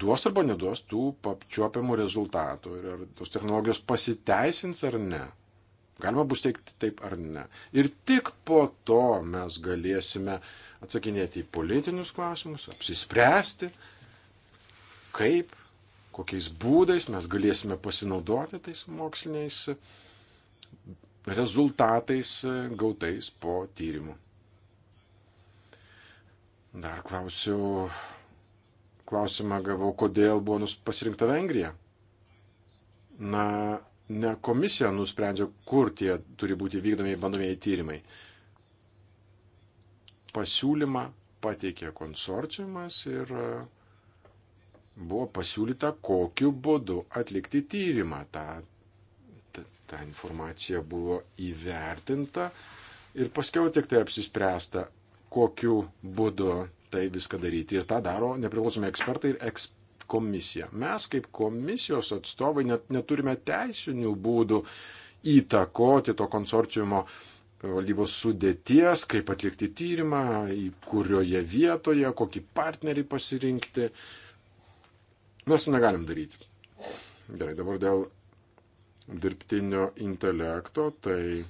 Speaker 4: duos arba neduos tų apčiuopiamų rezultatų ir ar tos technologijos pasiteisins ar ne. Galima bus teikti taip ar ne. Ir tik po to mes galėsime atsakinėti į politinius klausimus, apsispręsti, kaip, kokiais būdais mes galėsime pasinaudoti tais moksliniais rezultatais gautais po tyrimų. Dar klausiau, klausimą gavau, kodėl buvo pasirinkta Vengrija. Na, ne komisija nusprendžia, kur tie turi būti vykdomi bandomieji tyrimai. Pasiūlymą pateikė konsorciumas ir e, buvo pasiūlyta, kokiu būdu atlikti tyrimą. Ta, ta, ta informacija buvo įvertinta ir paskiau tik tai apsispręsta, kokiu būdu tai viską daryti. Ir tą daro nepriklausomi ekspertai ir eks, komisija. Mes kaip komisijos atstovai net neturime teisinių būdų įtakoti to konsorciumo valdybos sudėties, kaip atlikti tyrimą, į kurioje vietoje, kokį partnerį pasirinkti. Mes to negalim daryti. Gerai, dabar dėl dirbtinio intelekto, tai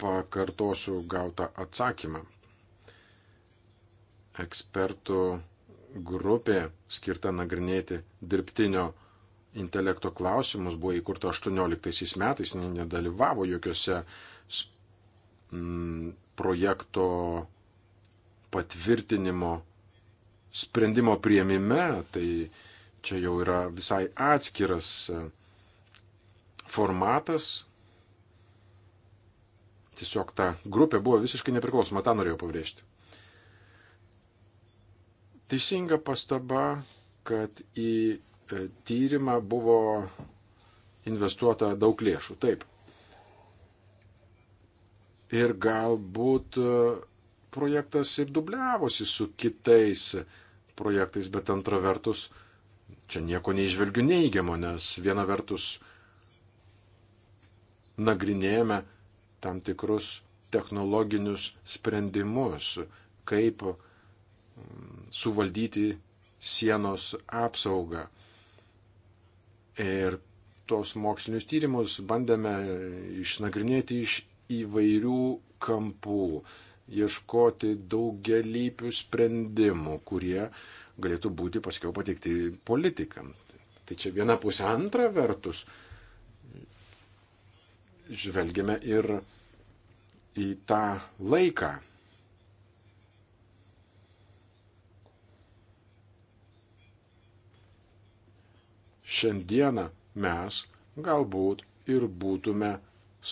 Speaker 4: pakartosiu gautą atsakymą. Ekspertų grupė skirta nagrinėti dirbtinio intelekto klausimus buvo įkurta 18 metais, nedalyvavo jokiuose projekto patvirtinimo sprendimo prieimime, tai čia jau yra visai atskiras e, formatas. Tiesiog ta grupė buvo visiškai nepriklausoma, tą norėjau pabrėžti. Teisinga pastaba, kad į e, tyrimą buvo investuota daug lėšų. Taip. Ir galbūt e, projektas ir dubliavosi su kitais projektais, bet antra vertus, čia nieko neižvelgiu neigiamo, nes viena vertus nagrinėjame tam tikrus technologinius sprendimus, kaip suvaldyti sienos apsaugą. Ir tos mokslinius tyrimus bandėme išnagrinėti iš įvairių kampų, ieškoti daugelypių sprendimų, kurie galėtų būti paskiau pateikti politikam. Tai čia viena pusė antra vertus. Žvelgiame ir į tą laiką, šiandieną mes galbūt ir būtume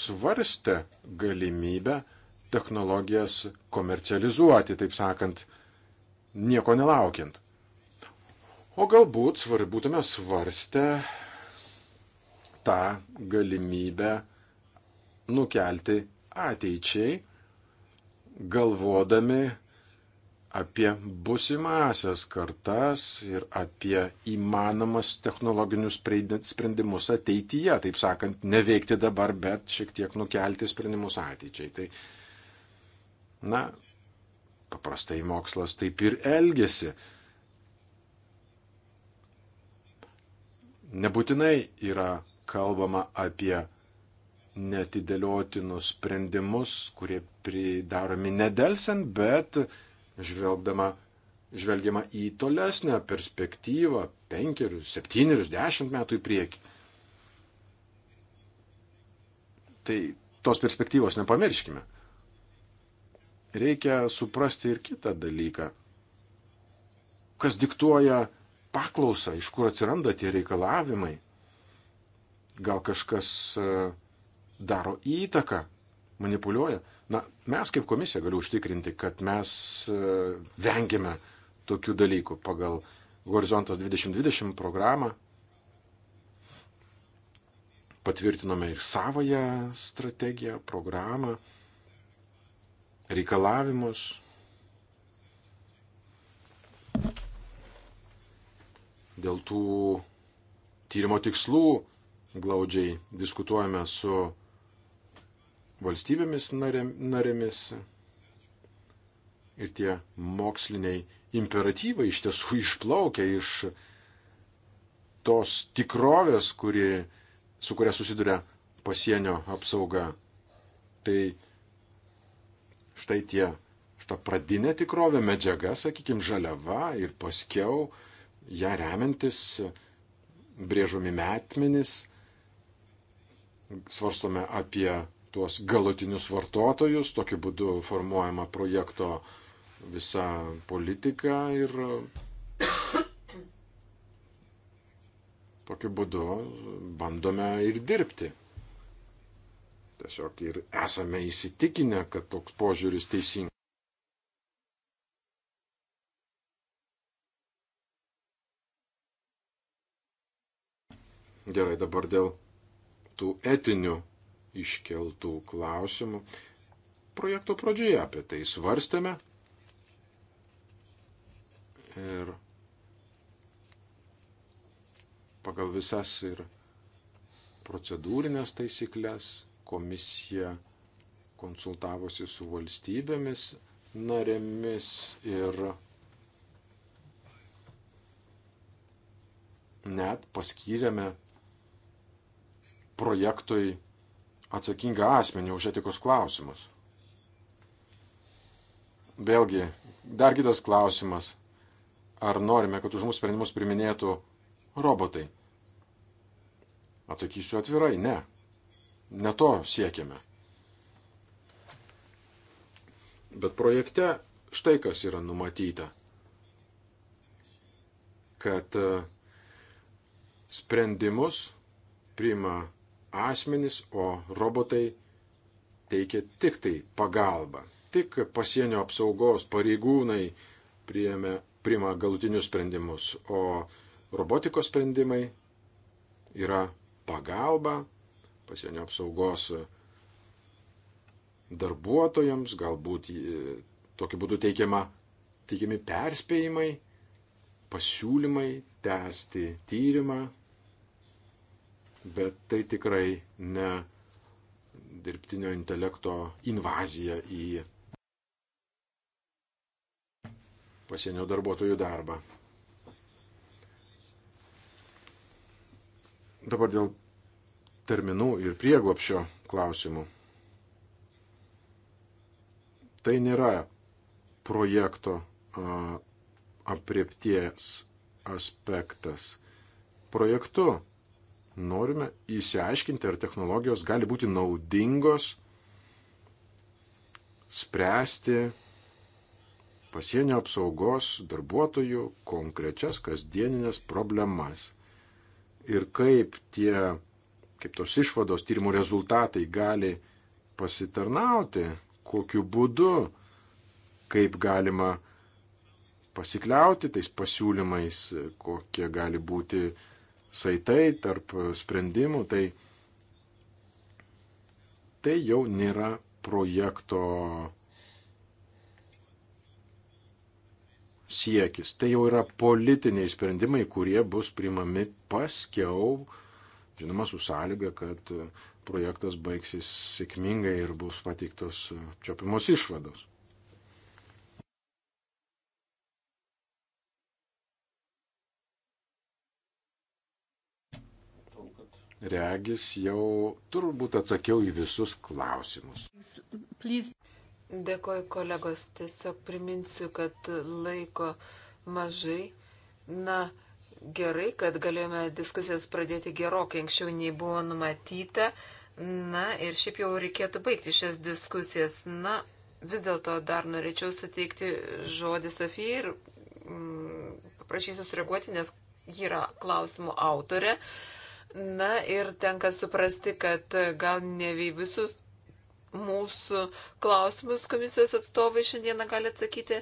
Speaker 4: svarstę galimybę technologijas komercializuoti, taip sakant, nieko nelaukiant. O galbūt svar, būtume svarstę tą galimybę nukelti ateičiai, galvodami apie busimasias kartas ir apie įmanomas technologinius sprendimus ateityje, taip sakant, neveikti dabar, bet šiek tiek nukelti sprendimus ateičiai. Tai, na, paprastai mokslas taip ir elgesi. Nebūtinai yra kalbama apie netidėliotinus sprendimus, kurie pridaromi nedelsiant, bet žvelgdama, žvelgiama į tolesnę perspektyvą - penkerius, septynerius, dešimt metų į priekį. Tai tos perspektyvos nepamirškime. Reikia suprasti ir kitą dalyką. Kas diktuoja paklausą, iš kur atsiranda tie reikalavimai? Gal kažkas e, daro įtaką manipuliuoja. Na, mes kaip komisija galiu užtikrinti, kad mes e, vengiame tokių dalykų pagal Horizontas 2020 programą. Patvirtinome ir savoją strategiją, programą, reikalavimus. Dėl tų tyrimo tikslų glaudžiai diskutuojame su valstybėmis narėmis. Ir tie moksliniai imperatyvai iš tiesų išplaukia iš tos tikrovės, kuri, su kuria susiduria pasienio apsauga. Tai štai tie, šita pradinė tikrovė, medžiaga, sakykime, žaliava ir paskiau ją remiantis brėžomi metmenis, svarstome apie tuos galutinius vartotojus, tokiu būdu formuojama projekto visa politika ir tokiu būdu bandome ir dirbti. Tiesiog ir esame įsitikinę, kad toks požiūris teisingas. Gerai, dabar dėl tų etinių iškeltų klausimų. Projekto pradžioje apie tai svarstėme. Ir pagal visas ir procedūrinės taisyklės komisija konsultavosi su valstybėmis narėmis ir net paskyrėme projektui atsakingą asmenį už etikos klausimus. Vėlgi, dar kitas klausimas. Ar norime, kad už mūsų sprendimus priminėtų robotai? Atsakysiu atvirai, ne. Ne to siekiame. Bet projekte štai kas yra numatyta. Kad e, sprendimus priima asmenys, o robotai teikia tik tai pagalbą. Tik pasienio apsaugos pareigūnai priėmė, priima galutinius sprendimus, o robotikos sprendimai yra pagalba pasienio apsaugos darbuotojams, galbūt e, tokiu būdu teikiama, teikiami perspėjimai, pasiūlymai tęsti tyrimą, bet tai tikrai ne dirbtinio intelekto invazija į pasienio darbuotojų darbą. Dabar dėl terminų ir prieglopšio klausimų. Tai nėra projekto apriepties aspektas. Projektu norime įsiaiškinti, ar technologijos gali būti naudingos spręsti pasienio apsaugos darbuotojų konkrečias kasdieninės problemas. Ir kaip tie, kaip tos išvados tyrimų rezultatai gali pasitarnauti, kokiu būdu, kaip galima pasikliauti tais pasiūlymais, kokie gali būti uh, saitai, tarp sprendimų, tai tai jau nėra projekto siekis. Tai jau yra politiniai sprendimai, kurie bus primami paskiau, žinoma, su sąlyga, kad projektas baigsis sėkmingai ir bus pateiktos čiopiamos išvados. Regis jau turbūt atsakiau į visus klausimus.
Speaker 2: Please. Dėkoju kolegos, tiesiog priminsiu, kad laiko mažai. Na, gerai, kad galėjome diskusijas pradėti gerokai anksčiau nei buvo numatyta. Na ir šiaip jau reikėtų baigti šias diskusijas. Na, vis dėlto dar norėčiau suteikti žodį Sofijai ir mm, paprašysiu sureaguoti, nes ji yra klausimo autorė. Uh, Na ir tenka suprasti, kad gal ne visus mūsų klausimus komisijos atstovai šiandieną gali atsakyti,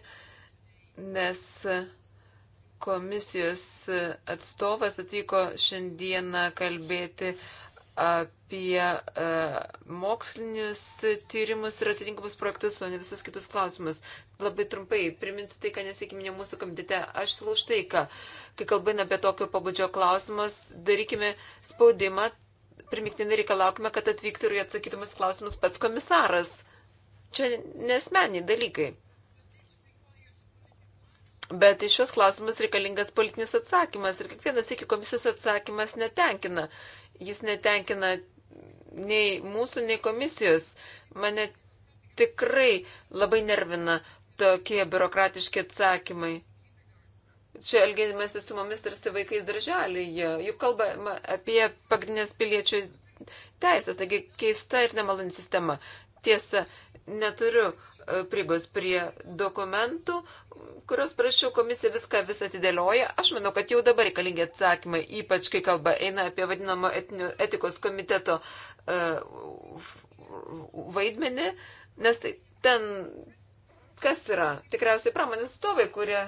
Speaker 2: nes komisijos atstovas atvyko šiandieną kalbėti apie e, mokslinius tyrimus ir atitinkamus projektus, o ne visus kitus klausimus. Labai trumpai priminsiu tai, ką nesėkiminė mūsų komitete. Aš siūlau štai ką. Kai kalbame apie tokio pabudžio klausimus, darykime spaudimą, primiktinai reikalaukime, kad atvyktų ir atsakytumus klausimus pats komisaras. Čia nesmeniai dalykai. Bet į šios klausimus reikalingas politinis atsakymas ir kiekvienas iki komisijos atsakymas netenkina jis netenkina nei mūsų, nei komisijos. Mane tikrai labai nervina tokie biurokratiški atsakymai. Čia elgėmėsi su mumis tarsi vaikais darželėje. Juk kalbama apie pagrindinės piliečių teisės, taigi keista ir nemaloni sistema. Tiesa, neturiu uh, E, prieigos prie dokumentų, kurios prašiau komisija viską vis atidėlioja. Aš manau, kad jau dabar reikalingi atsakymai, ypač kai kalba eina apie vadinamo etinių, etikos komiteto uh, vaidmenį, nes tai ten kas yra? Tikriausiai pramonės stovai, kurie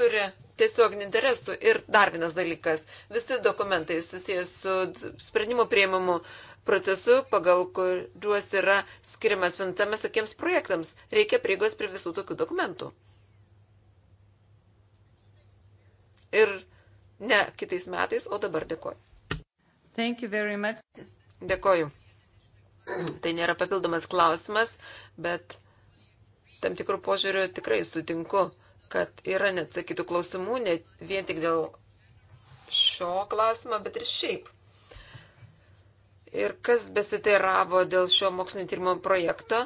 Speaker 2: turi tiesioginį interesų. Ir dar vienas dalykas, visi dokumentai susijęs su sprendimo prieimimu uh, procesu, pagal kuriuos yra skiriamas finansavimas tokiems projektams. Reikia prieigos prie visų tokių dokumentų. Ir ne kitais metais, o dabar dėkoju. Dėkoju. Tai nėra papildomas klausimas, bet tam tikrų požiūrių tikrai sutinku, kad yra neatsakytų klausimų, ne vien tik dėl šio klausimo, bet ir šiaip. Ir kas besiteiravo dėl šio mokslinio tyrimo projekto,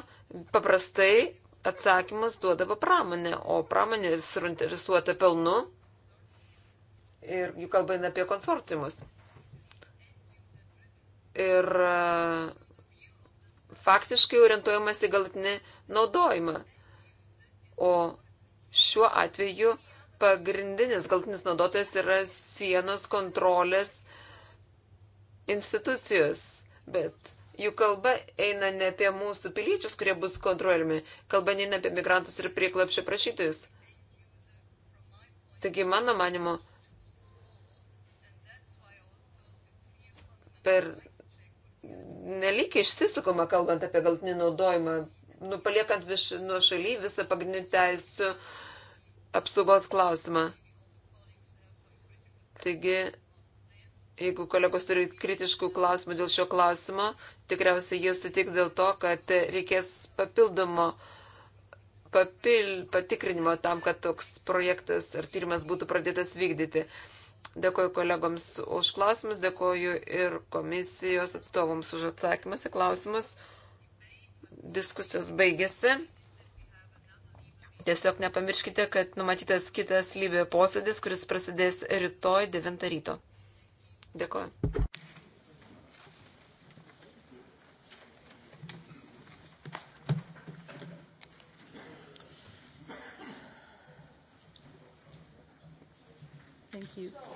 Speaker 2: paprastai atsakymas duodavo pramonė, o pramonė suinteresuota pelnu ir jų kalba eina apie konsorciumus. Ir e, faktiškai orientuojamas į galutinį naudojimą. O šiuo atveju pagrindinis galutinis naudotojas yra sienos kontrolės institucijos, bet jų kalba eina ne apie mūsų piliečius, kurie bus kontroliuojami, kalba neina apie migrantus ir prieklapšio prašytojus. Taigi, mano manimo, per nelik išsisukama, kalbant apie galtinį naudojimą, nupaliekant viš, nuo šaly visą pagrindinių teisų apsaugos klausimą. Taigi, Jeigu kolegos turi kritiškų klausimų dėl šio klausimo, tikriausiai jie sutiks dėl to, kad reikės papildomo papil, patikrinimo tam, kad toks projektas ar tyrimas būtų pradėtas vykdyti. Dėkoju kolegoms už klausimus, dėkoju ir komisijos atstovams už atsakymus į klausimus. Diskusijos baigėsi. Tiesiog nepamirškite, kad numatytas kitas lybė posėdis, kuris prasidės rytoj 9 ryto. Dėkuoju.
Speaker 1: Thank you.